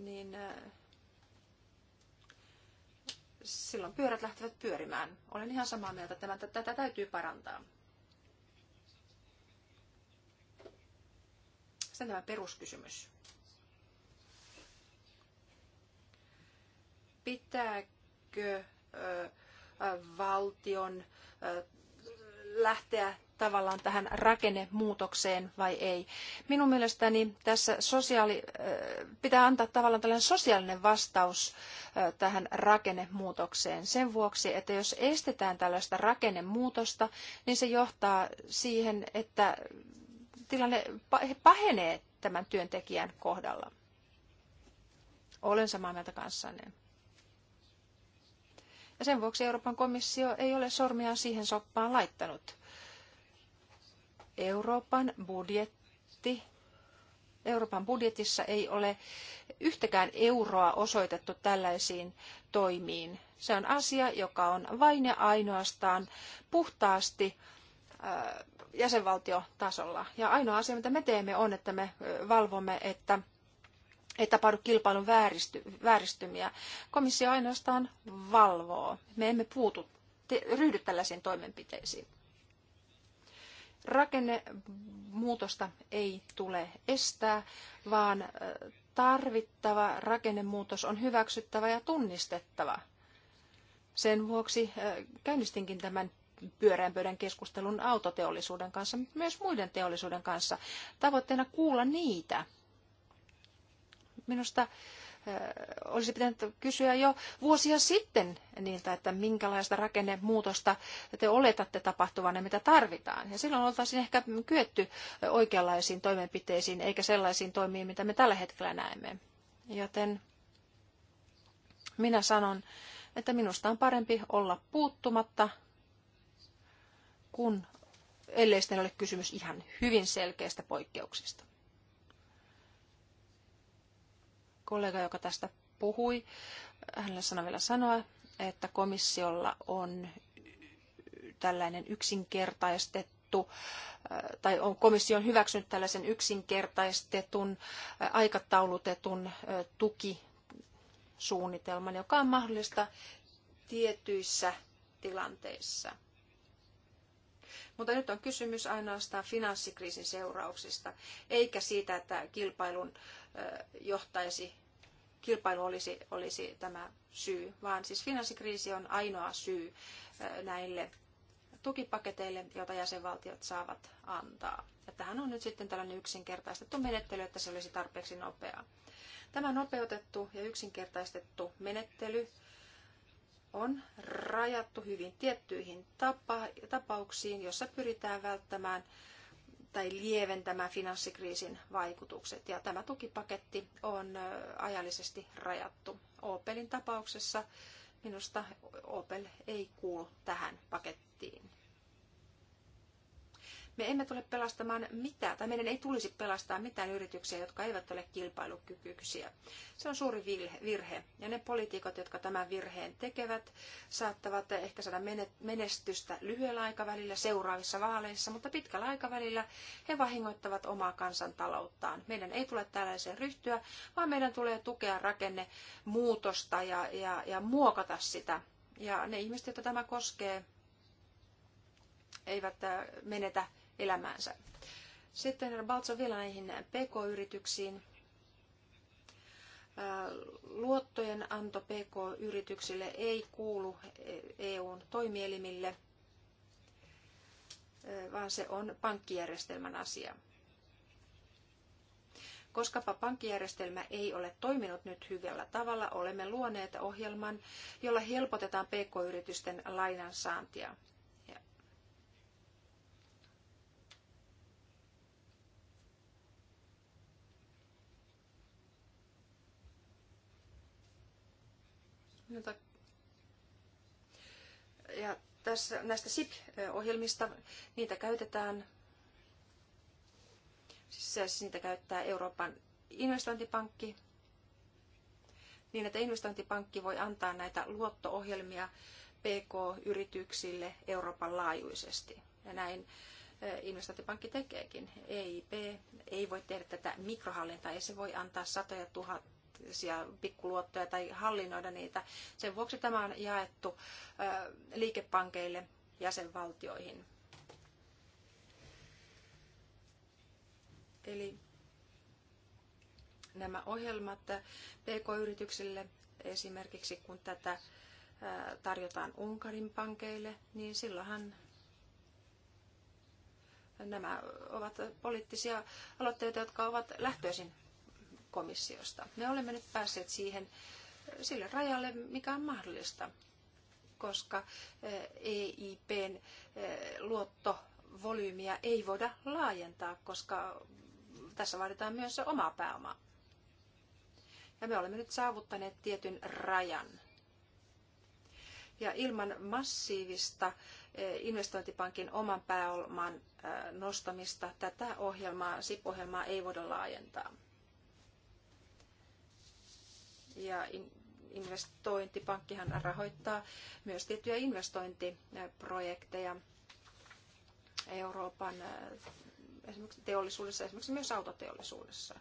niin äh, silloin pyörät lähtevät pyörimään. Olen ihan samaa mieltä, että tätä täytyy parantaa. Sitten tämä peruskysymys. Pitääkö valtion lähteä tavallaan tähän rakennemuutokseen vai ei. Minun mielestäni tässä sosiaali, äh, pitää antaa tavallaan tällainen sosiaalinen vastaus äh, tähän rakennemuutokseen sen vuoksi, että jos estetään tällaista rakennemuutosta, niin se johtaa siihen, että tilanne pahenee tämän työntekijän kohdalla. Olen samaa mieltä kanssanne. Ja sen vuoksi Euroopan komissio ei ole sormiaan siihen soppaan laittanut Euroopan budjetti Euroopan budjetissa ei ole yhtäkään euroa osoitettu tällaisiin toimiin. Se on asia, joka on vain ja ainoastaan puhtaasti jäsenvaltiotasolla. Ja ainoa asia, mitä me teemme, on, että me valvomme, että ei tapahdu kilpailun vääristy, vääristymiä. Komissio ainoastaan valvoo. Me emme puutu, te, ryhdy tällaisiin toimenpiteisiin. Rakennemuutosta ei tule estää, vaan tarvittava rakennemuutos on hyväksyttävä ja tunnistettava. Sen vuoksi käynnistinkin tämän pyöreän pöydän keskustelun autoteollisuuden kanssa, mutta myös muiden teollisuuden kanssa, tavoitteena kuulla niitä. Minusta olisi pitänyt kysyä jo vuosia sitten niiltä, että minkälaista rakennemuutosta te oletatte tapahtuvan ja mitä tarvitaan. Ja silloin oltaisiin ehkä kyetty oikeanlaisiin toimenpiteisiin eikä sellaisiin toimiin, mitä me tällä hetkellä näemme. Joten minä sanon, että minusta on parempi olla puuttumatta, kun ellei sitten ole kysymys ihan hyvin selkeistä poikkeuksista. kollega, joka tästä puhui, hänellä sanoi vielä sanoa, että komissiolla on tällainen yksinkertaistettu äh, tai on komissio on hyväksynyt tällaisen yksinkertaistetun, äh, aikataulutetun äh, tukisuunnitelman, joka on mahdollista tietyissä tilanteissa. Mutta nyt on kysymys ainoastaan finanssikriisin seurauksista, eikä siitä, että kilpailun äh, johtaisi, kilpailu olisi, olisi tämä syy, vaan siis finanssikriisi on ainoa syy näille tukipaketeille, joita jäsenvaltiot saavat antaa. Ja tähän on nyt sitten tällainen yksinkertaistettu menettely, että se olisi tarpeeksi nopeaa. Tämä nopeutettu ja yksinkertaistettu menettely on rajattu hyvin tiettyihin tapa- tapauksiin, jossa pyritään välttämään äh, tai lieventämään finanssikriisin vaikutukset. Ja tämä tukipaketti on ajallisesti rajattu. Opelin tapauksessa minusta Opel ei kuulu tähän pakettiin. Me emme tule pelastamaan mitään, tai meidän ei tulisi pelastaa mitään yrityksiä, jotka eivät ole kilpailukykyisiä. Se on suuri virhe, ja ne poliitikot, jotka tämän virheen tekevät, saattavat ehkä saada menestystä lyhyellä aikavälillä seuraavissa vaaleissa, mutta pitkällä aikavälillä he vahingoittavat omaa kansantalouttaan. Meidän ei tule tällaiseen ryhtyä, vaan meidän tulee tukea rakenne muutosta ja, ja, ja muokata sitä. Ja ne ihmiset, joita tämä koskee, eivät äh, menetä elämäänsä. Sitten herra Baltso vielä näihin PK-yrityksiin. Luottojen anto PK-yrityksille ei kuulu EUn e toimielimille, vaan se on pankkijärjestelmän asia. Koska pankkijärjestelmä ei ole toiminut nyt hyvällä tavalla, olemme luoneet ohjelman, jolla helpotetaan pk-yritysten lainansaantia. jota ja tässä, näistä SIP-ohjelmista, niitä käytetään, siis, siis niitä käyttää Euroopan investointipankki, niin että investointipankki voi antaa näitä luottoohjelmia PK-yrityksille Euroopan laajuisesti. Ja näin investointipankki tekeekin. EIP ei voi tehdä tätä mikrohallintaa, ei se voi antaa satoja tuhat, tällaisia pikkuluottoja tai hallinnoida niitä. Sen vuoksi tämä on jaettu liikepankeille jäsenvaltioihin. Eli nämä ohjelmat PK-yrityksille esimerkiksi, kun tätä tarjotaan Unkarin pankeille, niin silloinhan nämä ovat poliittisia aloitteita, jotka ovat lähtöisin komissiosta. Me olemme nyt päässeet siihen eh, sille rajalle, mikä on mahdollista, koska EIPn eh, e eh, luottovolyymiä ei voida laajentaa, koska tässä vaaditaan myös oma pääoma. Ja me olemme nyt saavuttaneet tietyn rajan. Ja ilman massiivista investointipankin oman pääoman nostamista tätä ohjelmaa, SIP-ohjelmaa ei voida laajentaa ja investointipankkihan rahoittaa myös tiettyjä investointiprojekteja Euroopan esimerkiksi teollisuudessa, esimerkiksi myös autoteollisuudessa.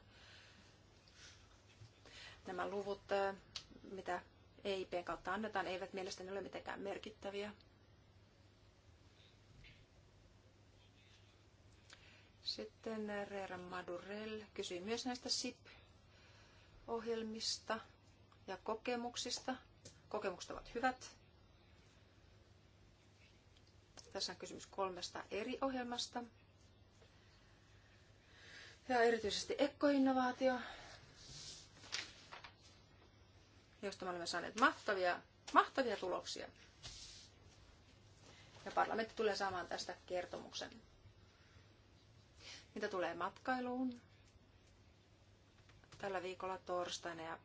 Nämä luvut, mitä EIPn kautta annetaan, eivät mielestäni ole mitenkään merkittäviä. Sitten Rera Madurell kysyi myös näistä SIP-ohjelmista ja kokemuksista. Kokemukset ovat hyvät. Tässä on kysymys kolmesta eri ohjelmasta. Ja erityisesti ekkoinnovaatio, josta me olemme saaneet mahtavia, mahtavia tuloksia. Ja parlamentti tulee saamaan tästä kertomuksen. Mitä tulee matkailuun? Tällä viikolla torstaina ja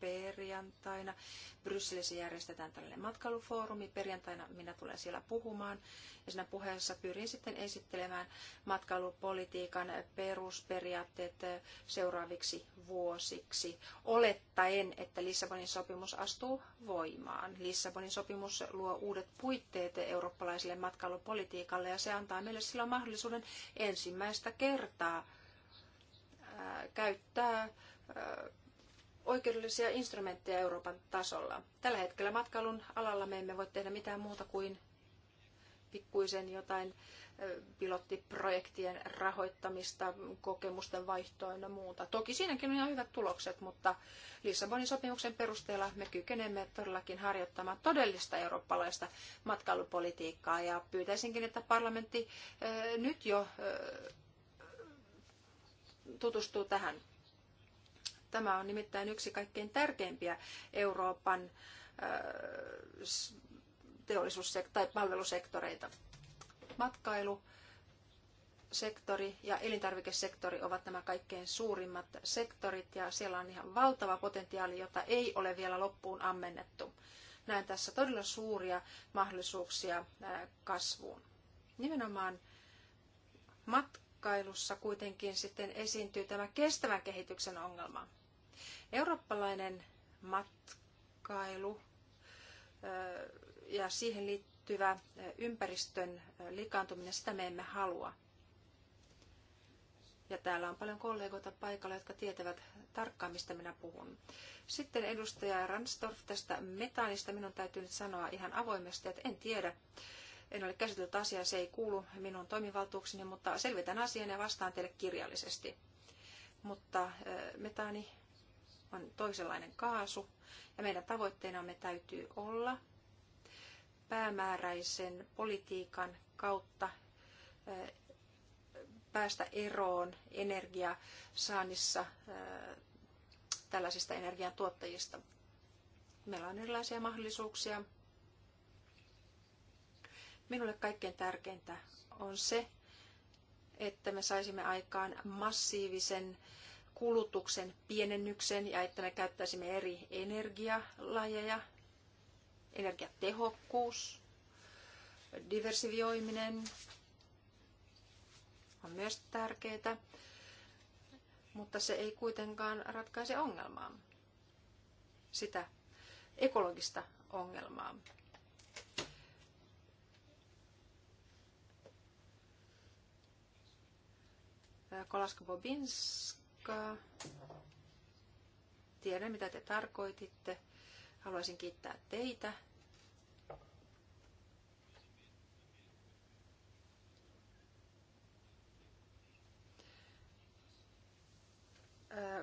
perjantaina. Brysselissä järjestetään tällainen matkailufoorumi. Perjantaina minä tulen siellä puhumaan ja siinä puheessa pyrin sitten esittelemään matkailupolitiikan perusperiaatteet eh, seuraaviksi vuosiksi, olettaen, että Lissabonin sopimus astuu voimaan. Lissabonin sopimus luo uudet puitteet eurooppalaiselle matkailupolitiikalle ja se antaa meille silloin mahdollisuuden ensimmäistä kertaa eh, käyttää eh, oikeudellisia instrumentteja Euroopan tasolla. Tällä hetkellä matkailun alalla me emme voi tehdä mitään muuta kuin pikkuisen jotain pilottiprojektien rahoittamista, kokemusten vaihtoa ja muuta. Toki siinäkin on ihan hyvät tulokset, mutta Lissabonin sopimuksen perusteella me kykenemme todellakin harjoittamaan todellista eurooppalaista matkailupolitiikkaa ja pyytäisinkin, että parlamentti nyt jo tutustuu tähän Tämä on nimittäin yksi kaikkein tärkeimpiä Euroopan teollisuus- tai palvelusektoreita. Matkailu, sektori ja elintarvikesektori ovat nämä kaikkein suurimmat sektorit ja siellä on ihan valtava potentiaali, jota ei ole vielä loppuun ammennettu. Näen tässä todella suuria mahdollisuuksia kasvuun. Nimenomaan matkailussa kuitenkin sitten esiintyy tämä kestävän kehityksen ongelma. Eurooppalainen matkailu ja siihen liittyvä ympäristön likaantuminen, sitä me emme halua. Ja täällä on paljon kollegoita paikalla, jotka tietävät tarkkaan, mistä minä puhun. Sitten edustaja Ransdorf tästä metaanista. Minun täytyy nyt sanoa ihan avoimesti, että en tiedä. En ole käsitellyt asiaa, se ei kuulu minun toimivaltuukseni, mutta selvitän asian ja vastaan teille kirjallisesti. Mutta metaani on toisenlainen kaasu ja meidän tavoitteenamme täytyy olla päämääräisen politiikan kautta päästä eroon energiasaannissa tällaisista energiantuottajista. Meillä on erilaisia mahdollisuuksia. Minulle kaikkein tärkeintä on se, että me saisimme aikaan massiivisen äh, kulutuksen pienennyksen ja että me käyttäisimme eri energialajeja, energiatehokkuus, diversivioiminen on myös tärkeää, mutta se ei kuitenkaan ratkaise ongelmaa, sitä ekologista ongelmaa. Kolaska Bobinski aikaa. Tiedän, mitä te tarkoititte. Haluaisin kiittää teitä.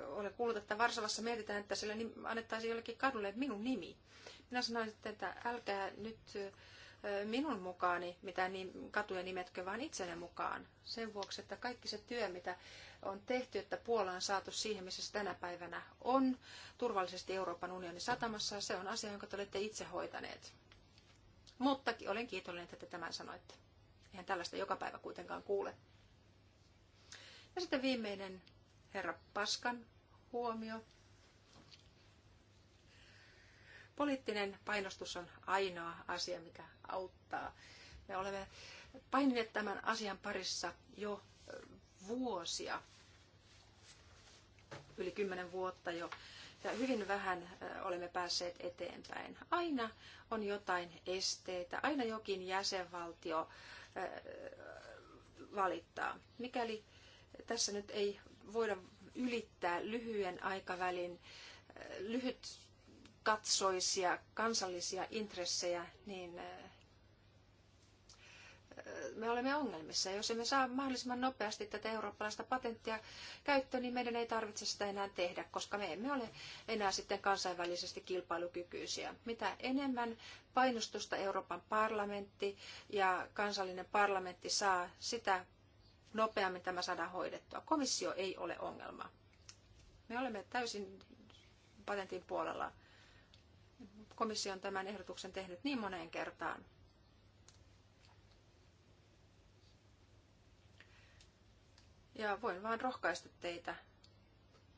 olen kuullut, että Varsavassa mietitään, että sille annettaisiin jollekin kadulle minun nimi. Minä sanoin sitten, että älkää nyt minun mukaani, mitä niin, katuja nimetkö, vaan itsenne mukaan. Sen vuoksi, että kaikki se työ, mitä on tehty, että Puola on saatu siihen, missä se tänä päivänä on, turvallisesti Euroopan unionin satamassa, se on asia, jonka te olette itse hoitaneet. Mutta olen kiitollinen, että te tämän sanoitte. Eihän tällaista joka päivä kuitenkaan kuule. Ja sitten viimeinen herra Paskan huomio Poliittinen painostus on ainoa asia, mikä auttaa. Me olemme painineet tämän asian parissa jo vuosia, yli kymmenen vuotta jo, ja hyvin vähän olemme päässeet eteenpäin. Aina on jotain esteitä, aina jokin jäsenvaltio valittaa. Mikäli tässä nyt ei voida ylittää lyhyen aikavälin lyhyt katsoisia kansallisia intressejä, niin äh, äh, me olemme ongelmissa. Jos emme saa mahdollisimman nopeasti tätä eurooppalaista patenttia käyttöön, niin meidän ei tarvitse sitä enää tehdä, koska me emme ole enää sitten kansainvälisesti kilpailukykyisiä. Mitä enemmän painostusta Euroopan parlamentti ja kansallinen parlamentti saa, sitä nopeammin tämä saadaan hoidettua. Komissio ei ole ongelma. Me olemme täysin patentin puolella. Komissio on tämän ehdotuksen tehnyt niin moneen kertaan. Ja voin vain rohkaista teitä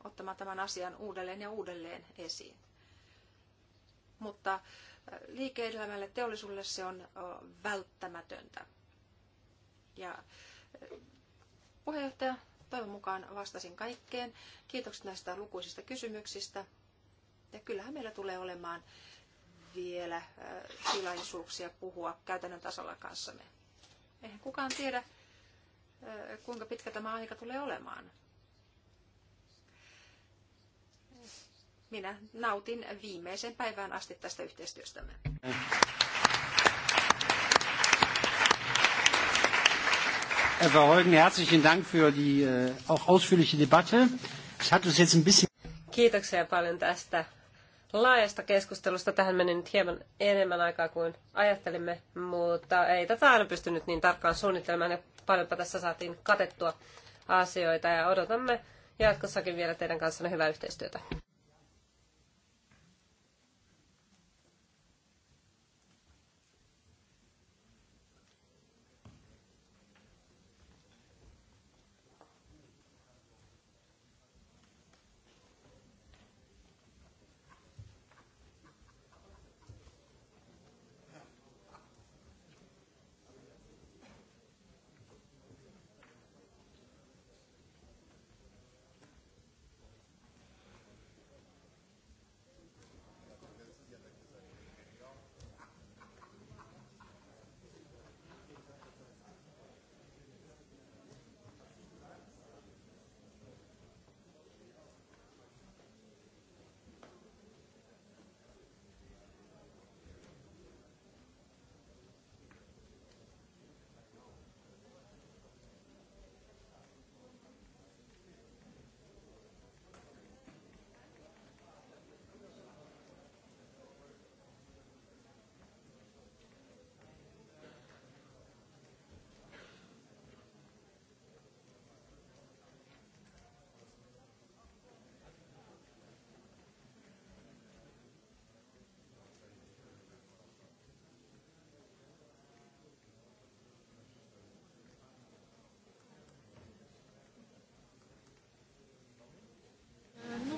ottamaan tämän asian uudelleen ja uudelleen esiin. Mutta äh, liike-elämälle, teollisuudelle se on välttämätöntä. Ja äh, puheenjohtaja, toivon mukaan vastasin kaikkeen. Kiitokset näistä lukuisista kysymyksistä. Ja kyllähän meillä tulee olemaan vielä äh, tilaisuuksia puhua käytännön tasolla kanssamme. Eihän kukaan tiedä, äh, kuinka pitkä tämä aika tulee olemaan. Minä nautin viimeisen päivään asti tästä yhteistyöstämme. herzlichen Dank für die äh, auch ausführliche Debatte. Es hat uns jetzt ein bisschen Kiitoksia paljon tästä laajasta keskustelusta. Tähän meni nyt hieman enemmän aikaa kuin ajattelimme, mutta ei tätä aina pystynyt niin tarkkaan suunnittelemaan ja paljonpa tässä saatiin katettua asioita ja odotamme jatkossakin vielä teidän kanssanne hyvää yhteistyötä.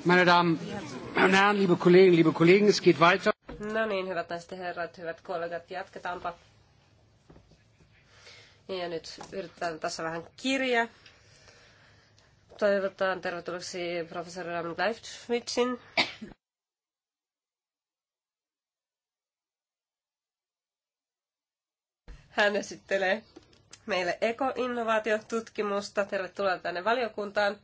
No niin, hyvät naiset ja herrat, hyvät kollegat, jatketaanpa. Ja nyt yritetään tässä vähän kirja. Toivotaan tervetulleeksi professori Ramin Leifschmitzin. Hän esittelee meille ekoinnovaatiotutkimusta. Tervetuloa tänne valiokuntaan.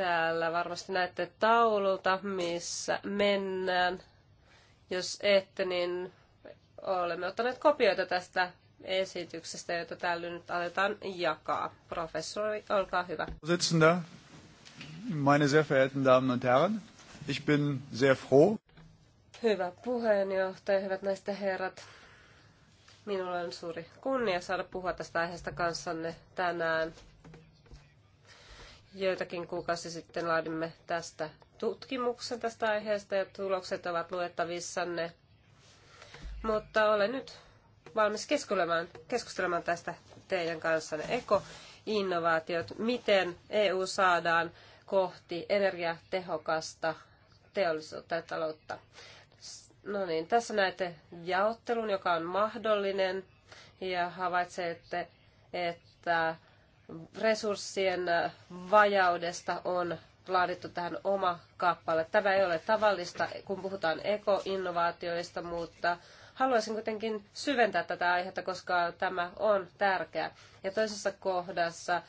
Täällä varmasti näette taululta, missä mennään. Jos ette, niin olemme ottaneet kopioita tästä esityksestä, jota täällä nyt aletaan jakaa. Professori, olkaa hyvä. Sitsende, meine sehr verehrten Damen und Herren, ich bin sehr froh. Hyvä puheenjohtaja, hyvät näistä herrat. Minulla on suuri kunnia saada puhua tästä aiheesta kanssanne tänään. Joitakin kuukausi sitten laadimme tästä tutkimuksen tästä aiheesta ja tulokset ovat luettavissanne. Mutta olen nyt valmis keskustelemaan, keskustelemaan tästä teidän kanssanne. innovaatiot, miten EU saadaan kohti energiatehokasta teollisuutta ja taloutta. No niin, tässä näette jaottelun, joka on mahdollinen ja havaitsette, että resurssien äh, vajaudesta on laadittu tähän oma kappale. Tämä ei ole tavallista, kun puhutaan ekoinnovaatioista, mutta haluaisin kuitenkin syventää tätä aihetta, koska tämä on tärkeä. Ja toisessa kohdassa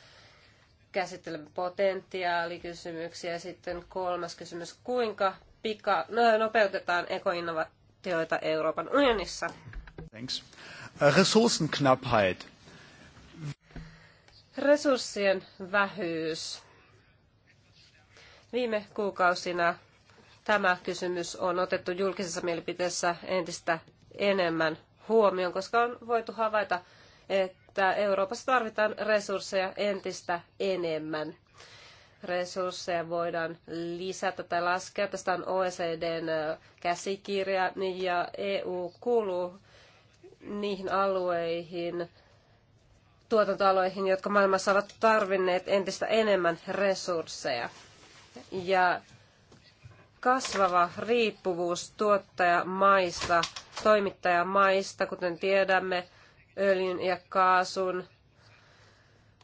käsittelemme potentiaalikysymyksiä ja sitten kolmas kysymys, kuinka pika, no, nopeutetaan ekoinnovaatioita Euroopan unionissa. Thanks. Äh, Ressourcenknappheit. Resurssien vähyys. Viime kuukausina tämä kysymys on otettu julkisessa mielipiteessä entistä enemmän huomioon, koska on voitu havaita, että Euroopassa tarvitaan resursseja entistä enemmän. Resursseja voidaan lisätä tai laskea. Tästä on OECDn käsikirja ja EU kuuluu niihin alueihin, tuotantoaloihin, jotka maailmassa ovat tarvinneet entistä enemmän resursseja. Ja kasvava riippuvuus tuottajamaista, toimittajamaista, kuten tiedämme, öljyn ja kaasun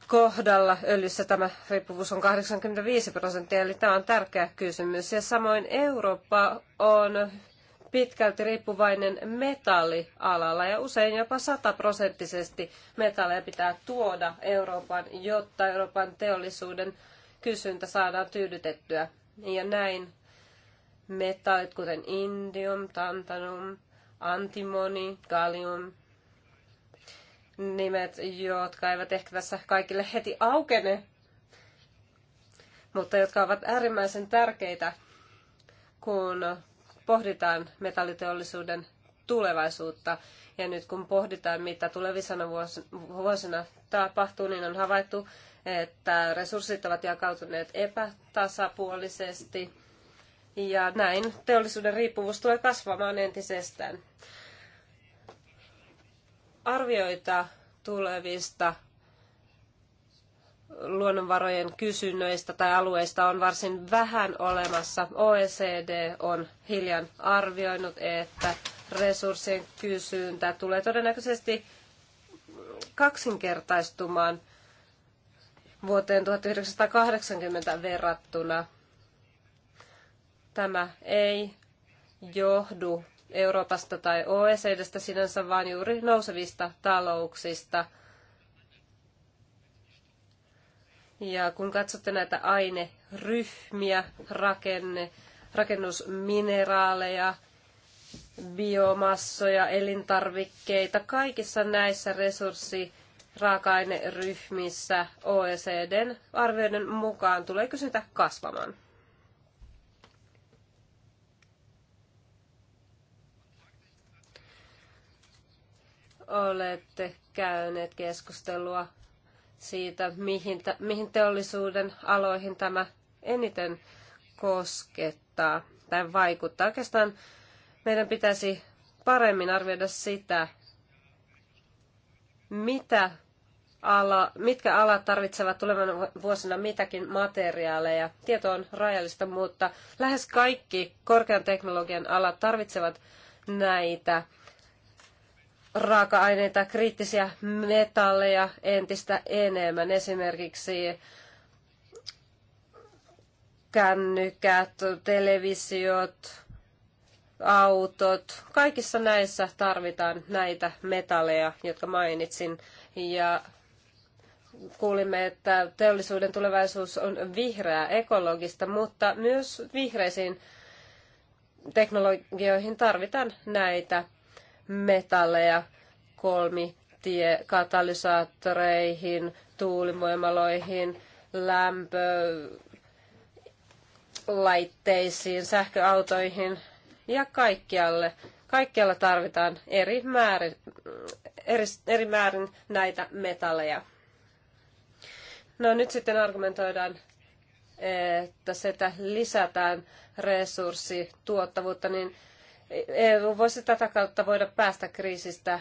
kohdalla öljyssä tämä riippuvuus on 85 prosenttia, eli tämä on tärkeä kysymys. Ja samoin Eurooppa on pitkälti riippuvainen metallialalla ja usein jopa sataprosenttisesti metalleja pitää tuoda Euroopan, jotta Euroopan teollisuuden kysyntä saadaan tyydytettyä. Ja näin metallit kuten indium, tantanum, antimoni, gallium, nimet, jotka eivät ehkä tässä kaikille heti aukene, mutta jotka ovat äärimmäisen tärkeitä, kun pohditaan metalliteollisuuden tulevaisuutta. Ja nyt kun pohditaan, mitä tulevisana vuosina tapahtuu, niin on havaittu, että resurssit ovat jakautuneet epätasapuolisesti. Ja näin teollisuuden riippuvuus tulee kasvamaan entisestään. Arvioita tulevista luonnonvarojen kysynnöistä tai alueista on varsin vähän olemassa. OECD on hiljan arvioinut, että resurssien kysyntä tulee todennäköisesti kaksinkertaistumaan vuoteen 1980 verrattuna. Tämä ei johdu Euroopasta tai OECDstä sinänsä, vaan juuri nousevista talouksista – Ja kun katsotte näitä aineryhmiä, rakenne, rakennusmineraaleja, biomassoja, elintarvikkeita, kaikissa näissä resurssi raaka-aineryhmissä OECDn arvioiden mukaan tulee kysyntä kasvamaan. Olette käyneet keskustelua siitä, mihin, mihin teollisuuden aloihin tämä eniten koskettaa tai vaikuttaa. Oikeastaan meidän pitäisi paremmin arvioida sitä, mitä ala, mitkä alat tarvitsevat tulevan vuosina mitäkin materiaaleja. Tieto on rajallista, mutta lähes kaikki korkean teknologian alat tarvitsevat näitä raaka-aineita, kriittisiä metalleja entistä enemmän. Esimerkiksi kännykät, televisiot, autot. Kaikissa näissä tarvitaan näitä metalleja, jotka mainitsin. Ja kuulimme, että teollisuuden tulevaisuus on vihreää, ekologista, mutta myös vihreisiin teknologioihin tarvitaan näitä metalleja kolmitie katalysaattoreihin, tuulivoimaloihin, lämpölaitteisiin, sähköautoihin ja kaikkialle. Kaikkialla tarvitaan eri määrin, eri, eri määrin näitä metalleja. No nyt sitten argumentoidaan, että sitä lisätään resurssituottavuutta, niin E- EU voisi tätä kautta voida päästä kriisistä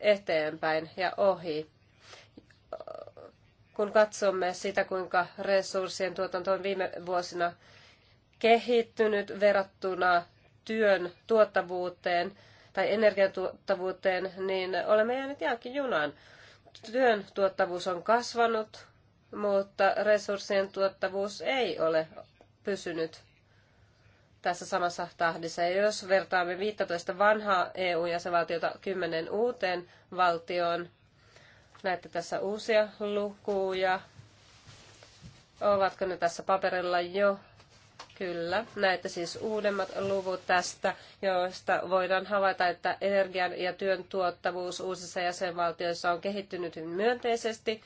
eteenpäin ja ohi. Kun katsomme sitä, kuinka resurssien tuotanto on viime vuosina kehittynyt verrattuna työn tuottavuuteen tai energian tuottavuuteen, niin olemme jääneet jälkin junaan. Työn tuottavuus on kasvanut, mutta resurssien tuottavuus ei ole pysynyt tässä samassa tahdissa. Ja jos vertaamme 15 vanhaa EU-jäsenvaltiota 10 uuteen valtioon, näette tässä uusia lukuja. Ovatko ne tässä paperilla jo? Kyllä. Näette siis uudemmat luvut tästä, joista voidaan havaita, että energian ja työn tuottavuus uusissa jäsenvaltioissa on kehittynyt hyvin myönteisesti,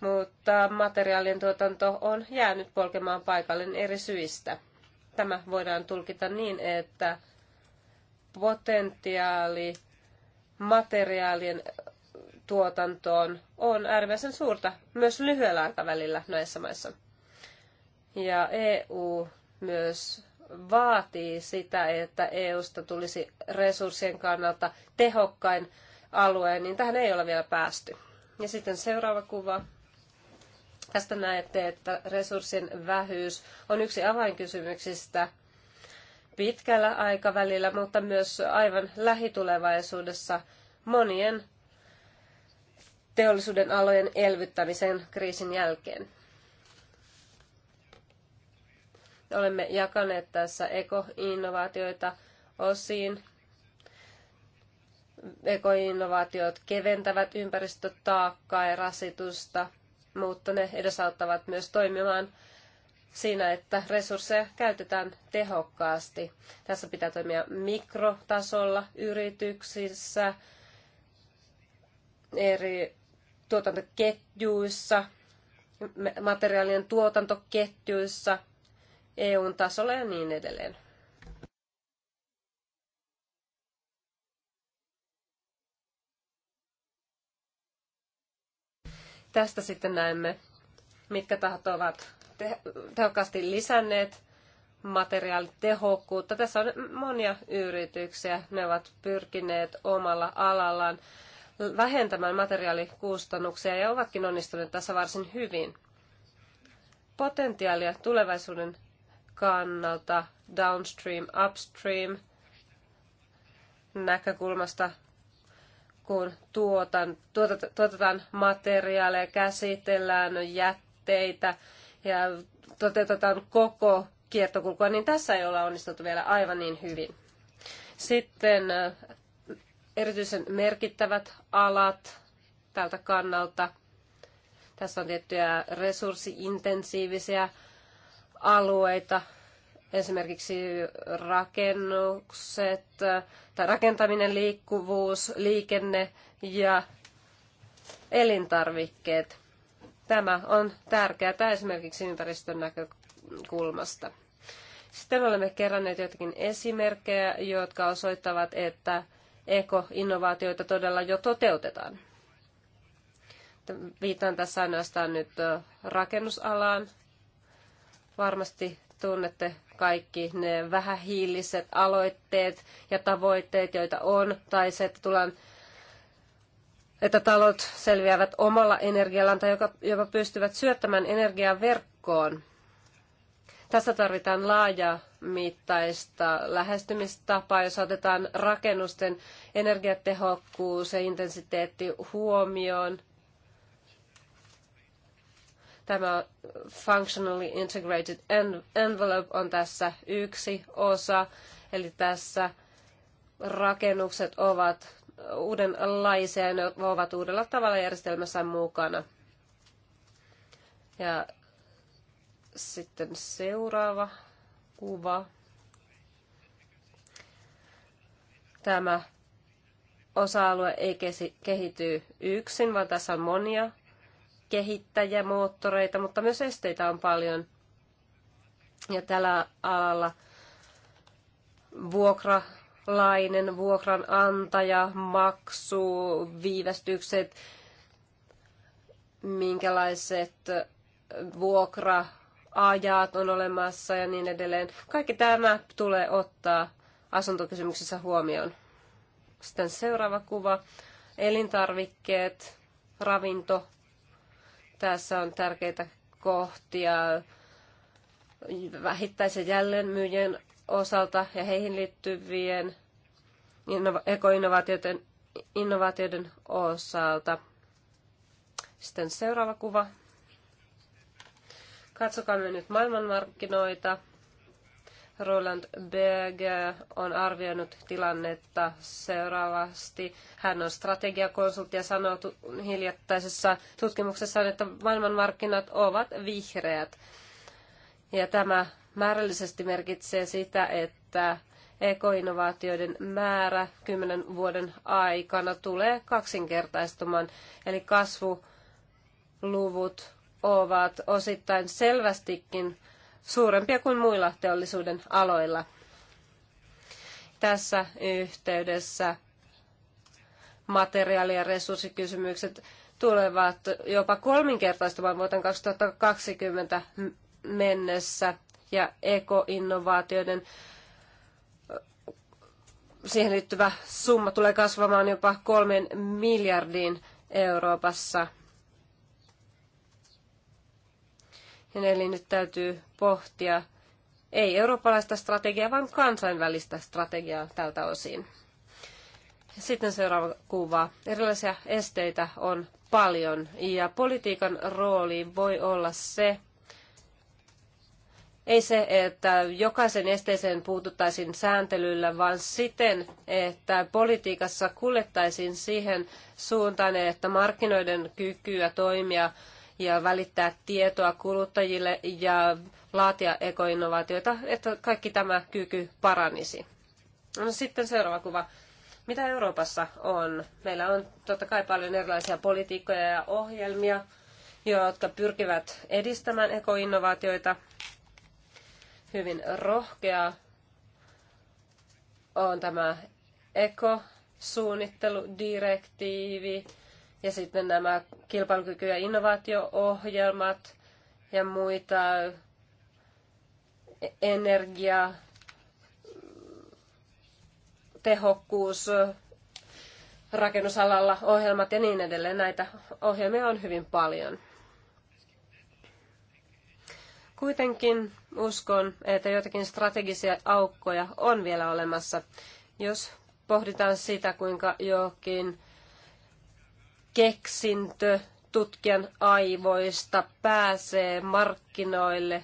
mutta materiaalien tuotanto on jäänyt polkemaan paikallinen eri syistä tämä voidaan tulkita niin, että potentiaali materiaalien tuotantoon on äärimmäisen suurta myös lyhyellä aikavälillä näissä maissa. Ja EU myös vaatii sitä, että EUsta tulisi resurssien kannalta tehokkain alue, niin tähän ei ole vielä päästy. Ja sitten seuraava kuva. Tästä näette, että resurssin vähyys on yksi avainkysymyksistä pitkällä aikavälillä, mutta myös aivan lähitulevaisuudessa monien teollisuuden alojen elvyttämisen kriisin jälkeen. Olemme jakaneet tässä ekoinnovaatioita osiin. Ekoinnovaatiot keventävät ympäristötaakkaa ja rasitusta – mutta ne edesauttavat myös toimimaan siinä, että resursseja käytetään tehokkaasti. Tässä pitää toimia mikrotasolla, yrityksissä, eri tuotantoketjuissa, materiaalien tuotantoketjuissa, EUn tasolla ja niin edelleen. Tästä sitten näemme, mitkä tahot ovat tehokkaasti lisänneet materiaalitehokkuutta. Tässä on monia yrityksiä. Ne ovat pyrkineet omalla alallaan vähentämään materiaalikustannuksia ja ovatkin onnistuneet tässä varsin hyvin. Potentiaalia tulevaisuuden kannalta downstream, upstream näkökulmasta kun tuotan, tuotat, tuotetaan materiaaleja, käsitellään jätteitä ja toteutetaan koko kiertokulkua, niin tässä ei olla onnistuttu vielä aivan niin hyvin. Sitten äh, erityisen merkittävät alat tältä kannalta. Tässä on tiettyjä resurssiintensiivisiä alueita, Esimerkiksi rakennukset tai rakentaminen, liikkuvuus, liikenne ja elintarvikkeet. Tämä on tärkeää esimerkiksi ympäristön näkökulmasta. Sitten olemme keränneet joitakin esimerkkejä, jotka osoittavat, että ekoinnovaatioita todella jo toteutetaan. viitan tässä ainoastaan nyt rakennusalaan. Varmasti tunnette kaikki ne vähähiiliset aloitteet ja tavoitteet, joita on, tai se, että tullaan että talot selviävät omalla energiallaan tai jopa pystyvät syöttämään energiaa verkkoon. Tässä tarvitaan laajamittaista lähestymistapaa, jos otetaan rakennusten energiatehokkuus ja intensiteetti huomioon – Tämä Functionally Integrated Envelope on tässä yksi osa, eli tässä rakennukset ovat uudenlaisia ja ne ovat uudella tavalla järjestelmässä mukana. Ja sitten seuraava kuva. Tämä osa-alue ei kehity yksin, vaan tässä on monia kehittäjämoottoreita, mutta myös esteitä on paljon. Ja tällä alalla vuokralainen, vuokranantaja, maksu, viivästykset, minkälaiset vuokraajat on olemassa ja niin edelleen. Kaikki tämä tulee ottaa asuntokysymyksessä huomioon. Sitten seuraava kuva, elintarvikkeet, ravinto, tässä on tärkeitä kohtia vähittäisen jälleenmyyjien osalta ja heihin liittyvien ekoinnovaatioiden innovaatioiden osalta. Sitten seuraava kuva. Katsokaa me nyt maailmanmarkkinoita. Roland Berger on arvioinut tilannetta seuraavasti. Hän on strategiakonsultti ja sanoo hiljattaisessa tutkimuksessaan, että maailmanmarkkinat ovat vihreät. Ja tämä määrällisesti merkitsee sitä, että ekoinnovaatioiden määrä kymmenen vuoden aikana tulee kaksinkertaistumaan. Eli kasvuluvut ovat osittain selvästikin suurempia kuin muilla teollisuuden aloilla. Tässä yhteydessä materiaali- ja resurssikysymykset tulevat jopa kolminkertaistumaan vuoteen 2020 mennessä ja ekoinnovaatioiden siihen liittyvä summa tulee kasvamaan jopa kolmen miljardiin Euroopassa – Niin eli nyt täytyy pohtia ei eurooppalaista strategiaa, vaan kansainvälistä strategiaa tältä osin. Sitten seuraava kuva. Erilaisia esteitä on paljon ja politiikan rooli voi olla se, ei se, että jokaisen esteeseen puututtaisiin sääntelyllä, vaan siten, että politiikassa kuljettaisiin siihen suuntaan, että markkinoiden kykyä toimia ja välittää tietoa kuluttajille ja laatia ekoinnovaatioita, että kaikki tämä kyky paranisi. No sitten seuraava kuva. Mitä Euroopassa on? Meillä on totta kai paljon erilaisia politiikkoja ja ohjelmia, jotka pyrkivät edistämään ekoinnovaatioita. Hyvin rohkea on tämä ekosuunnitteludirektiivi, ja sitten nämä kilpailukyky- ja innovaatio-ohjelmat ja muita energia, tehokkuus, rakennusalalla ohjelmat ja niin edelleen. Näitä ohjelmia on hyvin paljon. Kuitenkin uskon, että jotakin strategisia aukkoja on vielä olemassa. Jos pohditaan sitä, kuinka johonkin keksintö tutkijan aivoista pääsee markkinoille,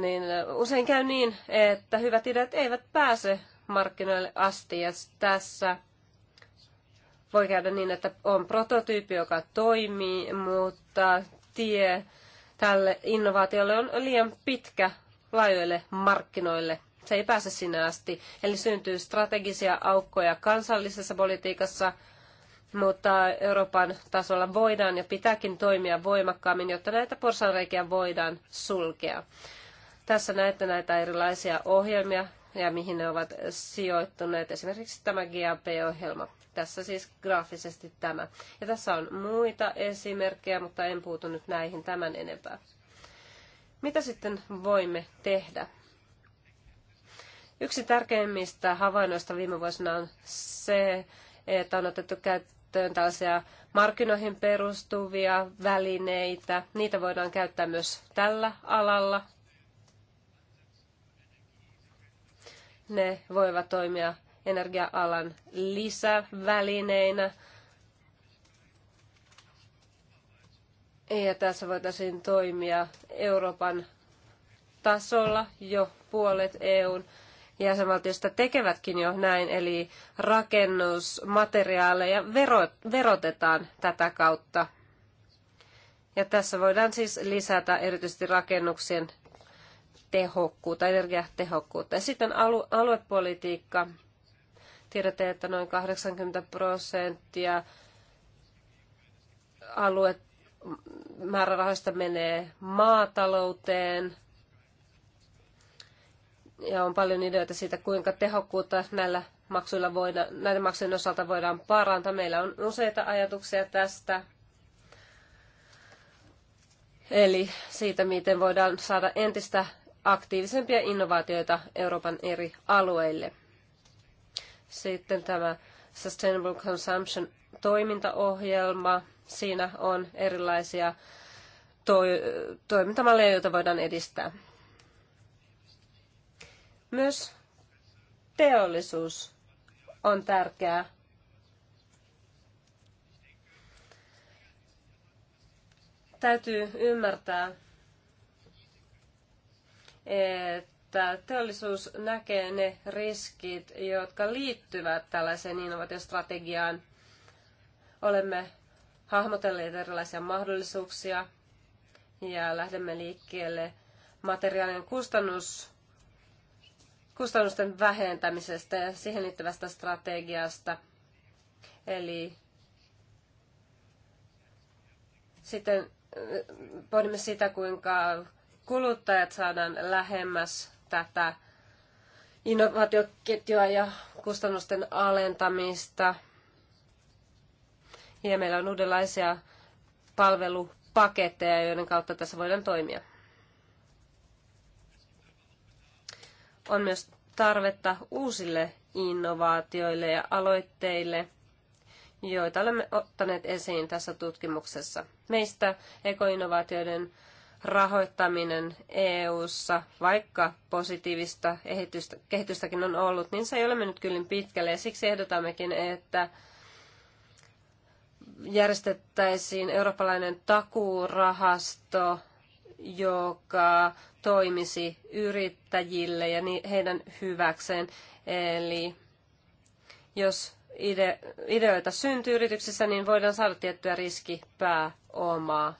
niin usein käy niin, että hyvät ideat eivät pääse markkinoille asti. Ja tässä voi käydä niin, että on prototyyppi, joka toimii, mutta tie tälle innovaatiolle on liian pitkä laajoille markkinoille. Se ei pääse sinne asti. Eli syntyy strategisia aukkoja kansallisessa politiikassa, mutta Euroopan tasolla voidaan ja pitääkin toimia voimakkaammin, jotta näitä porsanreikiä voidaan sulkea. Tässä näette näitä erilaisia ohjelmia ja mihin ne ovat sijoittuneet. Esimerkiksi tämä GAP-ohjelma. Tässä siis graafisesti tämä. Ja tässä on muita esimerkkejä, mutta en puutu nyt näihin tämän enempää. Mitä sitten voimme tehdä? Yksi tärkeimmistä havainnoista viime vuosina on se, että on otettu käyttöön tällaisia markkinoihin perustuvia välineitä. Niitä voidaan käyttää myös tällä alalla. Ne voivat toimia energia-alan lisävälineinä. Ja tässä voitaisiin toimia Euroopan tasolla jo puolet EUn jäsenvaltiosta tekevätkin jo näin, eli rakennusmateriaaleja verotetaan tätä kautta. Ja tässä voidaan siis lisätä erityisesti rakennuksien tehokkuutta, energiatehokkuutta. Ja sitten alu, aluepolitiikka. Tiedätte, että noin 80 prosenttia aluemäärärahoista määrärahoista menee maatalouteen – ja on paljon ideoita siitä, kuinka tehokkuutta näillä maksuilla voida, näiden maksujen osalta voidaan parantaa. Meillä on useita ajatuksia tästä. Eli siitä, miten voidaan saada entistä aktiivisempia innovaatioita Euroopan eri alueille. Sitten tämä Sustainable Consumption toimintaohjelma. Siinä on erilaisia toi, toimintamalleja, joita voidaan edistää. Myös teollisuus on tärkeää. Täytyy ymmärtää, että teollisuus näkee ne riskit, jotka liittyvät tällaiseen innovaatiostrategiaan. Olemme hahmotelleet erilaisia mahdollisuuksia ja lähdemme liikkeelle materiaalien kustannus kustannusten vähentämisestä ja siihen liittyvästä strategiasta. Eli sitten äh, pohdimme sitä, kuinka kuluttajat saadaan lähemmäs tätä innovaatioketjua ja kustannusten alentamista. Ja meillä on uudenlaisia palvelupaketteja, joiden kautta tässä voidaan toimia. on myös tarvetta uusille innovaatioille ja aloitteille, joita olemme ottaneet esiin tässä tutkimuksessa. Meistä ekoinnovaatioiden rahoittaminen EU:ssa, vaikka positiivista kehitystäkin on ollut, niin se ei ole mennyt kyllin pitkälle ja siksi ehdotammekin, että järjestettäisiin eurooppalainen takuurahasto, joka toimisi yrittäjille ja heidän hyväkseen. Eli jos ide, ideoita syntyy yrityksessä, niin voidaan saada tiettyä riskipääomaa.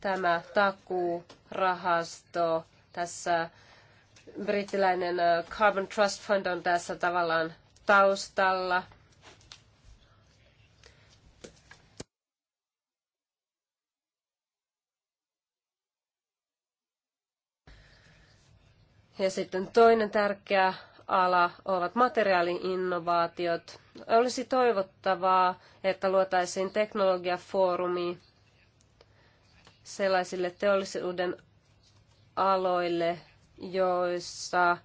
Tämä takuurahasto, tässä brittiläinen äh, Carbon Trust Fund on tässä tavallaan taustalla – Ja sitten toinen tärkeä ala ovat materiaaliinnovaatiot. Olisi toivottavaa, että luotaisiin teknologiafoorumi sellaisille teollisuuden aloille, joissa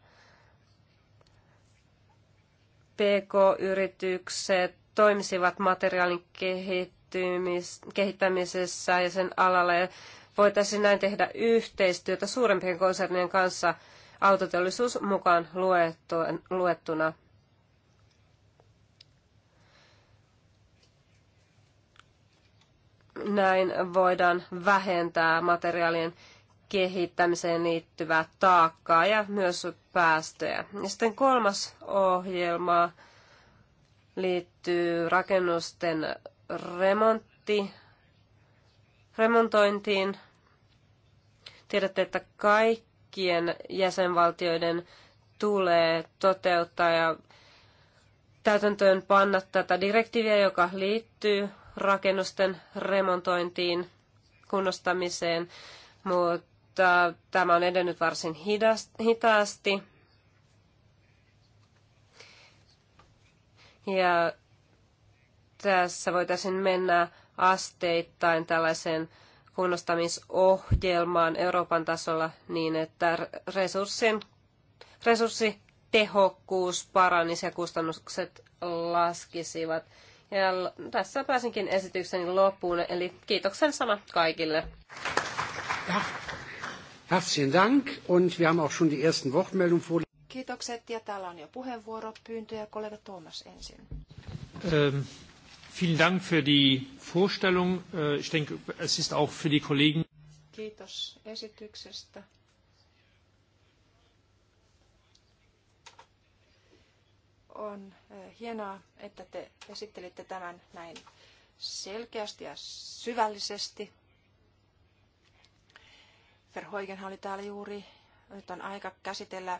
PK-yritykset toimisivat materiaalin kehittämisessä ja sen alalla. Ja voitaisiin näin tehdä yhteistyötä suurempien konsernien kanssa – autoteollisuus mukaan luettuna. Näin voidaan vähentää materiaalien kehittämiseen liittyvää taakkaa ja myös päästöjä. Ja sitten kolmas ohjelma liittyy rakennusten remontti, remontointiin. Tiedätte, että kaikki kaikkien jäsenvaltioiden tulee toteuttaa ja täytäntöön panna tätä direktiiviä, joka liittyy rakennusten remontointiin, kunnostamiseen, mutta tämä on edennyt varsin hitaasti. Ja tässä voitaisiin mennä asteittain tällaiseen kunnostamisohjelmaan Euroopan tasolla niin, että resurssien, resurssitehokkuus paranisi ja kustannukset laskisivat. Ja tässä pääsinkin esitykseni loppuun, eli kiitoksen sama kaikille. Ja. Herzlichen Dank und wir haben auch schon die ersten Wortmeldungen vor. Kiitokset ja täällä on jo puheenvuoropyyntöjä. Kollega Tuomas ensin. Ähm. Vielen Dank für die Vorstellung. Äh, ich denke, es ist auch für die Kollegen. Kiitos esityksestä. On äh, hienoa, että te esittelitte tämän näin selkeästi ja syvällisesti. Verhoikenhan oli täällä juuri nyt on aika käsitellä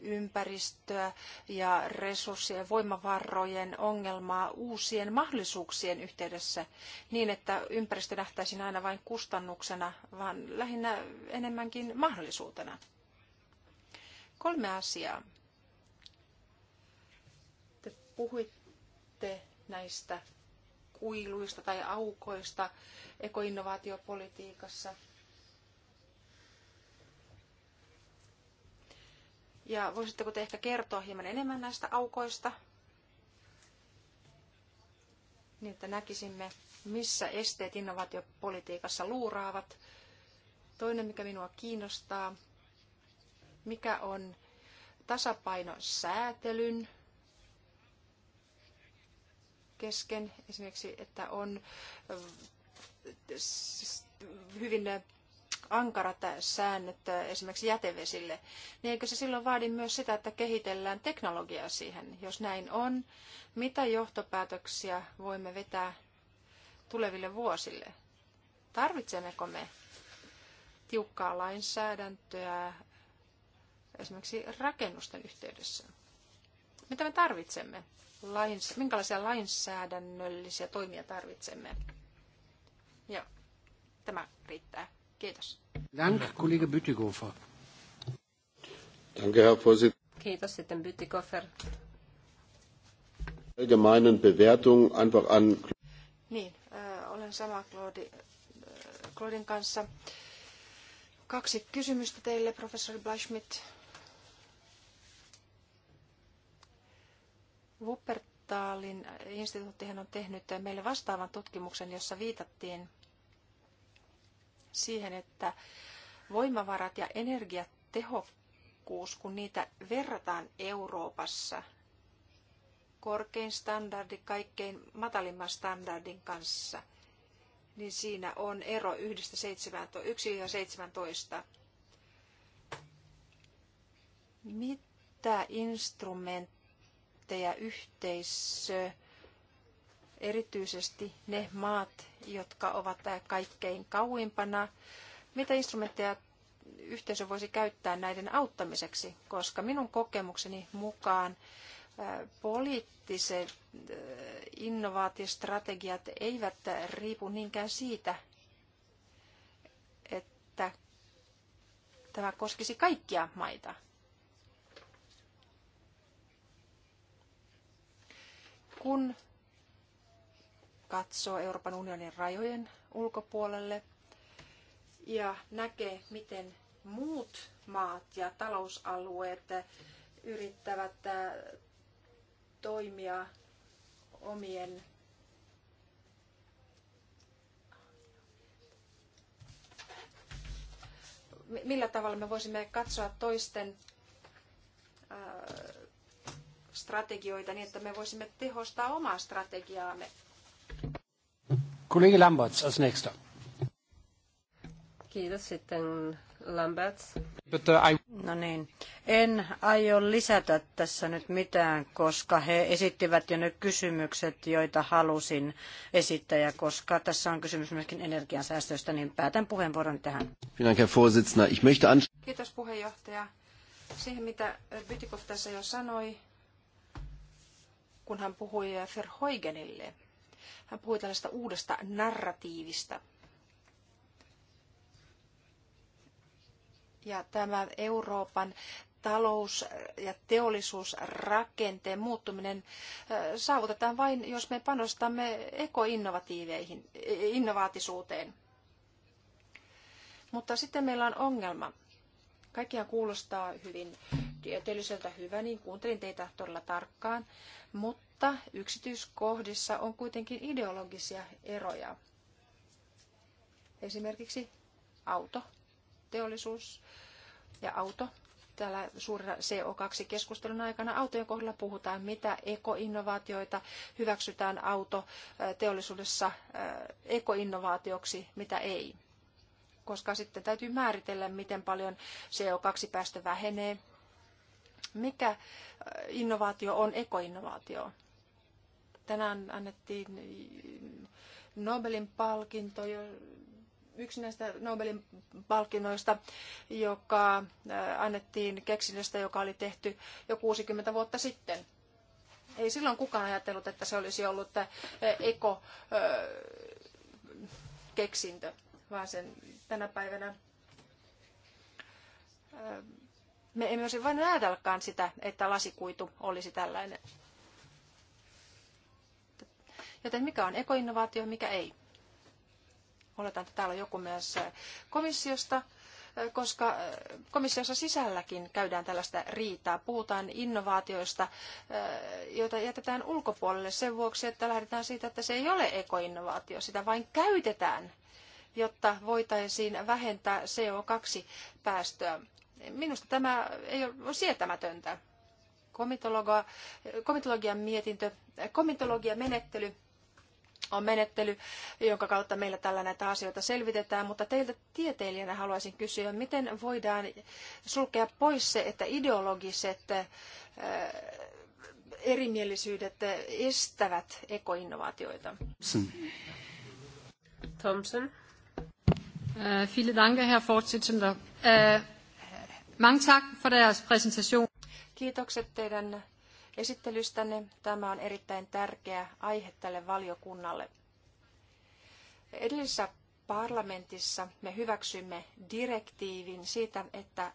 ympäristöä ja resurssien voimavarojen ongelmaa uusien mahdollisuuksien yhteydessä niin, että ympäristö nähtäisiin aina vain kustannuksena, vaan lähinnä enemmänkin mahdollisuutena. Kolme asiaa. Te puhuitte näistä kuiluista tai aukoista ekoinnovaatiopolitiikassa – Ja voisitteko te ehkä kertoa hieman enemmän näistä aukoista, niin että näkisimme, missä esteet innovaatiopolitiikassa luuraavat. Toinen, mikä minua kiinnostaa, mikä on tasapaino säätelyn kesken, esimerkiksi, että on hyvin ankarat säännöt esimerkiksi jätevesille, niin eikö se silloin vaadi myös sitä, että kehitellään teknologiaa siihen? Jos näin on, mitä johtopäätöksiä voimme vetää tuleville vuosille? Tarvitsemmeko me tiukkaa lainsäädäntöä esimerkiksi rakennusten yhteydessä? Mitä me tarvitsemme? Lains, minkälaisia lainsäädännöllisiä toimia tarvitsemme? Joo, tämä riittää. Kiitos. Dank, kollega Bütikofer. Danke, Herr Vorsitz. Kiitos sitten Bütikofer. Allgemeinen Bewertung einfach an... Niin, äh, olen sama Claudi, äh, Claudin kanssa. Kaksi kysymystä teille, professori Bleischmidt. Wuppertalin instituuttihan on tehnyt meille vastaavan tutkimuksen, jossa viitattiin siihen, että voimavarat ja energiatehokkuus, kun niitä verrataan Euroopassa korkein standardi kaikkein matalimman standardin kanssa, niin siinä on ero yhdestä 1 ja 17. Mitä instrumentteja yhteisö erityisesti ne maat, jotka ovat kaikkein kauimpana. Mitä instrumentteja yhteisö voisi käyttää näiden auttamiseksi, koska minun kokemukseni mukaan poliittiset innovaatiostrategiat eivät riipu niinkään siitä, että tämä koskisi kaikkia maita. Kun katsoo Euroopan unionin rajojen ulkopuolelle ja näkee, miten muut maat ja talousalueet yrittävät äh, toimia omien millä tavalla me voisimme katsoa toisten äh, strategioita niin, että me voisimme tehostaa omaa strategiaamme. Kollegi Lamberts als nächster. Kiitos sitten Lamberts. No niin, en aio lisätä tässä nyt mitään, koska he esittivät jo ne kysymykset, joita halusin esittää, ja koska tässä on kysymys myöskin energiansäästöistä, niin päätän puheenvuoron tähän. Kiitos puheenjohtaja. Siihen, mitä Bytikov tässä jo sanoi, kun hän puhui Verhoigenille, hän puhui tällaista uudesta narratiivista. Ja tämä Euroopan talous- ja teollisuusrakenteen muuttuminen saavutetaan vain, jos me panostamme ekoinnovatiiveihin, innovaatisuuteen. Mutta sitten meillä on ongelma. Kaikkia kuulostaa hyvin tieteelliseltä hyvä, niin kuuntelin teitä todella tarkkaan, mutta mutta yksityiskohdissa on kuitenkin ideologisia eroja. Esimerkiksi auto, teollisuus ja auto. Täällä suurena CO2-keskustelun aikana autojen kohdalla puhutaan, mitä ekoinnovaatioita hyväksytään auto teollisuudessa ekoinnovaatioksi, mitä ei. Koska sitten täytyy määritellä, miten paljon CO2-päästö vähenee, mikä innovaatio on ekoinnovaatio. Tänään annettiin Nobelin palkinto, yksi näistä Nobelin palkinnoista, joka annettiin keksinnöstä, joka oli tehty jo 60 vuotta sitten. Ei silloin kukaan ajatellut, että se olisi ollut eko-keksintö, vaan sen tänä päivänä me emme olisi vain ajatellakaan sitä, että lasikuitu olisi tällainen. Joten mikä on ekoinnovaatio mikä ei? Oletan, että täällä on joku myös eh, komissiosta, eh, koska eh, komissiossa sisälläkin käydään tällaista riitaa. Puhutaan innovaatioista, joita jätetään ulkopuolelle sen vuoksi, että lähdetään siitä, että se ei ole ekoinnovaatio. Sitä vain käytetään, jotta voitaisiin vähentää CO2-päästöä. Minusta tämä ei ole sietämätöntä. Komitologia, komitologian mietintö, komitologian menettely on menettely, jonka kautta meillä tällä näitä asioita selvitetään, mutta teiltä tieteilijänä haluaisin kysyä, miten voidaan sulkea pois se, että ideologiset erimielisyydet estävät ekoinnovaatioita? Thompson. Äh, viele danke, Herr Vorsitzender. Äh, mange tak for deres Kiitokset teidän esittelystänne. Tämä on erittäin tärkeä aihe tälle valiokunnalle. Edellisessä parlamentissa me hyväksymme direktiivin siitä, että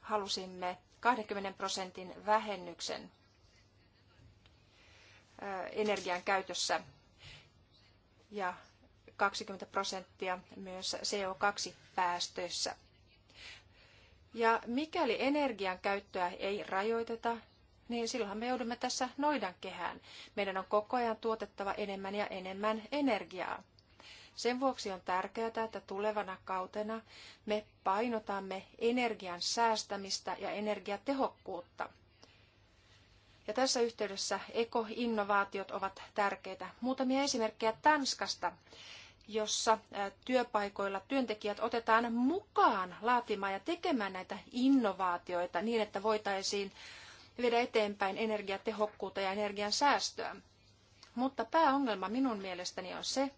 halusimme 20 prosentin vähennyksen energian käytössä ja 20 prosenttia myös CO2-päästöissä. Ja mikäli energian käyttöä ei rajoiteta, niin silloinhan me joudumme tässä noidankehään. Meidän on koko ajan tuotettava enemmän ja enemmän energiaa. Sen vuoksi on tärkeää, että tulevana kautena me painotamme energian säästämistä ja energiatehokkuutta. Ja tässä yhteydessä ekoinnovaatiot ovat tärkeitä. Muutamia esimerkkejä Tanskasta, jossa työpaikoilla työntekijät otetaan mukaan laatimaan ja tekemään näitä innovaatioita niin, että voitaisiin viedä eteenpäin energiatehokkuutta ja energian säästöä. Mutta pääongelma minun mielestäni on se,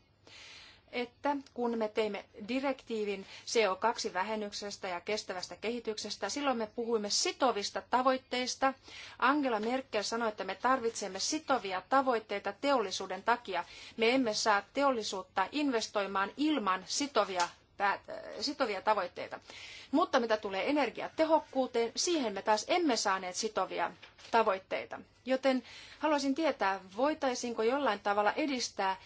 että kun me teimme direktiivin CO2-vähennyksestä ja kestävästä kehityksestä, silloin me puhuimme sitovista tavoitteista. Angela Merkel sanoi, että me tarvitsemme sitovia tavoitteita teollisuuden takia. Me emme saa teollisuutta investoimaan ilman sitovia päät- sitovia tavoitteita. Mutta mitä tulee energiatehokkuuteen, siihen me taas emme saaneet sitovia tavoitteita. Joten haluaisin tietää, voitaisiinko jollain tavalla edistää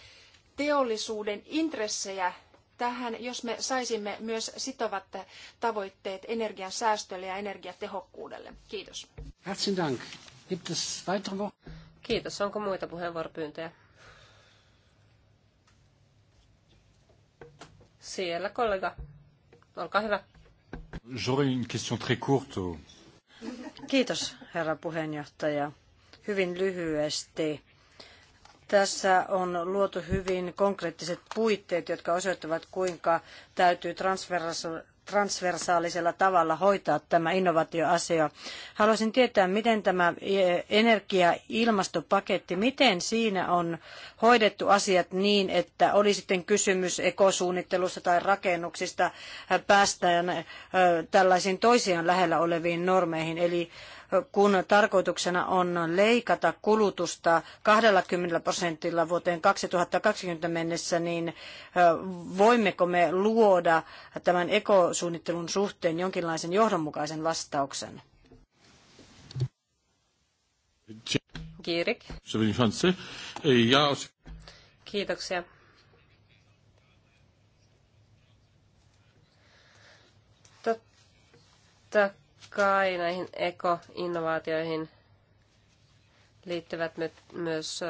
teollisuuden intressejä tähän, jos me saisimme myös sitovat tavoitteet energian säästölle ja energiatehokkuudelle. Kiitos. Herzlichen Dank. Gibt es weitere Kiitos. Onko muita puheenvuoropyyntöjä? Siellä kollega. Olkaa hyvä. J'aurais une question très courte. Kiitos, herra puheenjohtaja. Hyvin lyhyesti. Tässä on luotu hyvin konkreettiset puitteet, jotka osoittavat, kuinka täytyy transversaalisella tavalla hoitaa tämä innovaatioasia. Haluaisin tietää, miten tämä energia-ilmastopaketti, miten siinä on hoidettu asiat niin, että oli sitten kysymys ekosuunnittelusta tai rakennuksista, päästään tällaisiin toisiaan lähellä oleviin normeihin. Eli kun tarkoituksena on leikata kulutusta 20 prosentilla vuoteen 2020 mennessä, niin voimmeko me luoda tämän ekosuunnittelun suhteen jonkinlaisen johdonmukaisen vastauksen? Kiirik. Kiitoksia. Totta kai näihin ekoinnovaatioihin liittyvät myös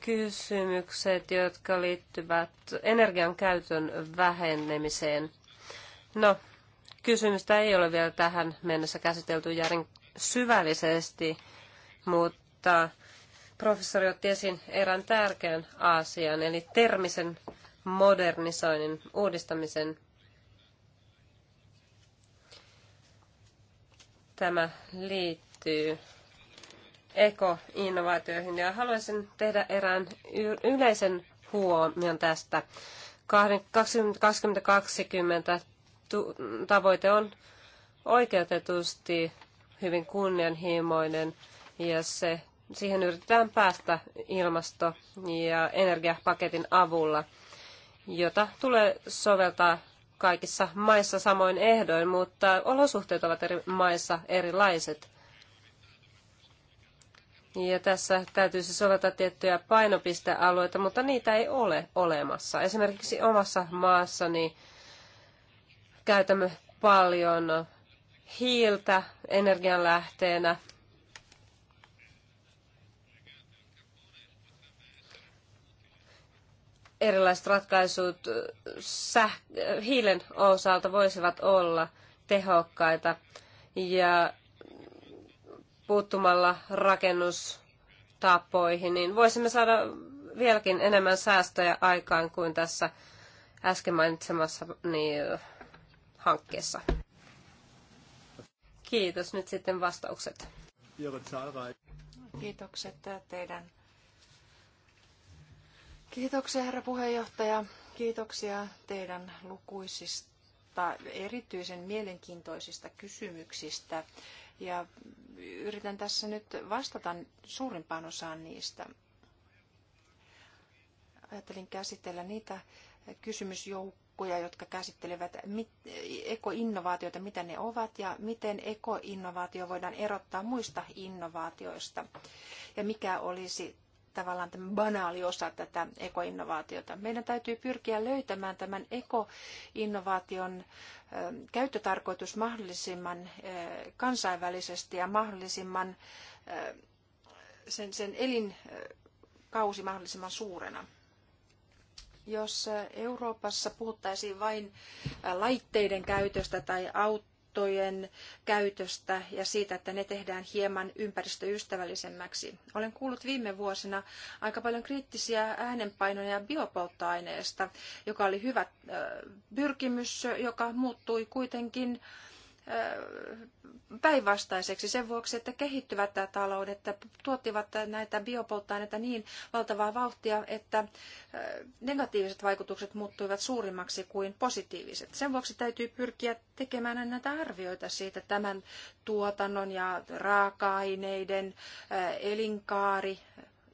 kysymykset, jotka liittyvät energian käytön vähenemiseen. No, kysymystä ei ole vielä tähän mennessä käsitelty järin syvällisesti, mutta professori otti esiin erään tärkeän asian, eli termisen modernisoinnin, uudistamisen. Tämä liittyy ekoinnovaatioihin ja haluaisin tehdä erään yleisen huomion tästä. 2020 tavoite on oikeutetusti hyvin kunnianhimoinen ja se siihen yritetään päästä ilmasto- ja energiapaketin avulla, jota tulee soveltaa kaikissa maissa samoin ehdoin, mutta olosuhteet ovat eri maissa erilaiset. Ja tässä täytyisi siis soveltaa tiettyjä painopistealueita, mutta niitä ei ole olemassa. Esimerkiksi omassa maassani käytämme paljon hiiltä energianlähteenä erilaiset ratkaisut äh, säh- hiilen osalta voisivat olla tehokkaita ja puuttumalla rakennustapoihin, niin voisimme saada vieläkin enemmän säästöjä aikaan kuin tässä äsken mainitsemassa niin, äh, hankkeessa. Kiitos. Nyt sitten vastaukset. Kiitokset teidän Kiitoksia herra puheenjohtaja. Kiitoksia teidän lukuisista erityisen mielenkiintoisista kysymyksistä ja yritän tässä nyt vastata suurimpaan osaan niistä. Ajattelin käsitellä niitä kysymysjoukkoja, jotka käsittelevät ekoinnovaatioita, mitä ne ovat ja miten ekoinnovaatio voidaan erottaa muista innovaatioista ja mikä olisi tavallaan tämä banaali osa tätä ekoinnovaatiota. Meidän täytyy pyrkiä löytämään tämän ekoinnovaation käyttötarkoitus mahdollisimman kansainvälisesti ja mahdollisimman sen, sen elinkausi mahdollisimman suurena jos Euroopassa puhuttaisiin vain laitteiden käytöstä tai autojen käytöstä ja siitä, että ne tehdään hieman ympäristöystävällisemmäksi. Olen kuullut viime vuosina aika paljon kriittisiä äänenpainoja biopolttoaineesta, joka oli hyvä pyrkimys, joka muuttui kuitenkin päinvastaiseksi sen vuoksi, että kehittyvät taloudet tuottivat näitä biopolttoaineita niin valtavaa vauhtia, että negatiiviset vaikutukset muuttuivat suurimmaksi kuin positiiviset. Sen vuoksi täytyy pyrkiä tekemään näitä arvioita siitä tämän tuotannon ja raaka-aineiden elinkaari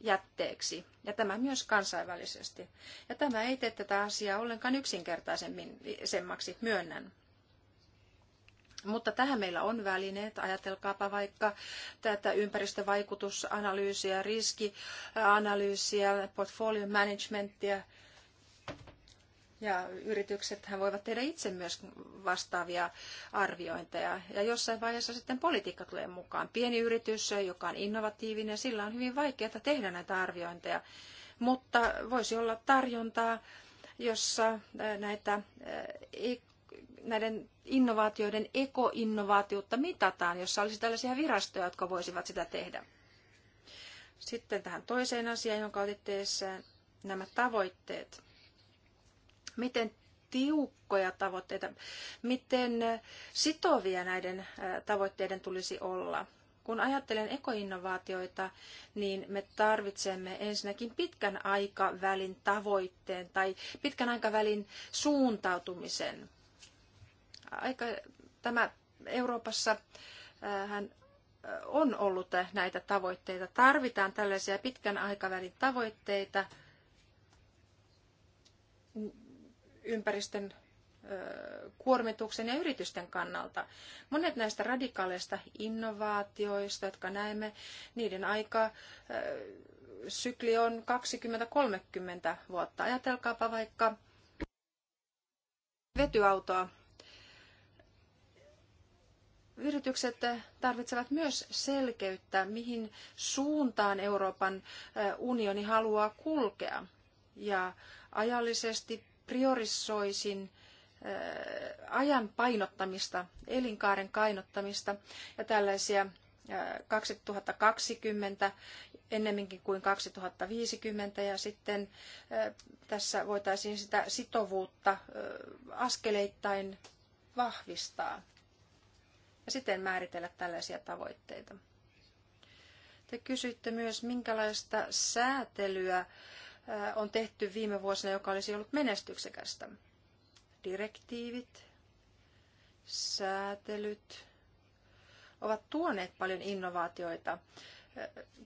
jätteeksi. Ja tämä myös kansainvälisesti. Ja tämä ei tee tätä asiaa ollenkaan yksinkertaisemmin semmaksi, myönnän. Mutta tähän meillä on välineet. Ajatelkaapa vaikka tätä ympäristövaikutusanalyysiä, riskianalyysiä, portfolio managementia. Ja yrityksethän voivat tehdä itse myös vastaavia arviointeja. Ja jossain vaiheessa sitten politiikka tulee mukaan. Pieni yritys, joka on innovatiivinen, sillä on hyvin vaikeaa tehdä näitä arviointeja. Mutta voisi olla tarjontaa, jossa näitä näiden innovaatioiden ekoinnovaatiutta mitataan, jossa olisi tällaisia virastoja, jotka voisivat sitä tehdä. Sitten tähän toiseen asiaan, jonka otitte esiin, nämä tavoitteet. Miten tiukkoja tavoitteita, miten sitovia näiden tavoitteiden tulisi olla? Kun ajattelen ekoinnovaatioita, niin me tarvitsemme ensinnäkin pitkän aikavälin tavoitteen tai pitkän aikavälin suuntautumisen aika, tämä Euroopassa äh, hän äh, on ollut näitä tavoitteita. Tarvitaan tällaisia pitkän aikavälin tavoitteita ympäristön äh, kuormituksen ja yritysten kannalta. Monet näistä radikaaleista innovaatioista, jotka näemme, niiden aika sykli on 20-30 vuotta. Ajatelkaapa vaikka vetyautoa yritykset tarvitsevat myös selkeyttä, mihin suuntaan Euroopan unioni haluaa kulkea. Ja ajallisesti priorisoisin ajan painottamista, elinkaaren painottamista ja tällaisia 2020 ennemminkin kuin 2050 ja sitten tässä voitaisiin sitä sitovuutta askeleittain vahvistaa ja siten määritellä tällaisia tavoitteita. Te kysyitte myös, minkälaista säätelyä äh, on tehty viime vuosina, joka olisi ollut menestyksekästä. Direktiivit, säätelyt ovat tuoneet paljon innovaatioita äh,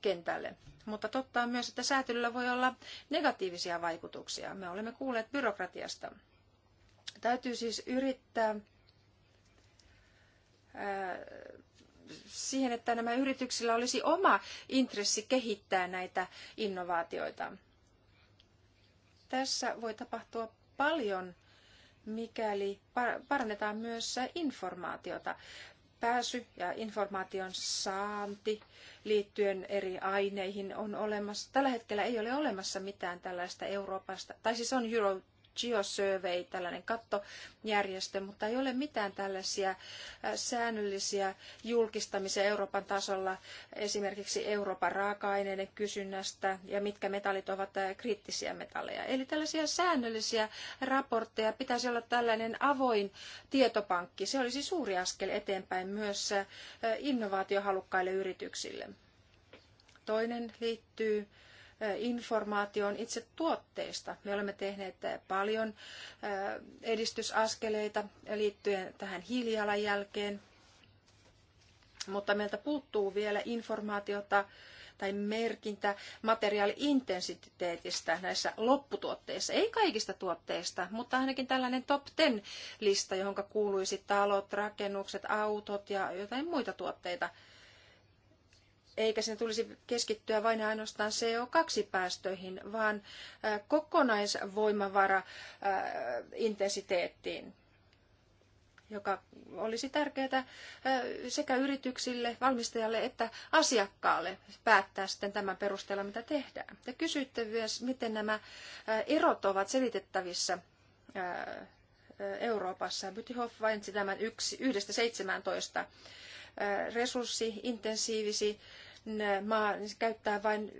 kentälle. Mutta totta on myös, että säätelyllä voi olla negatiivisia vaikutuksia. Me olemme kuulleet byrokratiasta. Täytyy siis yrittää siihen, että nämä yrityksillä olisi oma intressi kehittää näitä innovaatioita. Tässä voi tapahtua paljon, mikäli parannetaan myös informaatiota. Pääsy ja informaation saanti liittyen eri aineihin on olemassa. Tällä hetkellä ei ole olemassa mitään tällaista Euroopasta, tai siis on Euro Geosurvey, tällainen kattojärjestö, mutta ei ole mitään tällaisia äh, säännöllisiä julkistamisia Euroopan tasolla, esimerkiksi Euroopan raaka-aineiden kysynnästä ja mitkä metallit ovat äh, kriittisiä metalleja. Eli tällaisia säännöllisiä raportteja pitäisi olla tällainen avoin tietopankki. Se olisi suuri askel eteenpäin myös äh, innovaatiohalukkaille yrityksille. Toinen liittyy informaation itse tuotteesta. Me olemme tehneet paljon edistysaskeleita liittyen tähän hiilijalanjälkeen, mutta meiltä puuttuu vielä informaatiota tai merkintä materiaaliintensiteetistä näissä lopputuotteissa. Ei kaikista tuotteista, mutta ainakin tällainen top 10 lista, johon kuuluisi talot, rakennukset, autot ja jotain muita tuotteita – eikä sen tulisi keskittyä vain ainoastaan CO2-päästöihin, vaan kokonaisvoimavara intensiteettiin joka olisi tärkeää sekä yrityksille, valmistajalle että asiakkaalle päättää sitten tämän perusteella, mitä tehdään. Te kysyitte myös, miten nämä erot ovat selitettävissä Euroopassa. Bytihoff vain tämän yksi, yhdestä 17 resurssiintensiivisi maa niin se käyttää vain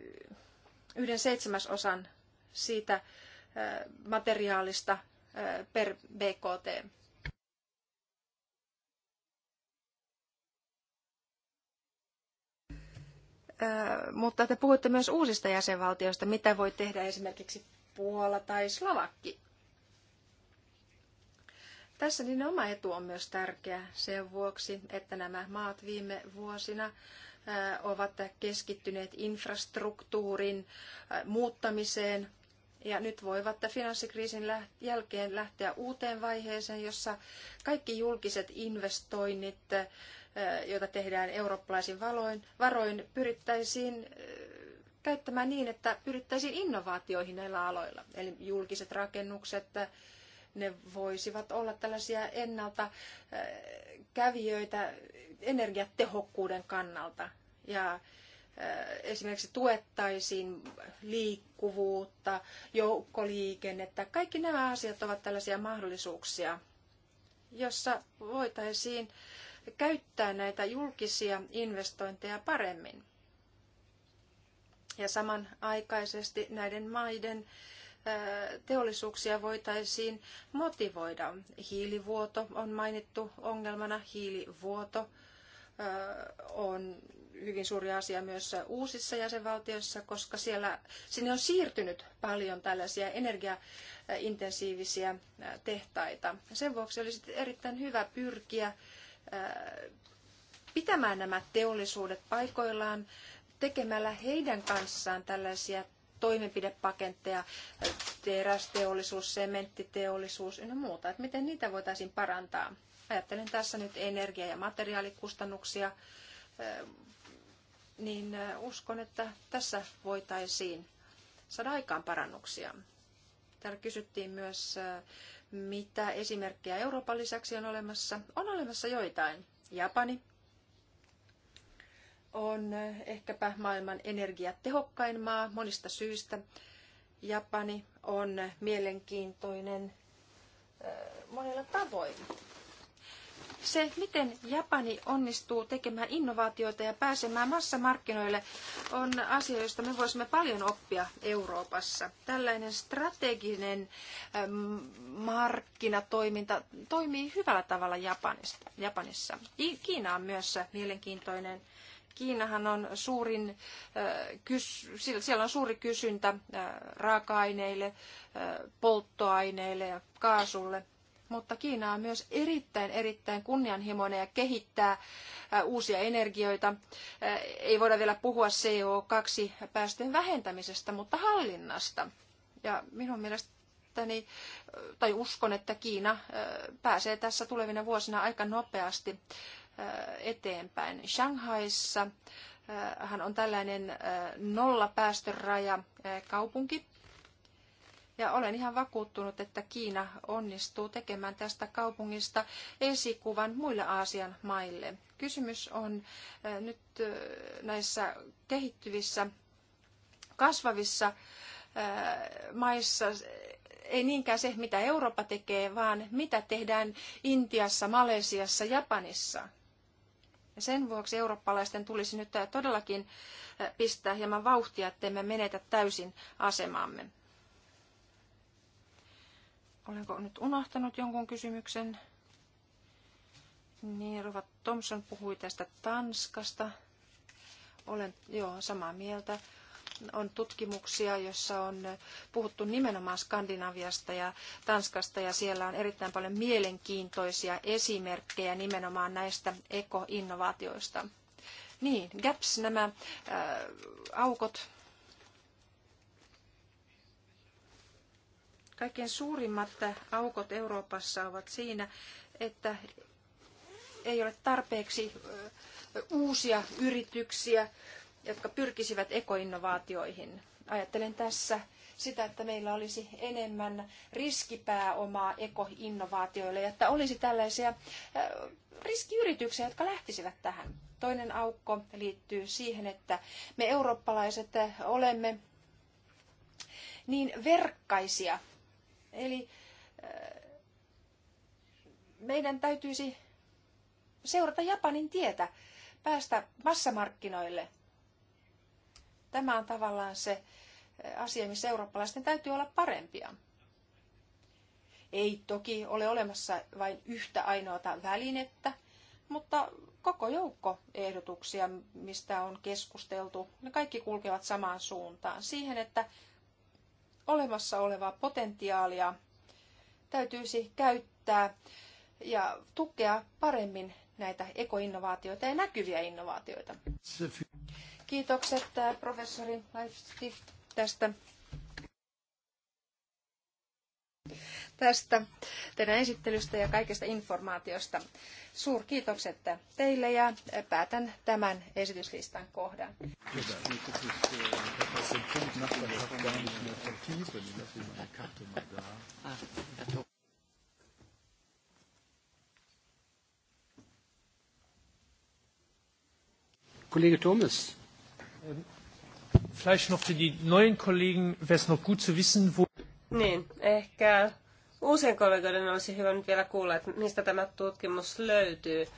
yhden seitsemäsosan siitä materiaalista per BKT. Mutta te puhutte myös uusista jäsenvaltioista, mitä voi tehdä esimerkiksi Puola tai Slovakki. Tässä niin oma etu on myös tärkeä sen vuoksi, että nämä maat viime vuosina ovat keskittyneet infrastruktuurin muuttamiseen ja nyt voivat finanssikriisin jälkeen lähteä uuteen vaiheeseen, jossa kaikki julkiset investoinnit, joita tehdään eurooppalaisin valoin, varoin, pyrittäisiin käyttämään niin, että pyrittäisiin innovaatioihin näillä aloilla. Eli julkiset rakennukset, ne voisivat olla tällaisia ennalta äh, kävijöitä energiatehokkuuden kannalta. Ja äh, esimerkiksi tuettaisiin liikkuvuutta, joukkoliikennettä. Kaikki nämä asiat ovat tällaisia mahdollisuuksia, jossa voitaisiin käyttää näitä julkisia investointeja paremmin. Ja samanaikaisesti näiden maiden teollisuuksia voitaisiin motivoida. Hiilivuoto on mainittu ongelmana. Hiilivuoto on hyvin suuri asia myös uusissa jäsenvaltioissa, koska siellä, sinne on siirtynyt paljon tällaisia energiaintensiivisiä tehtaita. Sen vuoksi olisi erittäin hyvä pyrkiä pitämään nämä teollisuudet paikoillaan tekemällä heidän kanssaan tällaisia toimenpidepaketteja, terästeollisuus, sementtiteollisuus ynnä muuta, että miten niitä voitaisiin parantaa. Ajattelen tässä nyt energia- ja materiaalikustannuksia, niin uskon, että tässä voitaisiin saada aikaan parannuksia. Täällä kysyttiin myös, mitä esimerkkejä Euroopan lisäksi on olemassa. On olemassa joitain. Japani, on ehkäpä maailman energiatehokkain maa monista syistä. Japani on mielenkiintoinen äh, monella tavoin. Se, miten Japani onnistuu tekemään innovaatioita ja pääsemään massamarkkinoille, on asia, josta me voisimme paljon oppia Euroopassa. Tällainen strateginen ähm, markkinatoiminta toimii hyvällä tavalla Japanista, Japanissa. Kiina on myös mielenkiintoinen Kiinahan on suurin, äh, siellä on suuri kysyntä äh, raaka-aineille, äh, polttoaineille ja kaasulle. Mutta Kiina on myös erittäin, erittäin kunnianhimoinen ja kehittää uusia energioita. Ei voida vielä puhua CO2-päästöjen vähentämisestä, mutta hallinnasta. Ja minun mielestäni, tai uskon, että Kiina pääsee tässä tulevina vuosina aika nopeasti eteenpäin. Shanghaissa hän on tällainen nollapäästöraja kaupunki. Ja olen ihan vakuuttunut, että Kiina onnistuu tekemään tästä kaupungista esikuvan muille Aasian maille. Kysymys on nyt näissä kehittyvissä, kasvavissa maissa ei niinkään se, mitä Eurooppa tekee, vaan mitä tehdään Intiassa, Malesiassa, Japanissa – ja sen vuoksi eurooppalaisten tulisi nyt äh, todellakin äh, pistää hieman vauhtia, ettei me menetä täysin asemaamme. Olenko nyt unohtanut jonkun kysymyksen? Niin, Rova Thompson puhui tästä Tanskasta. Olen joo, samaa mieltä on tutkimuksia, joissa on puhuttu nimenomaan Skandinaviasta ja Tanskasta ja siellä on erittäin paljon mielenkiintoisia esimerkkejä nimenomaan näistä ekoinnovaatioista. Niin, gaps, nämä äh, aukot. Kaikkein suurimmat aukot Euroopassa ovat siinä, että ei ole tarpeeksi äh, uusia yrityksiä, jotka pyrkisivät ekoinnovaatioihin. Ajattelen tässä sitä, että meillä olisi enemmän riskipääomaa ekoinnovaatioille, ja että olisi tällaisia äh, riskiyrityksiä, jotka lähtisivät tähän. Toinen aukko liittyy siihen, että me eurooppalaiset olemme niin verkkaisia. Eli äh, meidän täytyisi seurata Japanin tietä, päästä massamarkkinoille – Tämä on tavallaan se eh, asia, missä eurooppalaisten täytyy olla parempia. Ei toki ole olemassa vain yhtä ainoata välinettä, mutta koko joukko ehdotuksia, mistä on keskusteltu, ne kaikki kulkevat samaan suuntaan. Siihen, että olemassa olevaa potentiaalia täytyisi käyttää ja tukea paremmin näitä ekoinnovaatioita ja näkyviä innovaatioita. Kiitokset professori Leifstift tästä tästä teidän esittelystä ja kaikesta informaatiosta. Suurkiitokset teille ja päätän tämän esityslistan kohdan. Kollege Thomas vielleicht noch für die neuen Kollegen wäre es noch gut zu wissen, wo... Niin, ehkä uusien kollegoiden olisi hyvä nyt vielä kuulla, että mistä tämä tutkimus löytyy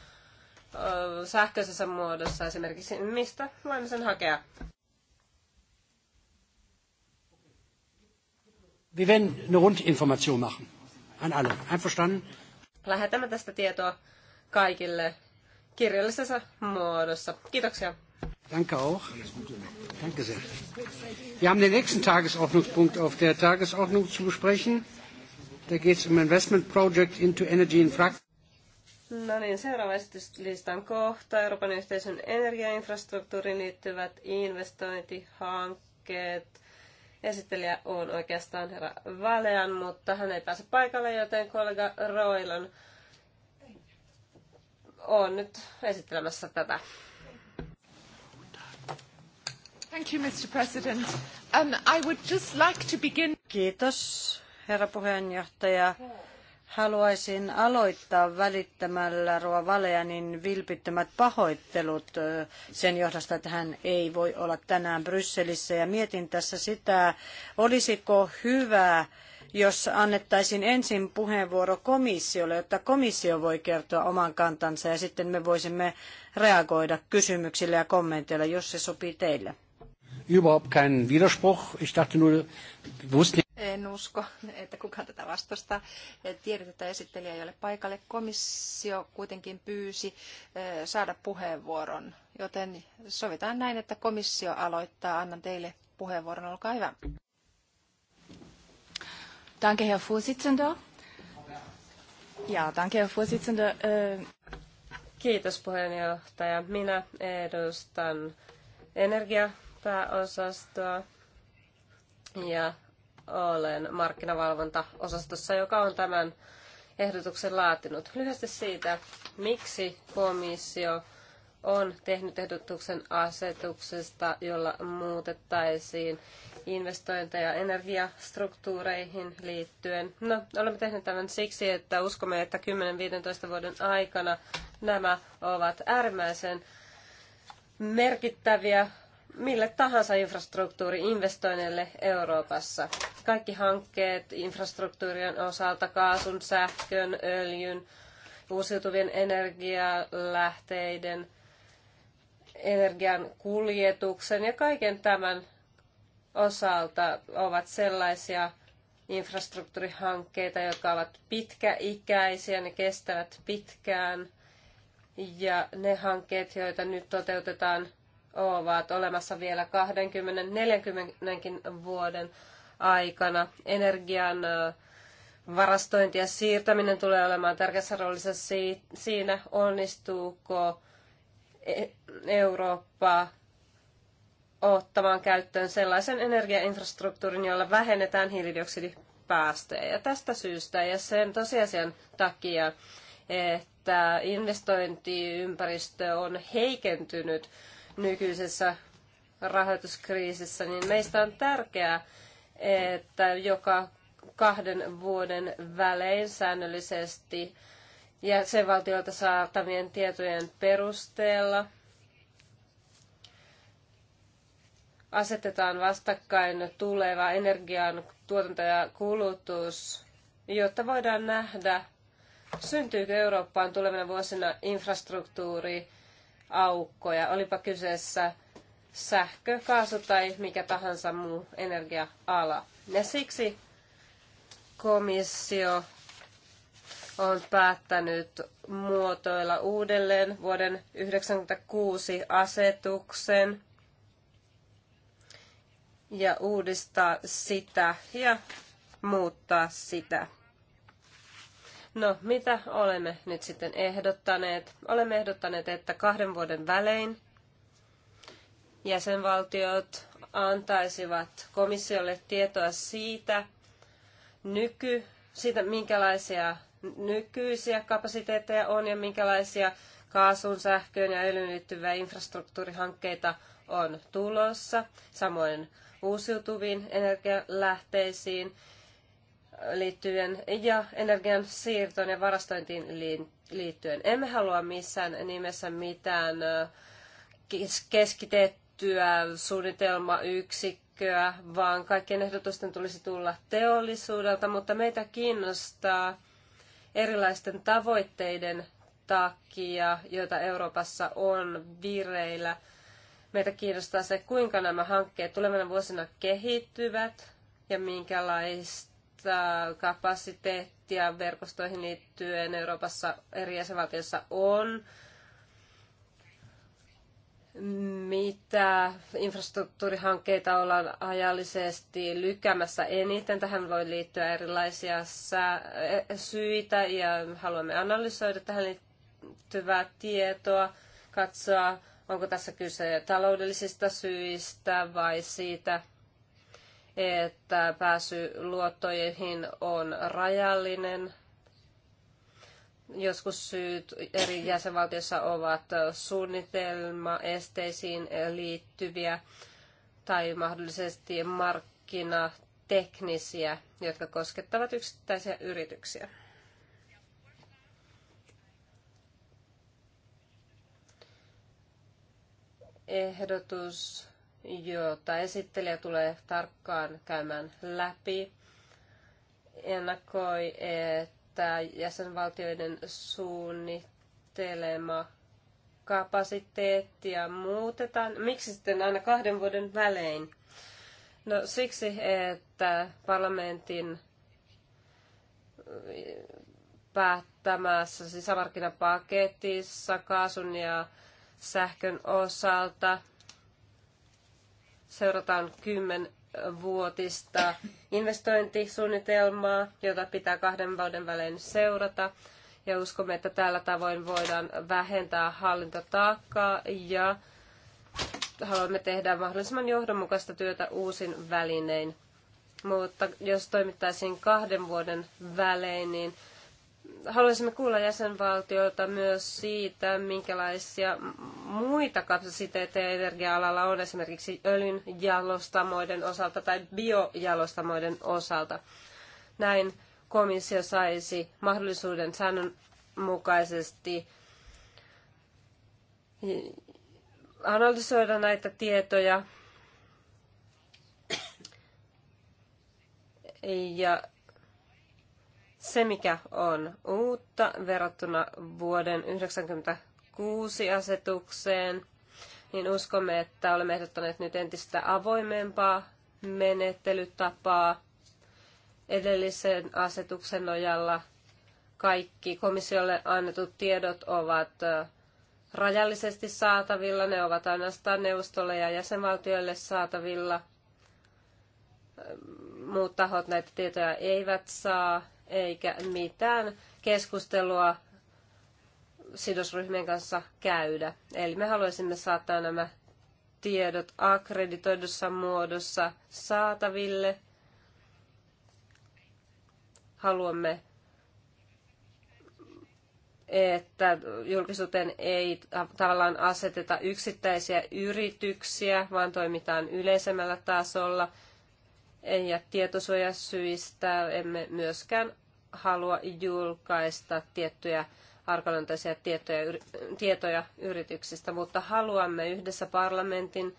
sähköisessä muodossa esimerkiksi. Mistä voimme sen hakea? Wir werden eine Rundinformation machen. An alle. Einverstanden? Lähetämme tästä tietoa kaikille kirjallisessa muodossa. Kiitoksia. Danke auch. Danke sehr. Wir haben den nächsten Tagesordnungspunkt auf der Tagesordnung zu besprechen. Da geht es um Investment Project into Energy in Infrastructure. No niin, seuraava esityslistan kohta. Euroopan yhteisön energiainfrastruktuuriin liittyvät investointihankkeet. Esittelijä on oikeastaan herra Valean, mutta hän ei pääse paikalle, joten kollega Roilan on nyt esittelemässä tätä Um, Kiitos, herra puheenjohtaja. Haluaisin aloittaa välittämällä Roa Valeanin vilpittömät pahoittelut sen johdosta, että hän ei voi olla tänään Brysselissä. Ja mietin tässä sitä, olisiko hyvä, jos annettaisiin ensin puheenvuoro komissiolle, jotta komissio voi kertoa oman kantansa ja sitten me voisimme reagoida kysymyksille ja kommenteilla, jos se sopii teille überhaupt keinen Widerspruch. Ich dachte nur, wusste en usko, että kukaan tätä vastustaa. Tiedät, että esittelijä ei ole paikalle. Komissio kuitenkin pyysi saada puheenvuoron, joten sovitaan näin, että komissio aloittaa. Annan teille puheenvuoron, olkaa hyvä. Danke, Herr Vorsitzender. Ja, danke, Herr Vorsitzender. Kiitos puheenjohtaja. Minä edustan energia- pääosastoa ja olen markkinavalvontaosastossa, joka on tämän ehdotuksen laatinut. Lyhyesti siitä, miksi komissio on tehnyt ehdotuksen asetuksesta, jolla muutettaisiin investointeja energiastruktuureihin liittyen. No, olemme tehneet tämän siksi, että uskomme, että 10-15 vuoden aikana nämä ovat äärimmäisen merkittäviä mille tahansa infrastruktuuriinvestoinnille Euroopassa. Kaikki hankkeet infrastruktuurien osalta, kaasun, sähkön, öljyn, uusiutuvien energialähteiden, energian kuljetuksen ja kaiken tämän osalta ovat sellaisia infrastruktuurihankkeita, jotka ovat pitkäikäisiä, ne kestävät pitkään. Ja ne hankkeet, joita nyt toteutetaan ovat olemassa vielä 20-40 vuoden aikana. Energian varastointi ja siirtäminen tulee olemaan tärkeässä roolissa siinä, onnistuuko e-, Eurooppa ottamaan käyttöön sellaisen energiainfrastruktuurin, jolla vähennetään hiilidioksidipäästöjä. Ja tästä syystä ja sen tosiasian takia, että investointiympäristö on heikentynyt nykyisessä rahoituskriisissä, niin meistä on tärkeää, että joka kahden vuoden välein säännöllisesti jäsenvaltiolta saatavien tietojen perusteella asetetaan vastakkain tuleva energian tuotanto ja kulutus, jotta voidaan nähdä, syntyykö Eurooppaan tulevina vuosina infrastruktuuri, aukkoja, olipa kyseessä sähkö, kaasu tai mikä tahansa muu energia-ala. Ja siksi komissio on päättänyt muotoilla uudelleen vuoden 1996 asetuksen ja uudistaa sitä ja muuttaa sitä. No, mitä olemme nyt sitten ehdottaneet? Olemme ehdottaneet, että kahden vuoden välein jäsenvaltiot antaisivat komissiolle tietoa siitä, nyky, siitä minkälaisia nykyisiä kapasiteetteja on ja minkälaisia kaasun, sähköön ja öljyn liittyviä infrastruktuurihankkeita on tulossa, samoin uusiutuviin energialähteisiin liittyen ja energian siirtoon ja varastointiin liittyen. Emme halua missään nimessä mitään keskitettyä suunnitelmayksikköä, vaan kaikkien ehdotusten tulisi tulla teollisuudelta, mutta meitä kiinnostaa erilaisten tavoitteiden takia, joita Euroopassa on vireillä. Meitä kiinnostaa se, kuinka nämä hankkeet tulevina vuosina kehittyvät ja minkälaista että äh, kapasiteettia verkostoihin liittyen Euroopassa eri jäsenvaltioissa on. Mitä infrastruktuurihankkeita ollaan ajallisesti lykkäämässä eniten? Tähän voi liittyä erilaisia e-, syitä ja haluamme analysoida tähän liittyvää tietoa, katsoa, onko tässä kyse taloudellisista syistä vai siitä, että pääsy luottoihin on rajallinen. Joskus syyt eri jäsenvaltioissa ovat suunnitelmaesteisiin liittyviä tai mahdollisesti markkinateknisiä, jotka koskettavat yksittäisiä yrityksiä. Ehdotus jota esittelijä tulee tarkkaan käymään läpi, ennakoi, että jäsenvaltioiden suunnittelema kapasiteettia muutetaan. Miksi sitten aina kahden vuoden välein? No siksi, että parlamentin päättämässä sisämarkkinapaketissa kaasun ja sähkön osalta seurataan vuotista investointisuunnitelmaa, jota pitää kahden vuoden välein seurata. Ja uskomme, että tällä tavoin voidaan vähentää hallintotaakkaa ja haluamme tehdä mahdollisimman johdonmukaista työtä uusin välinein. Mutta jos toimittaisiin kahden vuoden välein, niin haluaisimme kuulla jäsenvaltioilta myös siitä, minkälaisia muita kapasiteetteja energia-alalla on esimerkiksi öljyn jalostamoiden osalta tai biojalostamoiden osalta. Näin komissio saisi mahdollisuuden säännönmukaisesti analysoida näitä tietoja ja se, mikä on uutta verrattuna vuoden 1996 asetukseen, niin uskomme, että olemme ehdottaneet nyt entistä avoimempaa menettelytapaa edellisen asetuksen nojalla. Kaikki komissiolle annetut tiedot ovat rajallisesti saatavilla, ne ovat ainoastaan neuvostolle ja jäsenvaltioille saatavilla. Muut tahot näitä tietoja eivät saa eikä mitään keskustelua sidosryhmien kanssa käydä. Eli me haluaisimme saattaa nämä tiedot akkreditoidussa muodossa saataville. Haluamme, että julkisuuteen ei tavallaan aseteta yksittäisiä yrityksiä, vaan toimitaan yleisemmällä tasolla. Ja tietosuojasyistä emme myöskään halua julkaista tiettyjä arkaluontoisia tietoja, tietoja yrityksistä, mutta haluamme yhdessä parlamentin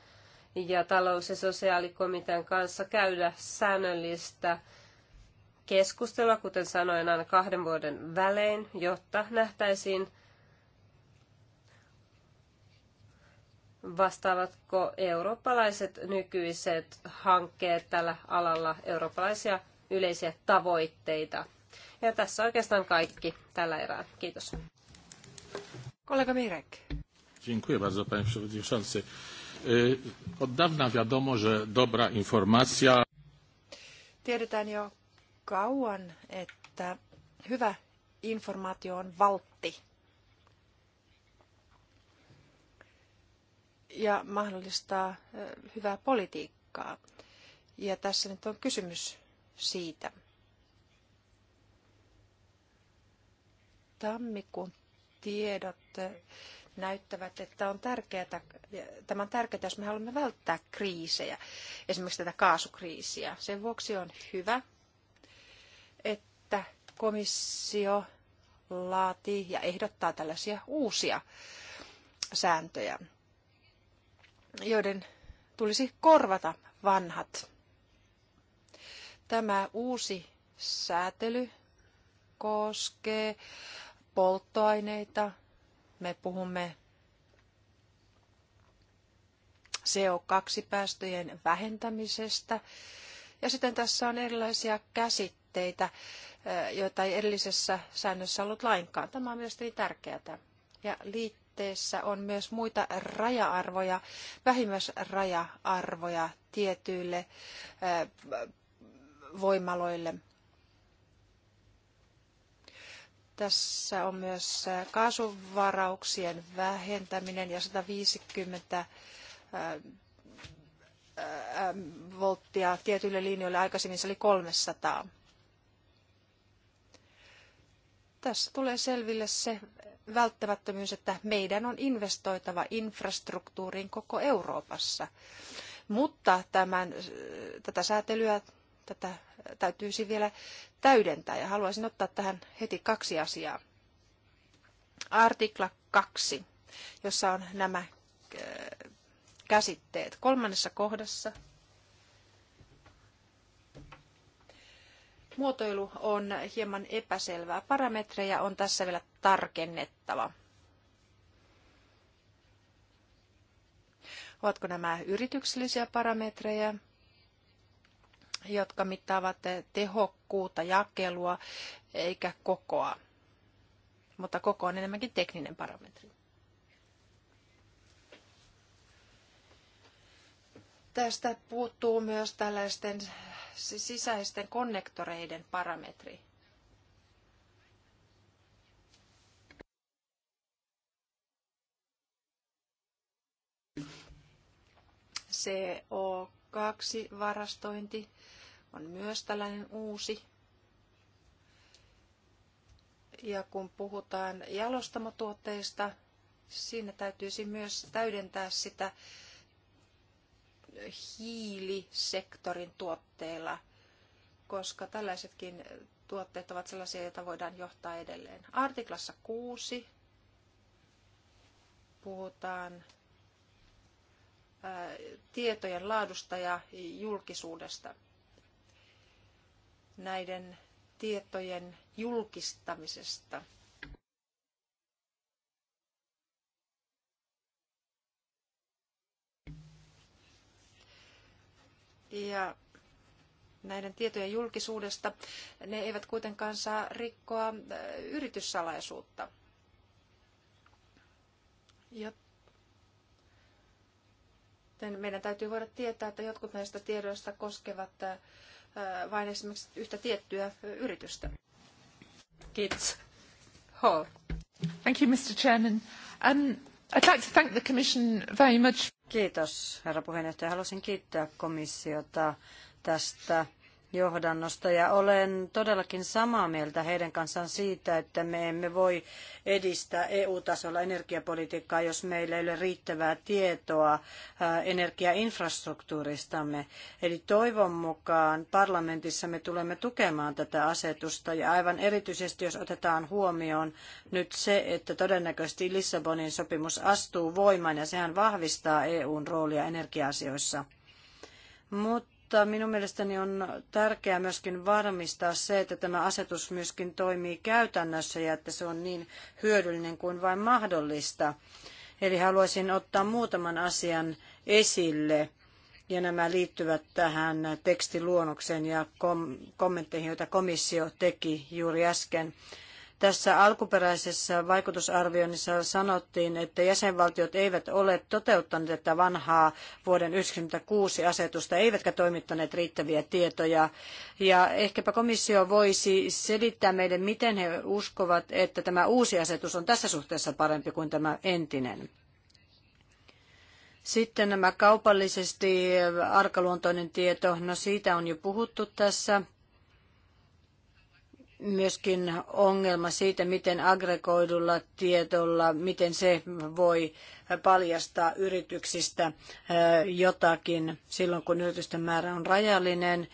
ja talous- ja sosiaalikomitean kanssa käydä säännöllistä keskustelua, kuten sanoin, aina kahden vuoden välein, jotta nähtäisiin, vastaavatko eurooppalaiset nykyiset hankkeet tällä alalla eurooppalaisia yleisiä tavoitteita. Ja tässä oikeastaan kaikki tällä erää. Kiitos. Kollega Mirek. Dziękuję bardzo, panie przewodniczący. Od dawna wiadomo, że dobra informacja. Tiedetään jo kauan, että hyvä informaatio on valtti. Ja mahdollistaa hyvää politiikkaa. Ja tässä nyt on kysymys siitä – Tammikuun tiedot näyttävät, että on tärkeää, tämä on tärkeää, jos me haluamme välttää kriisejä, esimerkiksi tätä kaasukriisiä. Sen vuoksi on hyvä, että komissio laatii ja ehdottaa tällaisia uusia sääntöjä, joiden tulisi korvata vanhat. Tämä uusi säätely koskee polttoaineita. Me puhumme CO2-päästöjen vähentämisestä. Ja sitten tässä on erilaisia käsitteitä, eh, joita ei edellisessä säännössä ollut lainkaan. Tämä on mielestäni tärkeää. Ja liitteessä on myös muita raja-arvoja, vähimmäisraja-arvoja tietyille eh, voimaloille – tässä on myös kaasuvarauksien vähentäminen ja 150 volttia tietyille linjoille. Aikaisemmin se oli 300. Tässä tulee selville se välttämättömyys, että meidän on investoitava infrastruktuuriin koko Euroopassa. Mutta tämän, tätä säätelyä tätä täytyisi vielä täydentää ja haluaisin ottaa tähän heti kaksi asiaa. Artikla 2, jossa on nämä äh, käsitteet. Kolmannessa kohdassa muotoilu on hieman epäselvää. Parametreja on tässä vielä tarkennettava. Ovatko nämä yrityksellisiä parametreja jotka mittaavat tehokkuutta, jakelua eikä kokoa. Mutta koko on enemmänkin tekninen parametri. Tästä puuttuu myös tällaisten sisäisten konnektoreiden parametri. CO2-varastointi on myös tällainen uusi. Ja kun puhutaan jalostamotuotteista, siinä täytyisi myös täydentää sitä hiilisektorin tuotteilla, koska tällaisetkin tuotteet ovat sellaisia, joita voidaan johtaa edelleen. Artiklassa 6 puhutaan tietojen laadusta ja julkisuudesta näiden tietojen julkistamisesta. Ja näiden tietojen julkisuudesta ne eivät kuitenkaan saa rikkoa äh, yrityssalaisuutta. Joten meidän täytyy voida tietää, että jotkut näistä tiedoista koskevat äh, vain esimerkiksi yhtä tiettyä yritystä. Kiitos. Thank you, Mr. Chairman. Um, I'd like to thank the Commission very much. Kiitos, herra puheenjohtaja. Haluaisin kiittää komissiota tästä johdannosta ja olen todellakin samaa mieltä heidän kanssaan siitä, että me emme voi edistää EU-tasolla energiapolitiikkaa, jos meillä ei ole riittävää tietoa äh, energiainfrastruktuuristamme. Eli toivon mukaan parlamentissa me tulemme tukemaan tätä asetusta ja aivan erityisesti, jos otetaan huomioon nyt se, että todennäköisesti Lissabonin sopimus astuu voimaan ja sehän vahvistaa EUn roolia energia-asioissa. Mutta mutta minun mielestäni on tärkeää myöskin varmistaa se, että tämä asetus myöskin toimii käytännössä ja että se on niin hyödyllinen kuin vain mahdollista. Eli haluaisin ottaa muutaman asian esille ja nämä liittyvät tähän tekstiluonnokseen ja kom- kommentteihin, joita komissio teki juuri äsken. Tässä alkuperäisessä vaikutusarvioinnissa sanottiin, että jäsenvaltiot eivät ole toteuttaneet tätä vanhaa vuoden 1996 asetusta, eivätkä toimittaneet riittäviä tietoja. Ja ehkäpä komissio voisi selittää meille, miten he uskovat, että tämä uusi asetus on tässä suhteessa parempi kuin tämä entinen. Sitten nämä kaupallisesti arkaluontoinen tieto, no siitä on jo puhuttu tässä myöskin ongelma siitä, miten aggregoidulla tiedolla, miten se voi paljastaa yrityksistä jotakin silloin, kun yritysten määrä on rajallinen.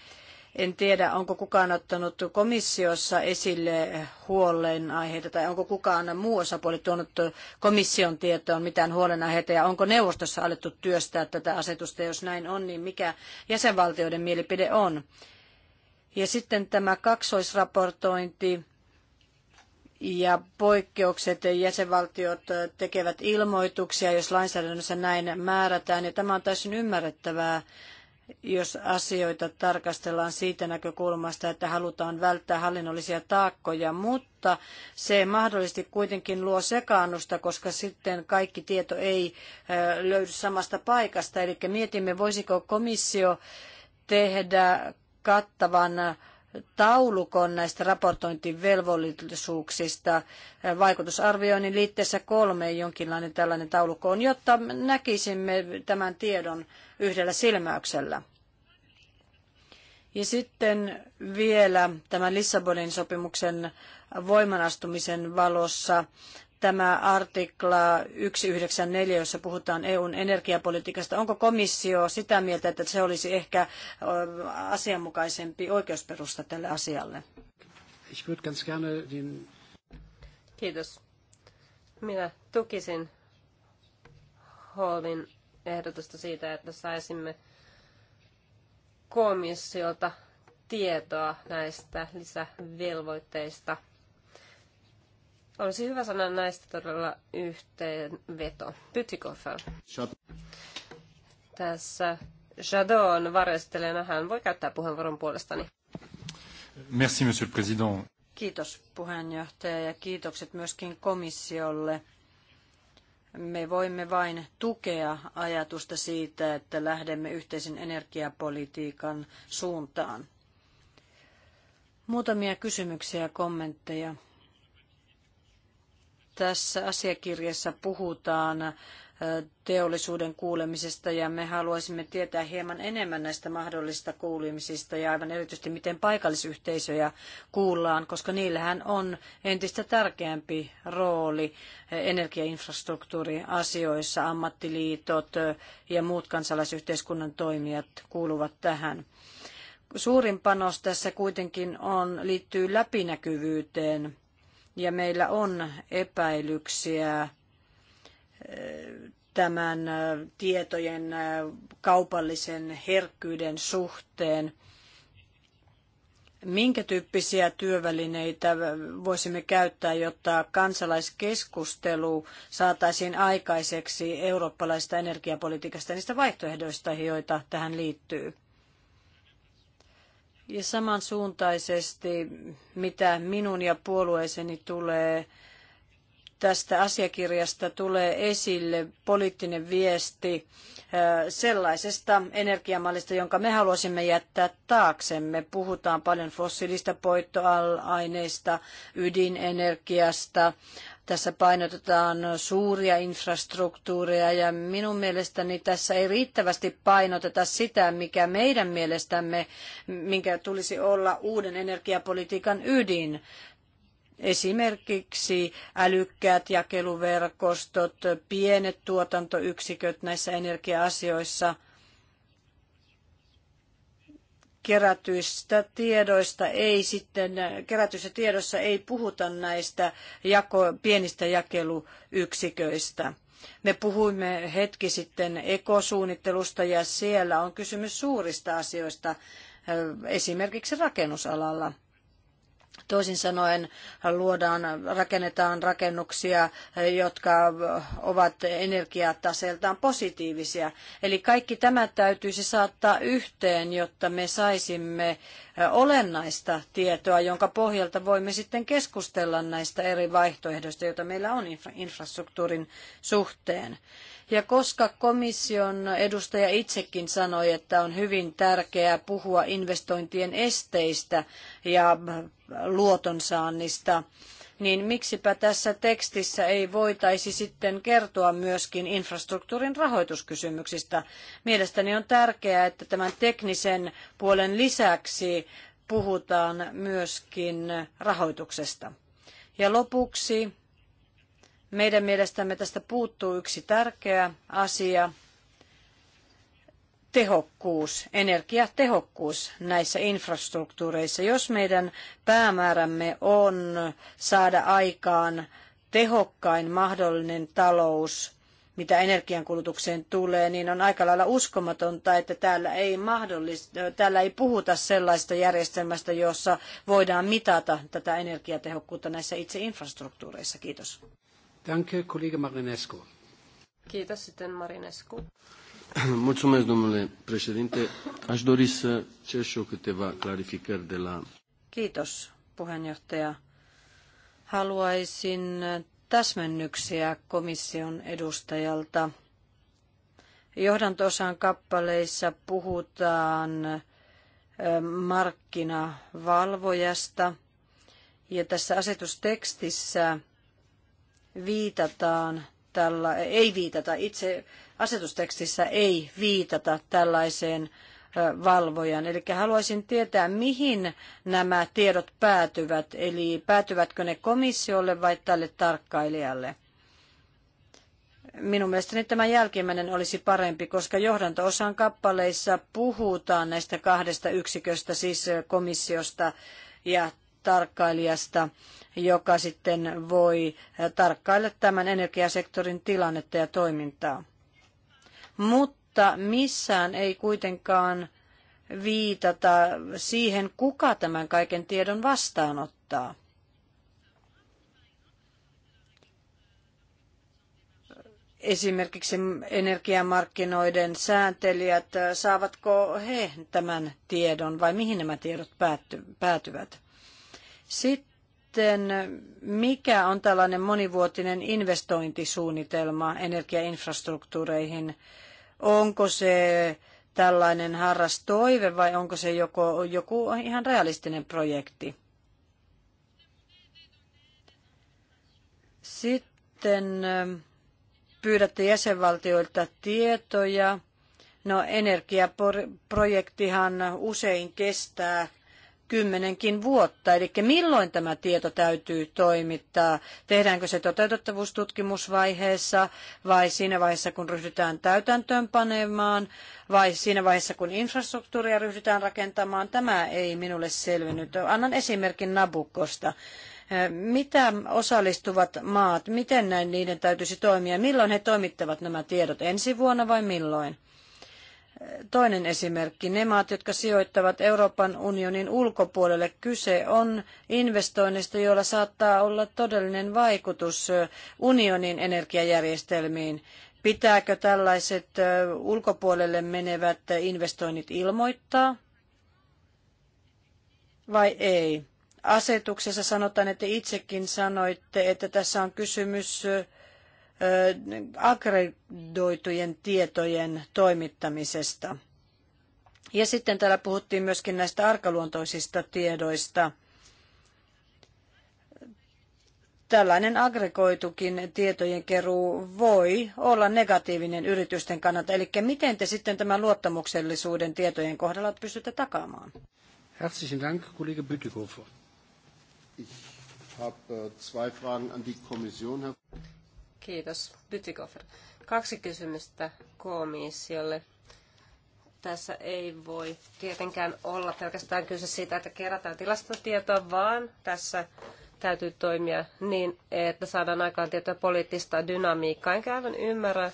En tiedä, onko kukaan ottanut komissiossa esille huolenaiheita tai onko kukaan muu osapuoli tuonut komission tietoon mitään huolenaiheita ja onko neuvostossa alettu työstää tätä asetusta. Jos näin on, niin mikä jäsenvaltioiden mielipide on? Ja sitten tämä kaksoisraportointi ja poikkeukset jäsenvaltiot tekevät ilmoituksia, jos lainsäädännössä näin määrätään. Ja tämä on täysin ymmärrettävää, jos asioita tarkastellaan siitä näkökulmasta, että halutaan välttää hallinnollisia taakkoja, mutta se mahdollisesti kuitenkin luo sekaannusta, koska sitten kaikki tieto ei löydy samasta paikasta. Eli mietimme, voisiko komissio tehdä kattavan taulukon näistä raportointivelvollisuuksista vaikutusarvioinnin liitteessä kolme jonkinlainen tällainen taulukko on, jotta näkisimme tämän tiedon yhdellä silmäyksellä. Ja sitten vielä tämän Lissabonin sopimuksen voimanastumisen valossa tämä artikla 194, jossa puhutaan EUn energiapolitiikasta. Onko komissio sitä mieltä, että se olisi ehkä asianmukaisempi oikeusperusta tälle asialle? Kiitos. Minä tukisin Hallin ehdotusta siitä, että saisimme komissiolta tietoa näistä lisävelvoitteista – olisi hyvä sanoa näistä todella yhteenveto. Pytikofer. Tässä Jadon varjostelijana hän voi käyttää puheenvuoron puolestani. Merci, monsieur le président. Kiitos puheenjohtaja ja kiitokset myöskin komissiolle. Me voimme vain tukea ajatusta siitä, että lähdemme yhteisen energiapolitiikan suuntaan. Muutamia kysymyksiä ja kommentteja. Tässä asiakirjassa puhutaan teollisuuden kuulemisesta ja me haluaisimme tietää hieman enemmän näistä mahdollisista kuulemisista ja aivan erityisesti miten paikallisyhteisöjä kuullaan, koska niillähän on entistä tärkeämpi rooli energiainfrastruktuuriasioissa. Ammattiliitot ja muut kansalaisyhteiskunnan toimijat kuuluvat tähän. Suurin panos tässä kuitenkin on, liittyy läpinäkyvyyteen ja meillä on epäilyksiä eh, tämän eh, tietojen eh, kaupallisen herkkyyden suhteen. Minkä tyyppisiä työvälineitä voisimme käyttää, jotta kansalaiskeskustelu saataisiin aikaiseksi eurooppalaisesta energiapolitiikasta ja niistä vaihtoehdoista, joita tähän liittyy? ja samansuuntaisesti, mitä minun ja puolueeseni tulee tästä asiakirjasta tulee esille poliittinen viesti äh, sellaisesta energiamallista, jonka me haluaisimme jättää taaksemme. Puhutaan paljon fossiilista poittoaineista, ydinenergiasta, tässä painotetaan suuria infrastruktuureja ja minun mielestäni tässä ei riittävästi painoteta sitä, mikä meidän mielestämme, minkä tulisi olla uuden energiapolitiikan ydin. Esimerkiksi älykkäät jakeluverkostot, pienet tuotantoyksiköt näissä energia-asioissa – kerätyistä tiedoista ei sitten, kerätyissä tiedossa ei puhuta näistä jako, pienistä jakeluyksiköistä. Me puhuimme hetki sitten ekosuunnittelusta ja siellä on kysymys suurista asioista, eh, esimerkiksi rakennusalalla. Toisin sanoen luodaan, rakennetaan rakennuksia, jotka ovat energiataseeltaan positiivisia. Eli kaikki tämä täytyisi saattaa yhteen, jotta me saisimme olennaista tietoa, jonka pohjalta voimme sitten keskustella näistä eri vaihtoehdoista, joita meillä on infrastruktuurin suhteen. Ja koska komission edustaja itsekin sanoi, että on hyvin tärkeää puhua investointien esteistä ja luotonsaannista, niin miksipä tässä tekstissä ei voitaisi sitten kertoa myöskin infrastruktuurin rahoituskysymyksistä. Mielestäni on tärkeää, että tämän teknisen puolen lisäksi puhutaan myöskin rahoituksesta. Ja lopuksi meidän mielestämme tästä puuttuu yksi tärkeä asia, tehokkuus, energiatehokkuus näissä infrastruktuureissa. Jos meidän päämäärämme on saada aikaan tehokkain mahdollinen talous, mitä energiankulutukseen tulee, niin on aika lailla uskomatonta, että täällä ei, mahdollista, täällä ei puhuta sellaista järjestelmästä, jossa voidaan mitata tätä energiatehokkuutta näissä itse infrastruktuureissa. Kiitos. Danke, kollega Marinescu. Kiitos sitten Marinescu. Mulțumesc, domnule președinte. Aș dori să cer și eu câteva clarificări de la... Kiitos, puheenjohtaja. Haluaisin täsmennyksiä komission edustajalta. Johdantosan kappaleissa puhutaan markkinavalvojasta ja tässä asetustekstissä viitataan tällä, ei viitata, itse asetustekstissä ei viitata tällaiseen valvojan. Eli haluaisin tietää, mihin nämä tiedot päätyvät, eli päätyvätkö ne komissiolle vai tälle tarkkailijalle. Minun mielestäni tämä jälkimmäinen olisi parempi, koska johdanto-osan kappaleissa puhutaan näistä kahdesta yksiköstä, siis komissiosta ja tarkkailijasta, joka sitten voi tarkkailla tämän energiasektorin tilannetta ja toimintaa. Mutta missään ei kuitenkaan viitata siihen, kuka tämän kaiken tiedon vastaanottaa. esimerkiksi energiamarkkinoiden sääntelijät, saavatko he tämän tiedon vai mihin nämä tiedot päättyvät? Sitten mikä on tällainen monivuotinen investointisuunnitelma energiainfrastruktuureihin? Onko se tällainen harras toive vai onko se joko, joku ihan realistinen projekti? Sitten pyydätte jäsenvaltioilta tietoja. No energiaprojektihan usein kestää kymmenenkin vuotta. Eli milloin tämä tieto täytyy toimittaa? Tehdäänkö se toteutettavuustutkimusvaiheessa vai siinä vaiheessa, kun ryhdytään täytäntöönpanemaan vai siinä vaiheessa, kun infrastruktuuria ryhdytään rakentamaan? Tämä ei minulle selvinnyt. Annan esimerkin Nabukosta. Mitä osallistuvat maat, miten näin niiden täytyisi toimia? Milloin he toimittavat nämä tiedot? Ensi vuonna vai milloin? Toinen esimerkki, ne maat, jotka sijoittavat Euroopan unionin ulkopuolelle, kyse on investoinnista, joilla saattaa olla todellinen vaikutus unionin energiajärjestelmiin. Pitääkö tällaiset ulkopuolelle menevät investoinnit ilmoittaa vai ei? Asetuksessa sanotaan, että itsekin sanoitte, että tässä on kysymys aggregoitujen tietojen toimittamisesta. Ja sitten täällä puhuttiin myöskin näistä arkaluontoisista tiedoista. Tällainen aggregoitukin tietojen keruu voi olla negatiivinen yritysten kannalta. Eli miten te sitten tämän luottamuksellisuuden tietojen kohdalla pystytte takaamaan? Herzlichen Dank, Kollege Bütikofer. Ich habe äh, zwei Fragen an die Kommission. Kiitos, Bytikofer. Kaksi kysymystä komissiolle. Tässä ei voi tietenkään olla pelkästään kyse siitä, että kerätään tilastotietoa, vaan tässä täytyy toimia niin, että saadaan aikaan tietoa poliittista dynamiikkaa. Enkä aivan ymmärrä,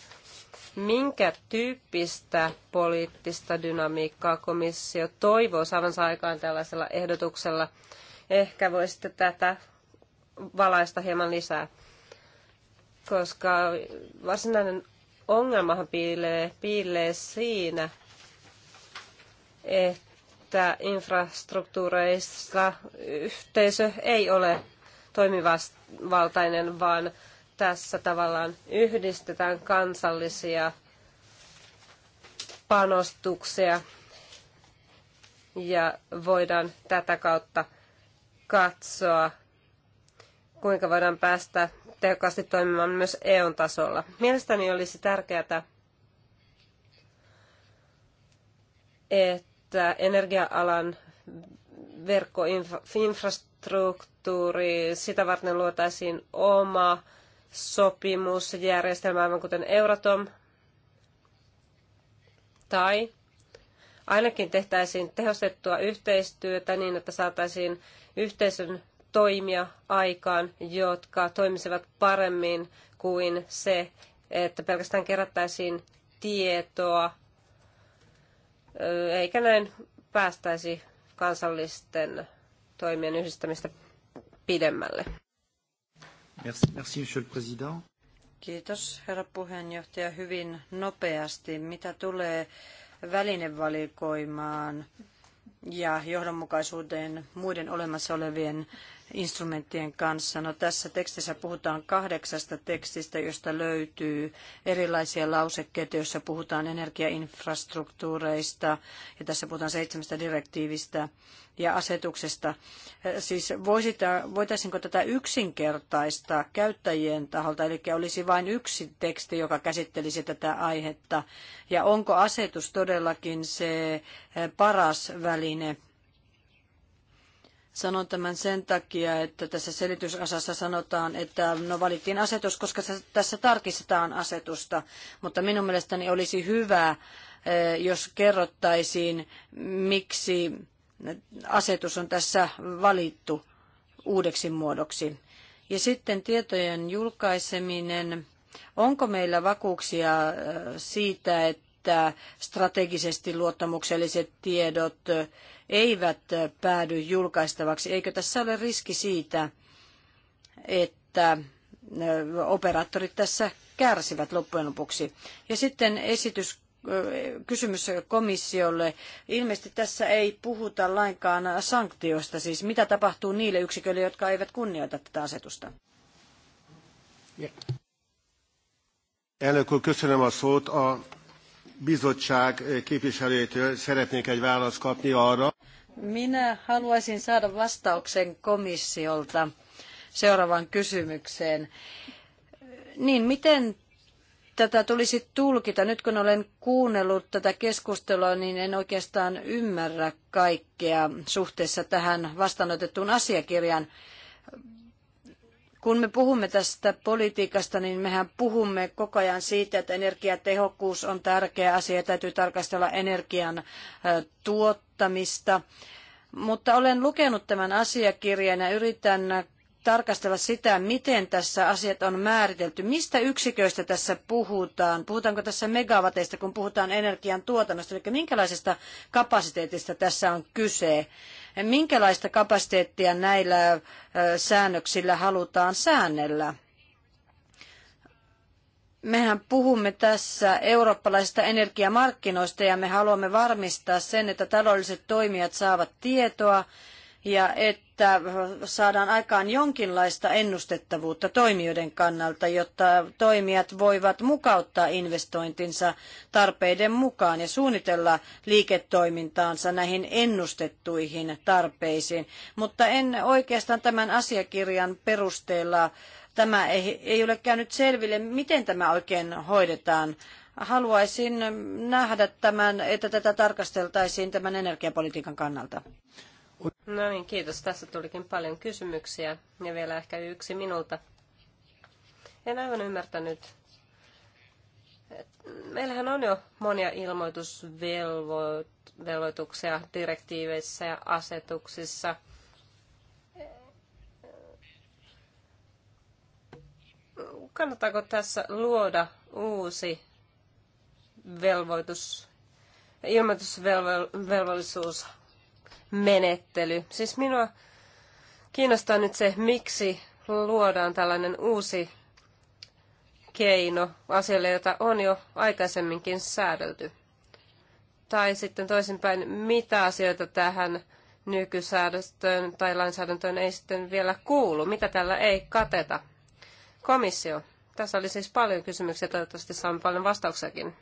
minkä tyyppistä poliittista dynamiikkaa komissio toivoo saavansa aikaan tällaisella ehdotuksella. Ehkä voisitte tätä valaista hieman lisää koska varsinainen ongelmahan piilee, piilee siinä, että infrastruktuureissa yhteisö ei ole toimivaltainen, vaan tässä tavallaan yhdistetään kansallisia panostuksia ja voidaan tätä kautta katsoa, kuinka voidaan päästä tehokkaasti toimimaan myös EUn tasolla. Mielestäni olisi tärkeää, että energia-alan verkkoinfrastruktuuri, sitä varten luotaisiin oma sopimusjärjestelmä, aivan kuten Euratom, tai ainakin tehtäisiin tehostettua yhteistyötä niin, että saataisiin yhteisön toimia aikaan, jotka toimisivat paremmin kuin se, että pelkästään kerättäisiin tietoa, eikä näin päästäisi kansallisten toimien yhdistämistä pidemmälle. Merci, merci, monsieur le président. Kiitos, herra puheenjohtaja. Hyvin nopeasti, mitä tulee välinevalikoimaan ja johdonmukaisuuteen muiden olemassa olevien instrumenttien kanssa. No, tässä tekstissä puhutaan kahdeksasta tekstistä, josta löytyy erilaisia lausekkeita, joissa puhutaan energiainfrastruktuureista ja tässä puhutaan seitsemästä direktiivistä ja asetuksesta. Siis voisita, voitaisinko tätä yksinkertaistaa käyttäjien taholta, eli olisi vain yksi teksti, joka käsittelisi tätä aihetta, ja onko asetus todellakin se eh, paras väline Sanon tämän sen takia, että tässä selitysasassa sanotaan, että no valittiin asetus, koska tässä tarkistetaan asetusta, mutta minun mielestäni olisi hyvä, eh, jos kerrottaisiin, miksi asetus on tässä valittu uudeksi muodoksi. Ja sitten tietojen julkaiseminen. Onko meillä vakuuksia eh, siitä, että strategisesti luottamukselliset tiedot eh, eivät päädy julkaistavaksi. Eikö tässä ole riski siitä, että operaattorit tässä kärsivät loppujen lopuksi? Ja sitten esitys kysymys komissiolle. Ilmeisesti tässä ei puhuta lainkaan sanktioista, siis mitä tapahtuu niille yksiköille, jotka eivät kunnioita tätä asetusta? Elnök úr, a szót. A bizottság képviselőjétől szeretnék egy választ kapni arra. Minä haluaisin saada vastauksen komissiolta seuraavaan kysymykseen. Niin, miten tätä tulisi tulkita? Nyt kun olen kuunnellut tätä keskustelua, niin en oikeastaan ymmärrä kaikkea suhteessa tähän vastaanotettuun asiakirjaan. Kun me puhumme tästä politiikasta, niin mehän puhumme koko ajan siitä, että energiatehokkuus on tärkeä asia ja täytyy tarkastella energian tuottamista. Mutta olen lukenut tämän asiakirjan ja yritän tarkastella sitä, miten tässä asiat on määritelty. Mistä yksiköistä tässä puhutaan? Puhutaanko tässä megawateista, kun puhutaan energian tuotannosta? Eli minkälaisesta kapasiteetista tässä on kyse? Minkälaista kapasiteettia näillä säännöksillä halutaan säännellä? mehän puhumme tässä eurooppalaisista energiamarkkinoista ja me haluamme varmistaa sen, että taloudelliset toimijat saavat tietoa ja että saadaan aikaan jonkinlaista ennustettavuutta toimijoiden kannalta, jotta toimijat voivat mukauttaa investointinsa tarpeiden mukaan ja suunnitella liiketoimintaansa näihin ennustettuihin tarpeisiin. Mutta en oikeastaan tämän asiakirjan perusteella tämä ei, ei ole käynyt selville, miten tämä oikein hoidetaan haluaisin nähdä tämän, että tätä tarkasteltaisiin tämän energiapolitiikan kannalta. No niin, kiitos. Tässä tulikin paljon kysymyksiä ja vielä ehkä yksi minulta. En aivan ymmärtänyt. Meillähän on jo monia ilmoitusvelvoituksia direktiiveissä ja asetuksissa. Kannattaako tässä luoda uusi velvoitus, ilmoitusvelvollisuus menettely. Siis minua kiinnostaa nyt se, miksi luodaan tällainen uusi keino asialle, jota on jo aikaisemminkin säädelty. Tai sitten toisinpäin, mitä asioita tähän nykysäädöstöön tai lainsäädäntöön ei sitten vielä kuulu, mitä tällä ei kateta. Komissio. Tässä oli siis paljon kysymyksiä, toivottavasti saamme paljon vastauksiakin.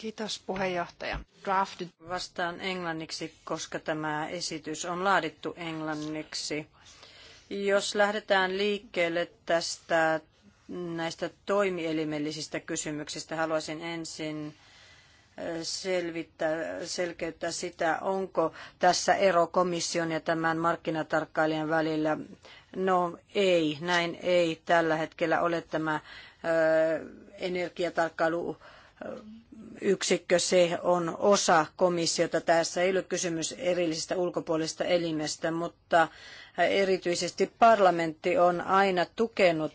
Kiitos puheenjohtaja. Drafted. Vastaan englanniksi, koska tämä esitys on laadittu englanniksi. Jos lähdetään liikkeelle tästä näistä toimielimellisistä kysymyksistä, haluaisin ensin selvittää, selkeyttää sitä, onko tässä ero komission ja tämän markkinatarkkailijan välillä. No ei, näin ei tällä hetkellä ole tämä energiatarkkailu yksikkö, se on osa komissiota. Tässä ei ole kysymys erillisestä ulkopuolisesta elimestä, mutta erityisesti parlamentti on aina tukenut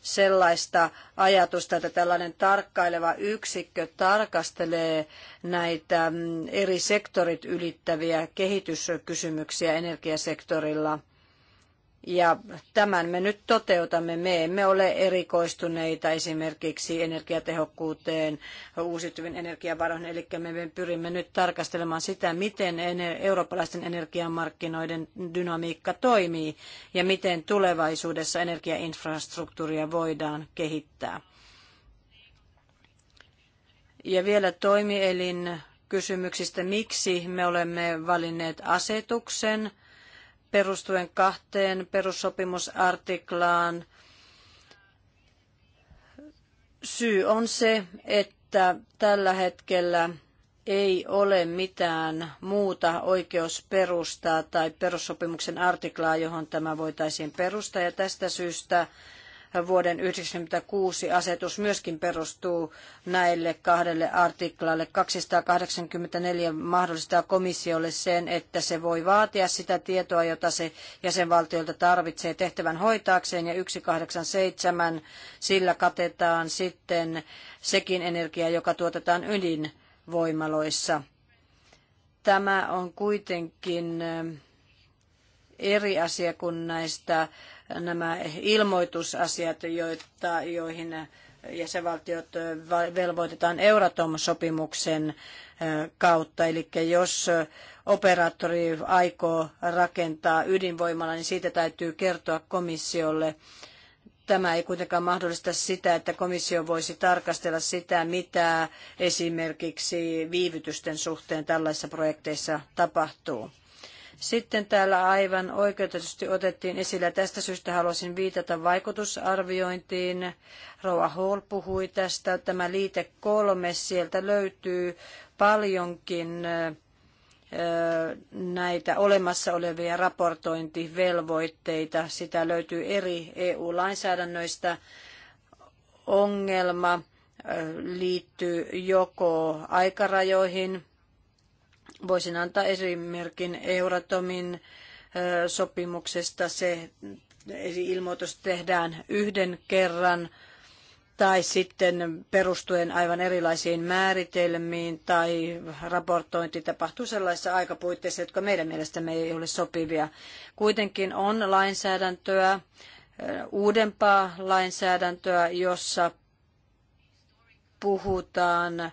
sellaista ajatusta, että tällainen tarkkaileva yksikkö tarkastelee näitä mm, eri sektorit ylittäviä kehityskysymyksiä energiasektorilla – ja tämän me nyt toteutamme. Me emme ole erikoistuneita esimerkiksi energiatehokkuuteen, uusiutuvien energiavaroihin, eli me pyrimme nyt tarkastelemaan sitä, miten eurooppalaisten energiamarkkinoiden dynamiikka toimii ja miten tulevaisuudessa energiainfrastruktuuria voidaan kehittää. Ja vielä toimielin kysymyksistä, miksi me olemme valinneet asetuksen – perustuen kahteen perussopimusartiklaan. Syy on se, että tällä hetkellä ei ole mitään muuta oikeusperustaa tai perussopimuksen artiklaa, johon tämä voitaisiin perustaa. Ja tästä syystä vuoden 1996 asetus myöskin perustuu näille kahdelle artiklalle. 284 mahdollistaa komissiolle sen, että se voi vaatia sitä tietoa, jota se jäsenvaltiolta tarvitsee tehtävän hoitaakseen, ja 187 sillä katetaan sitten sekin energia, joka tuotetaan ydinvoimaloissa. Tämä on kuitenkin eri asia kuin näistä nämä ilmoitusasiat, joita, joihin jäsenvaltiot velvoitetaan Euratom-sopimuksen kautta. Eli jos operaattori aikoo rakentaa ydinvoimalla, niin siitä täytyy kertoa komissiolle. Tämä ei kuitenkaan mahdollista sitä, että komissio voisi tarkastella sitä, mitä esimerkiksi viivytysten suhteen tällaisissa projekteissa tapahtuu. Sitten täällä aivan oikeutetusti otettiin ja tästä syystä haluaisin viitata vaikutusarviointiin. Rouva Hall puhui tästä, tämä liite kolme, sieltä löytyy paljonkin näitä olemassa olevia raportointivelvoitteita. Sitä löytyy eri EU-lainsäädännöistä. Ongelma liittyy joko aikarajoihin, Voisin antaa esimerkin Euratomin sopimuksesta. Se ilmoitus tehdään yhden kerran tai sitten perustuen aivan erilaisiin määritelmiin tai raportointi tapahtuu sellaisissa aikapuitteissa, jotka meidän mielestämme ei ole sopivia. Kuitenkin on lainsäädäntöä, uudempaa lainsäädäntöä, jossa puhutaan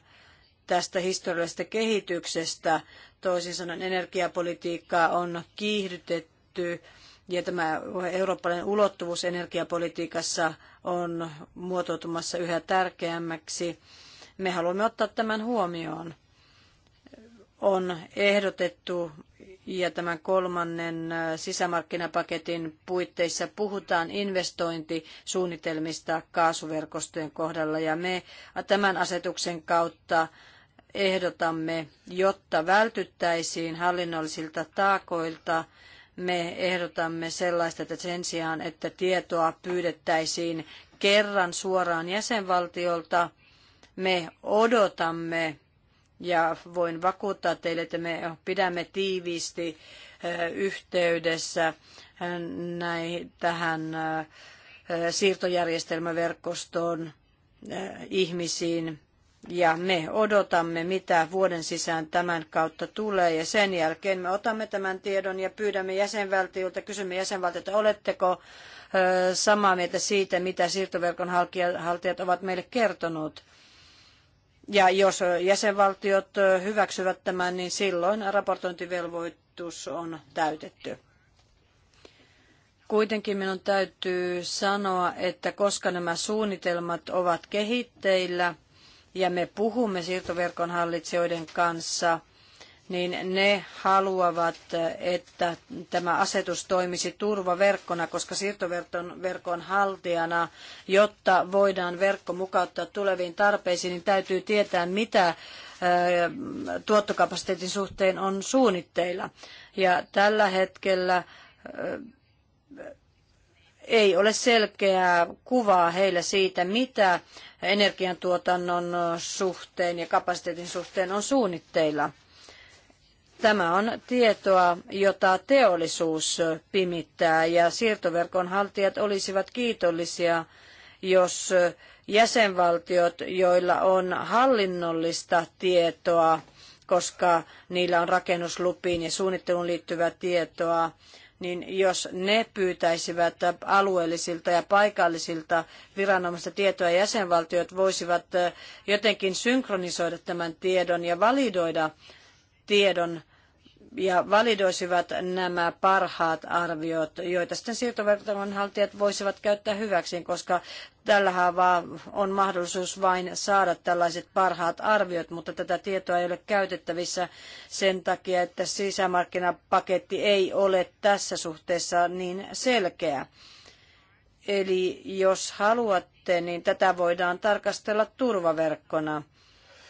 tästä historiallisesta kehityksestä. Toisin sanoen energiapolitiikkaa on kiihdytetty ja tämä eurooppalainen ulottuvuus energiapolitiikassa on muotoutumassa yhä tärkeämmäksi. Me haluamme ottaa tämän huomioon. On ehdotettu ja tämän kolmannen sisämarkkinapaketin puitteissa puhutaan investointisuunnitelmista kaasuverkostojen kohdalla ja me tämän asetuksen kautta ehdotamme, jotta vältyttäisiin hallinnollisilta taakoilta, me ehdotamme sellaista, että sen sijaan, että tietoa pyydettäisiin kerran suoraan jäsenvaltiolta, me odotamme ja voin vakuuttaa teille, että me pidämme tiiviisti yhteydessä näihin, tähän siirtojärjestelmäverkostoon ihmisiin ja me odotamme, mitä vuoden sisään tämän kautta tulee. Ja sen jälkeen me otamme tämän tiedon ja pyydämme jäsenvaltiolta, kysymme jäsenvaltiolta, oletteko samaa mieltä siitä, mitä siirtoverkon haltijat ovat meille kertonut. Ja jos jäsenvaltiot hyväksyvät tämän, niin silloin raportointivelvoitus on täytetty. Kuitenkin minun täytyy sanoa, että koska nämä suunnitelmat ovat kehitteillä, ja me puhumme siirtoverkon hallitsijoiden kanssa, niin ne haluavat, että tämä asetus toimisi turvaverkkona, koska siirtoverkon verkon haltijana, jotta voidaan verkko mukauttaa tuleviin tarpeisiin, niin täytyy tietää, mitä tuottokapasiteetin suhteen on suunnitteilla. Ja tällä hetkellä ei ole selkeää kuvaa heillä siitä, mitä energiantuotannon suhteen ja kapasiteetin suhteen on suunnitteilla. Tämä on tietoa, jota teollisuus pimittää ja siirtoverkon haltijat olisivat kiitollisia, jos jäsenvaltiot, joilla on hallinnollista tietoa, koska niillä on rakennuslupiin ja suunnitteluun liittyvää tietoa, niin jos ne pyytäisivät alueellisilta ja paikallisilta viranomaisilta tietoa, jäsenvaltiot voisivat eh, jotenkin synkronisoida tämän tiedon ja validoida tiedon ja validoisivat nämä parhaat arviot, joita sitten siirtoverkon haltijat voisivat käyttää hyväkseen, koska tällä haavaa on mahdollisuus vain saada tällaiset parhaat arviot, mutta tätä tietoa ei ole käytettävissä sen takia, että sisämarkkinapaketti ei ole tässä suhteessa niin selkeä. Eli jos haluatte, niin tätä voidaan tarkastella turvaverkkona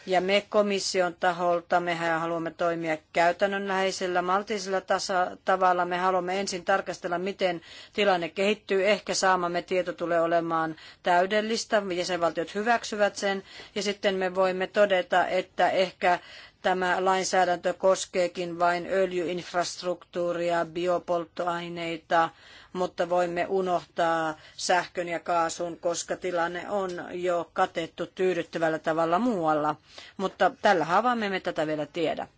ja me komission taholta, mehän haluamme toimia käytännönläheisellä, maltisella tasa- tavalla. Me haluamme ensin tarkastella, miten tilanne kehittyy. Ehkä saamamme tieto tulee olemaan täydellistä, jäsenvaltiot hyväksyvät sen. Ja sitten me voimme todeta, että ehkä tämä lainsäädäntö koskeekin vain öljyinfrastruktuuria, biopolttoaineita, mutta voimme unohtaa sähkön ja kaasun, koska tilanne on jo katettu tyydyttävällä tavalla muualla. Mutta tällä haavaa me emme tätä vielä tiedä.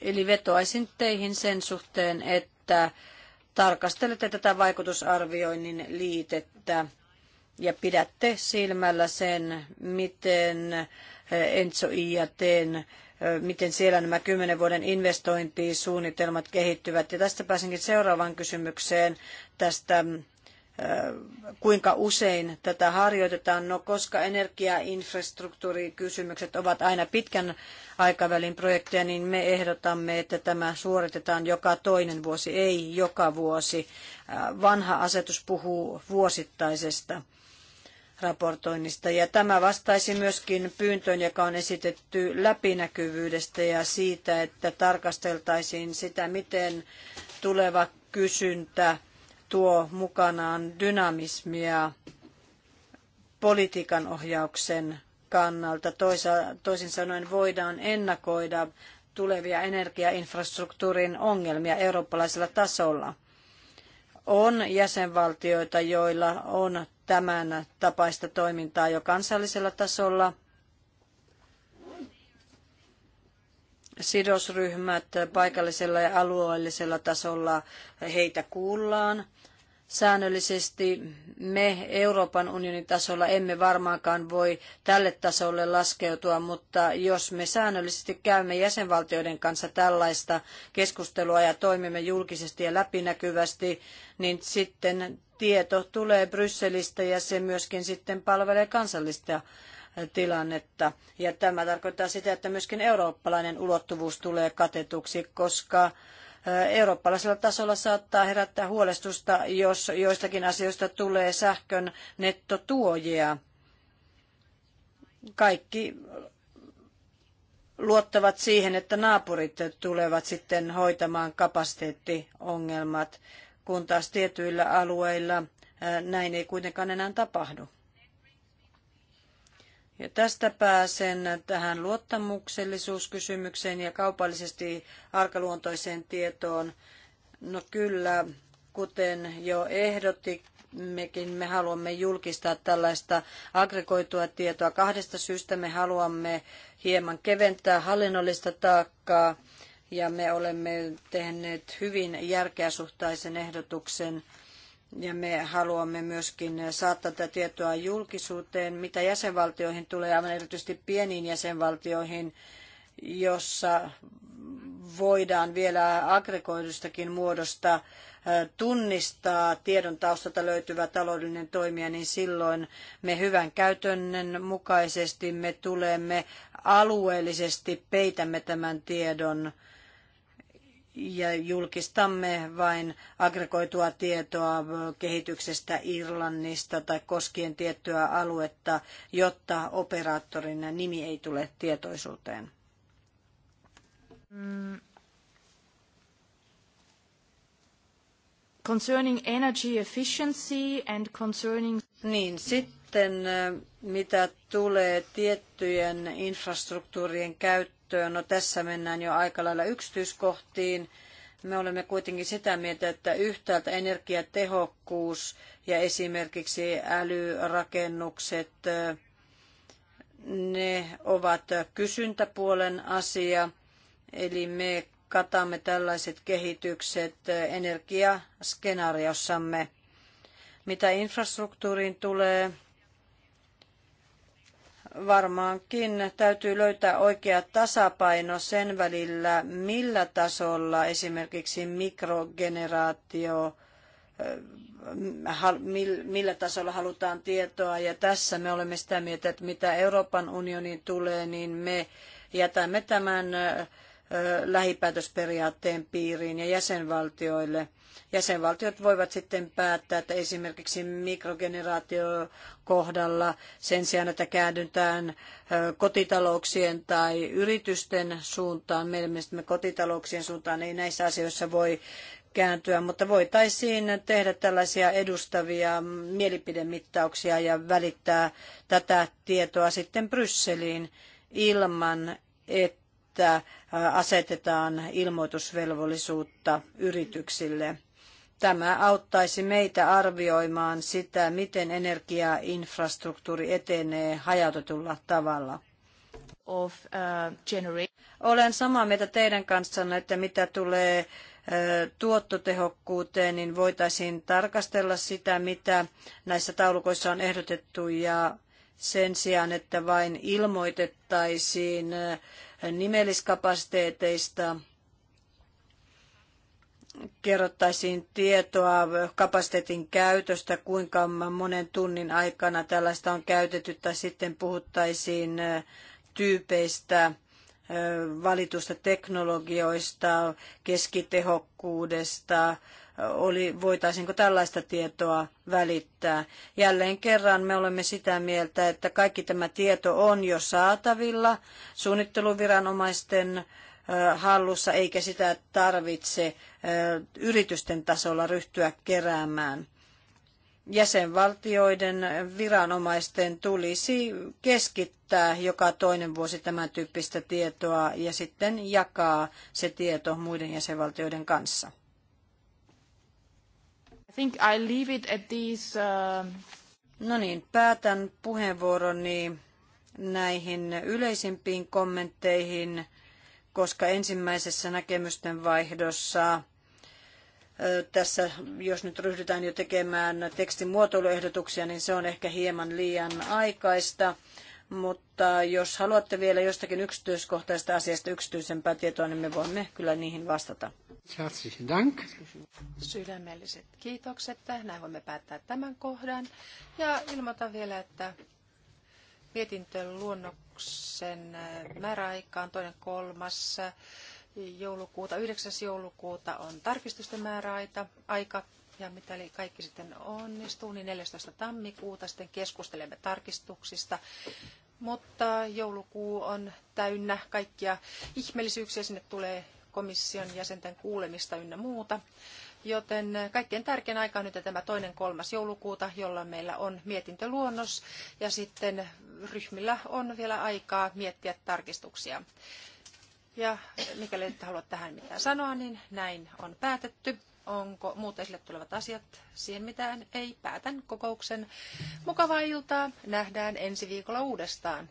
Eli vetoaisin teihin sen suhteen, että tarkastelette tätä vaikutusarvioinnin liitettä ja pidätte silmällä sen, miten eh, Enzo IATn eh, miten siellä nämä kymmenen vuoden investointisuunnitelmat kehittyvät. Ja tästä pääsenkin seuraavaan kysymykseen tästä eh, kuinka usein tätä harjoitetaan. No, koska energiainfrastruktuurikysymykset ovat aina pitkän aikavälin projekteja, niin me ehdotamme, että tämä suoritetaan joka toinen vuosi, ei joka vuosi. Vanha asetus puhuu vuosittaisesta raportoinnista. Ja tämä vastaisi myöskin pyyntöön, joka on esitetty läpinäkyvyydestä ja siitä, että tarkasteltaisiin sitä, miten tuleva kysyntä tuo mukanaan dynamismia politiikan ohjauksen kannalta. Toisa, toisin sanoen voidaan ennakoida tulevia energiainfrastruktuurin ongelmia eurooppalaisella tasolla on jäsenvaltioita, joilla on tämän tapaista toimintaa jo kansallisella tasolla. Sidosryhmät paikallisella ja alueellisella tasolla, heitä kuullaan säännöllisesti. Me Euroopan unionin tasolla emme varmaankaan voi tälle tasolle laskeutua, mutta jos me säännöllisesti käymme jäsenvaltioiden kanssa tällaista keskustelua ja toimimme julkisesti ja läpinäkyvästi, niin sitten tieto tulee Brysselistä ja se myöskin sitten palvelee kansallista tilannetta. Ja tämä tarkoittaa sitä, että myöskin eurooppalainen ulottuvuus tulee katetuksi, koska Eurooppalaisella tasolla saattaa herättää huolestusta, jos joistakin asioista tulee sähkön nettotuojia. Kaikki luottavat siihen, että naapurit tulevat sitten hoitamaan kapasiteettiongelmat, kun taas tietyillä alueilla näin ei kuitenkaan enää tapahdu. Ja tästä pääsen tähän luottamuksellisuuskysymykseen ja kaupallisesti arkaluontoiseen tietoon. No kyllä, kuten jo ehdotti, mekin me haluamme julkistaa tällaista aggregoitua tietoa. Kahdesta syystä me haluamme hieman keventää hallinnollista taakkaa ja me olemme tehneet hyvin järkeäsuhtaisen ehdotuksen ja me haluamme myöskin saattaa tätä tietoa julkisuuteen, mitä jäsenvaltioihin tulee, aivan erityisesti pieniin jäsenvaltioihin, jossa voidaan vielä aggregoidustakin muodosta tunnistaa tiedon taustalta löytyvä taloudellinen toimija, niin silloin me hyvän käytännön mukaisesti me tulemme alueellisesti peitämme tämän tiedon ja julkistamme vain aggregoitua tietoa kehityksestä Irlannista tai koskien tiettyä aluetta, jotta operaattorin nimi ei tule tietoisuuteen. Mm. Concerning energy efficiency and concerning... Niin, sitten äh, mitä tulee tiettyjen infrastruktuurien käyttöön, käyttöön. No tässä mennään jo aika lailla yksityiskohtiin. Me olemme kuitenkin sitä mieltä, että yhtäältä energiatehokkuus ja esimerkiksi älyrakennukset, ne ovat kysyntäpuolen asia. Eli me katamme tällaiset kehitykset energiaskenaariossamme. Mitä infrastruktuuriin tulee, varmaankin täytyy löytää oikea tasapaino sen välillä, millä tasolla esimerkiksi mikrogeneraatio, äh, millä tasolla halutaan tietoa. Ja tässä me olemme sitä mieltä, että mitä Euroopan unioniin tulee, niin me jätämme tämän äh, lähipäätösperiaatteen piiriin ja jäsenvaltioille – jäsenvaltiot voivat sitten päättää, että esimerkiksi mikrogeneraatio kohdalla sen sijaan, että käännytään kotitalouksien tai yritysten suuntaan, meidän mielestämme kotitalouksien suuntaan ei näissä asioissa voi kääntyä, mutta voitaisiin tehdä tällaisia edustavia mielipidemittauksia ja välittää tätä tietoa sitten Brysseliin ilman, että että asetetaan ilmoitusvelvollisuutta yrityksille. Tämä auttaisi meitä arvioimaan sitä, miten energiainfrastruktuuri etenee hajautetulla tavalla. Of, uh, Olen samaa mieltä teidän kanssanne, että mitä tulee tuottotehokkuuteen, niin voitaisiin tarkastella sitä, mitä näissä taulukoissa on ehdotettu ja sen sijaan, että vain ilmoitettaisiin nimelliskapasiteeteista, kerrottaisiin tietoa kapasiteetin käytöstä, kuinka monen tunnin aikana tällaista on käytetty, tai sitten puhuttaisiin tyypeistä, valitusta teknologioista, keskitehokkuudesta, oli, voitaisiinko tällaista tietoa välittää. Jälleen kerran me olemme sitä mieltä, että kaikki tämä tieto on jo saatavilla suunnitteluviranomaisten hallussa, eikä sitä tarvitse yritysten tasolla ryhtyä keräämään. Jäsenvaltioiden viranomaisten tulisi keskittää joka toinen vuosi tämän tyyppistä tietoa ja sitten jakaa se tieto muiden jäsenvaltioiden kanssa. I think I leave it at uh... No niin, päätän puheenvuoroni näihin yleisimpiin kommentteihin, koska ensimmäisessä näkemysten vaihdossa tässä, jos nyt ryhdytään jo tekemään tekstin muotoiluehdotuksia, niin se on ehkä hieman liian aikaista mutta jos haluatte vielä jostakin yksityiskohtaisesta asiasta yksityisempää tietoa, niin me voimme kyllä niihin vastata. Herzlichen Dank. Sydämelliset kiitokset. Näin voimme päättää tämän kohdan. Ja ilmoitan vielä, että mietintöön luonnoksen määräaika on toinen kolmas joulukuuta. 9. joulukuuta on tarkistusten määräaika. Aika ja mikäli kaikki sitten onnistuu, niin 14. tammikuuta sitten keskustelemme tarkistuksista. Mutta joulukuu on täynnä kaikkia ihmeellisyyksiä. Sinne tulee komission jäsenten kuulemista ynnä muuta. Joten kaikkein tärkein aika on nyt tämä toinen kolmas joulukuuta, jolla meillä on mietintöluonnos ja sitten ryhmillä on vielä aikaa miettiä tarkistuksia. Ja mikäli et halua tähän mitään sanoa, niin näin on päätetty. Onko muut esille tulevat asiat? Siihen mitään ei. Päätän kokouksen. Mukavaa iltaa. Nähdään ensi viikolla uudestaan.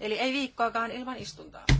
Eli ei viikkoakaan ilman istuntaa.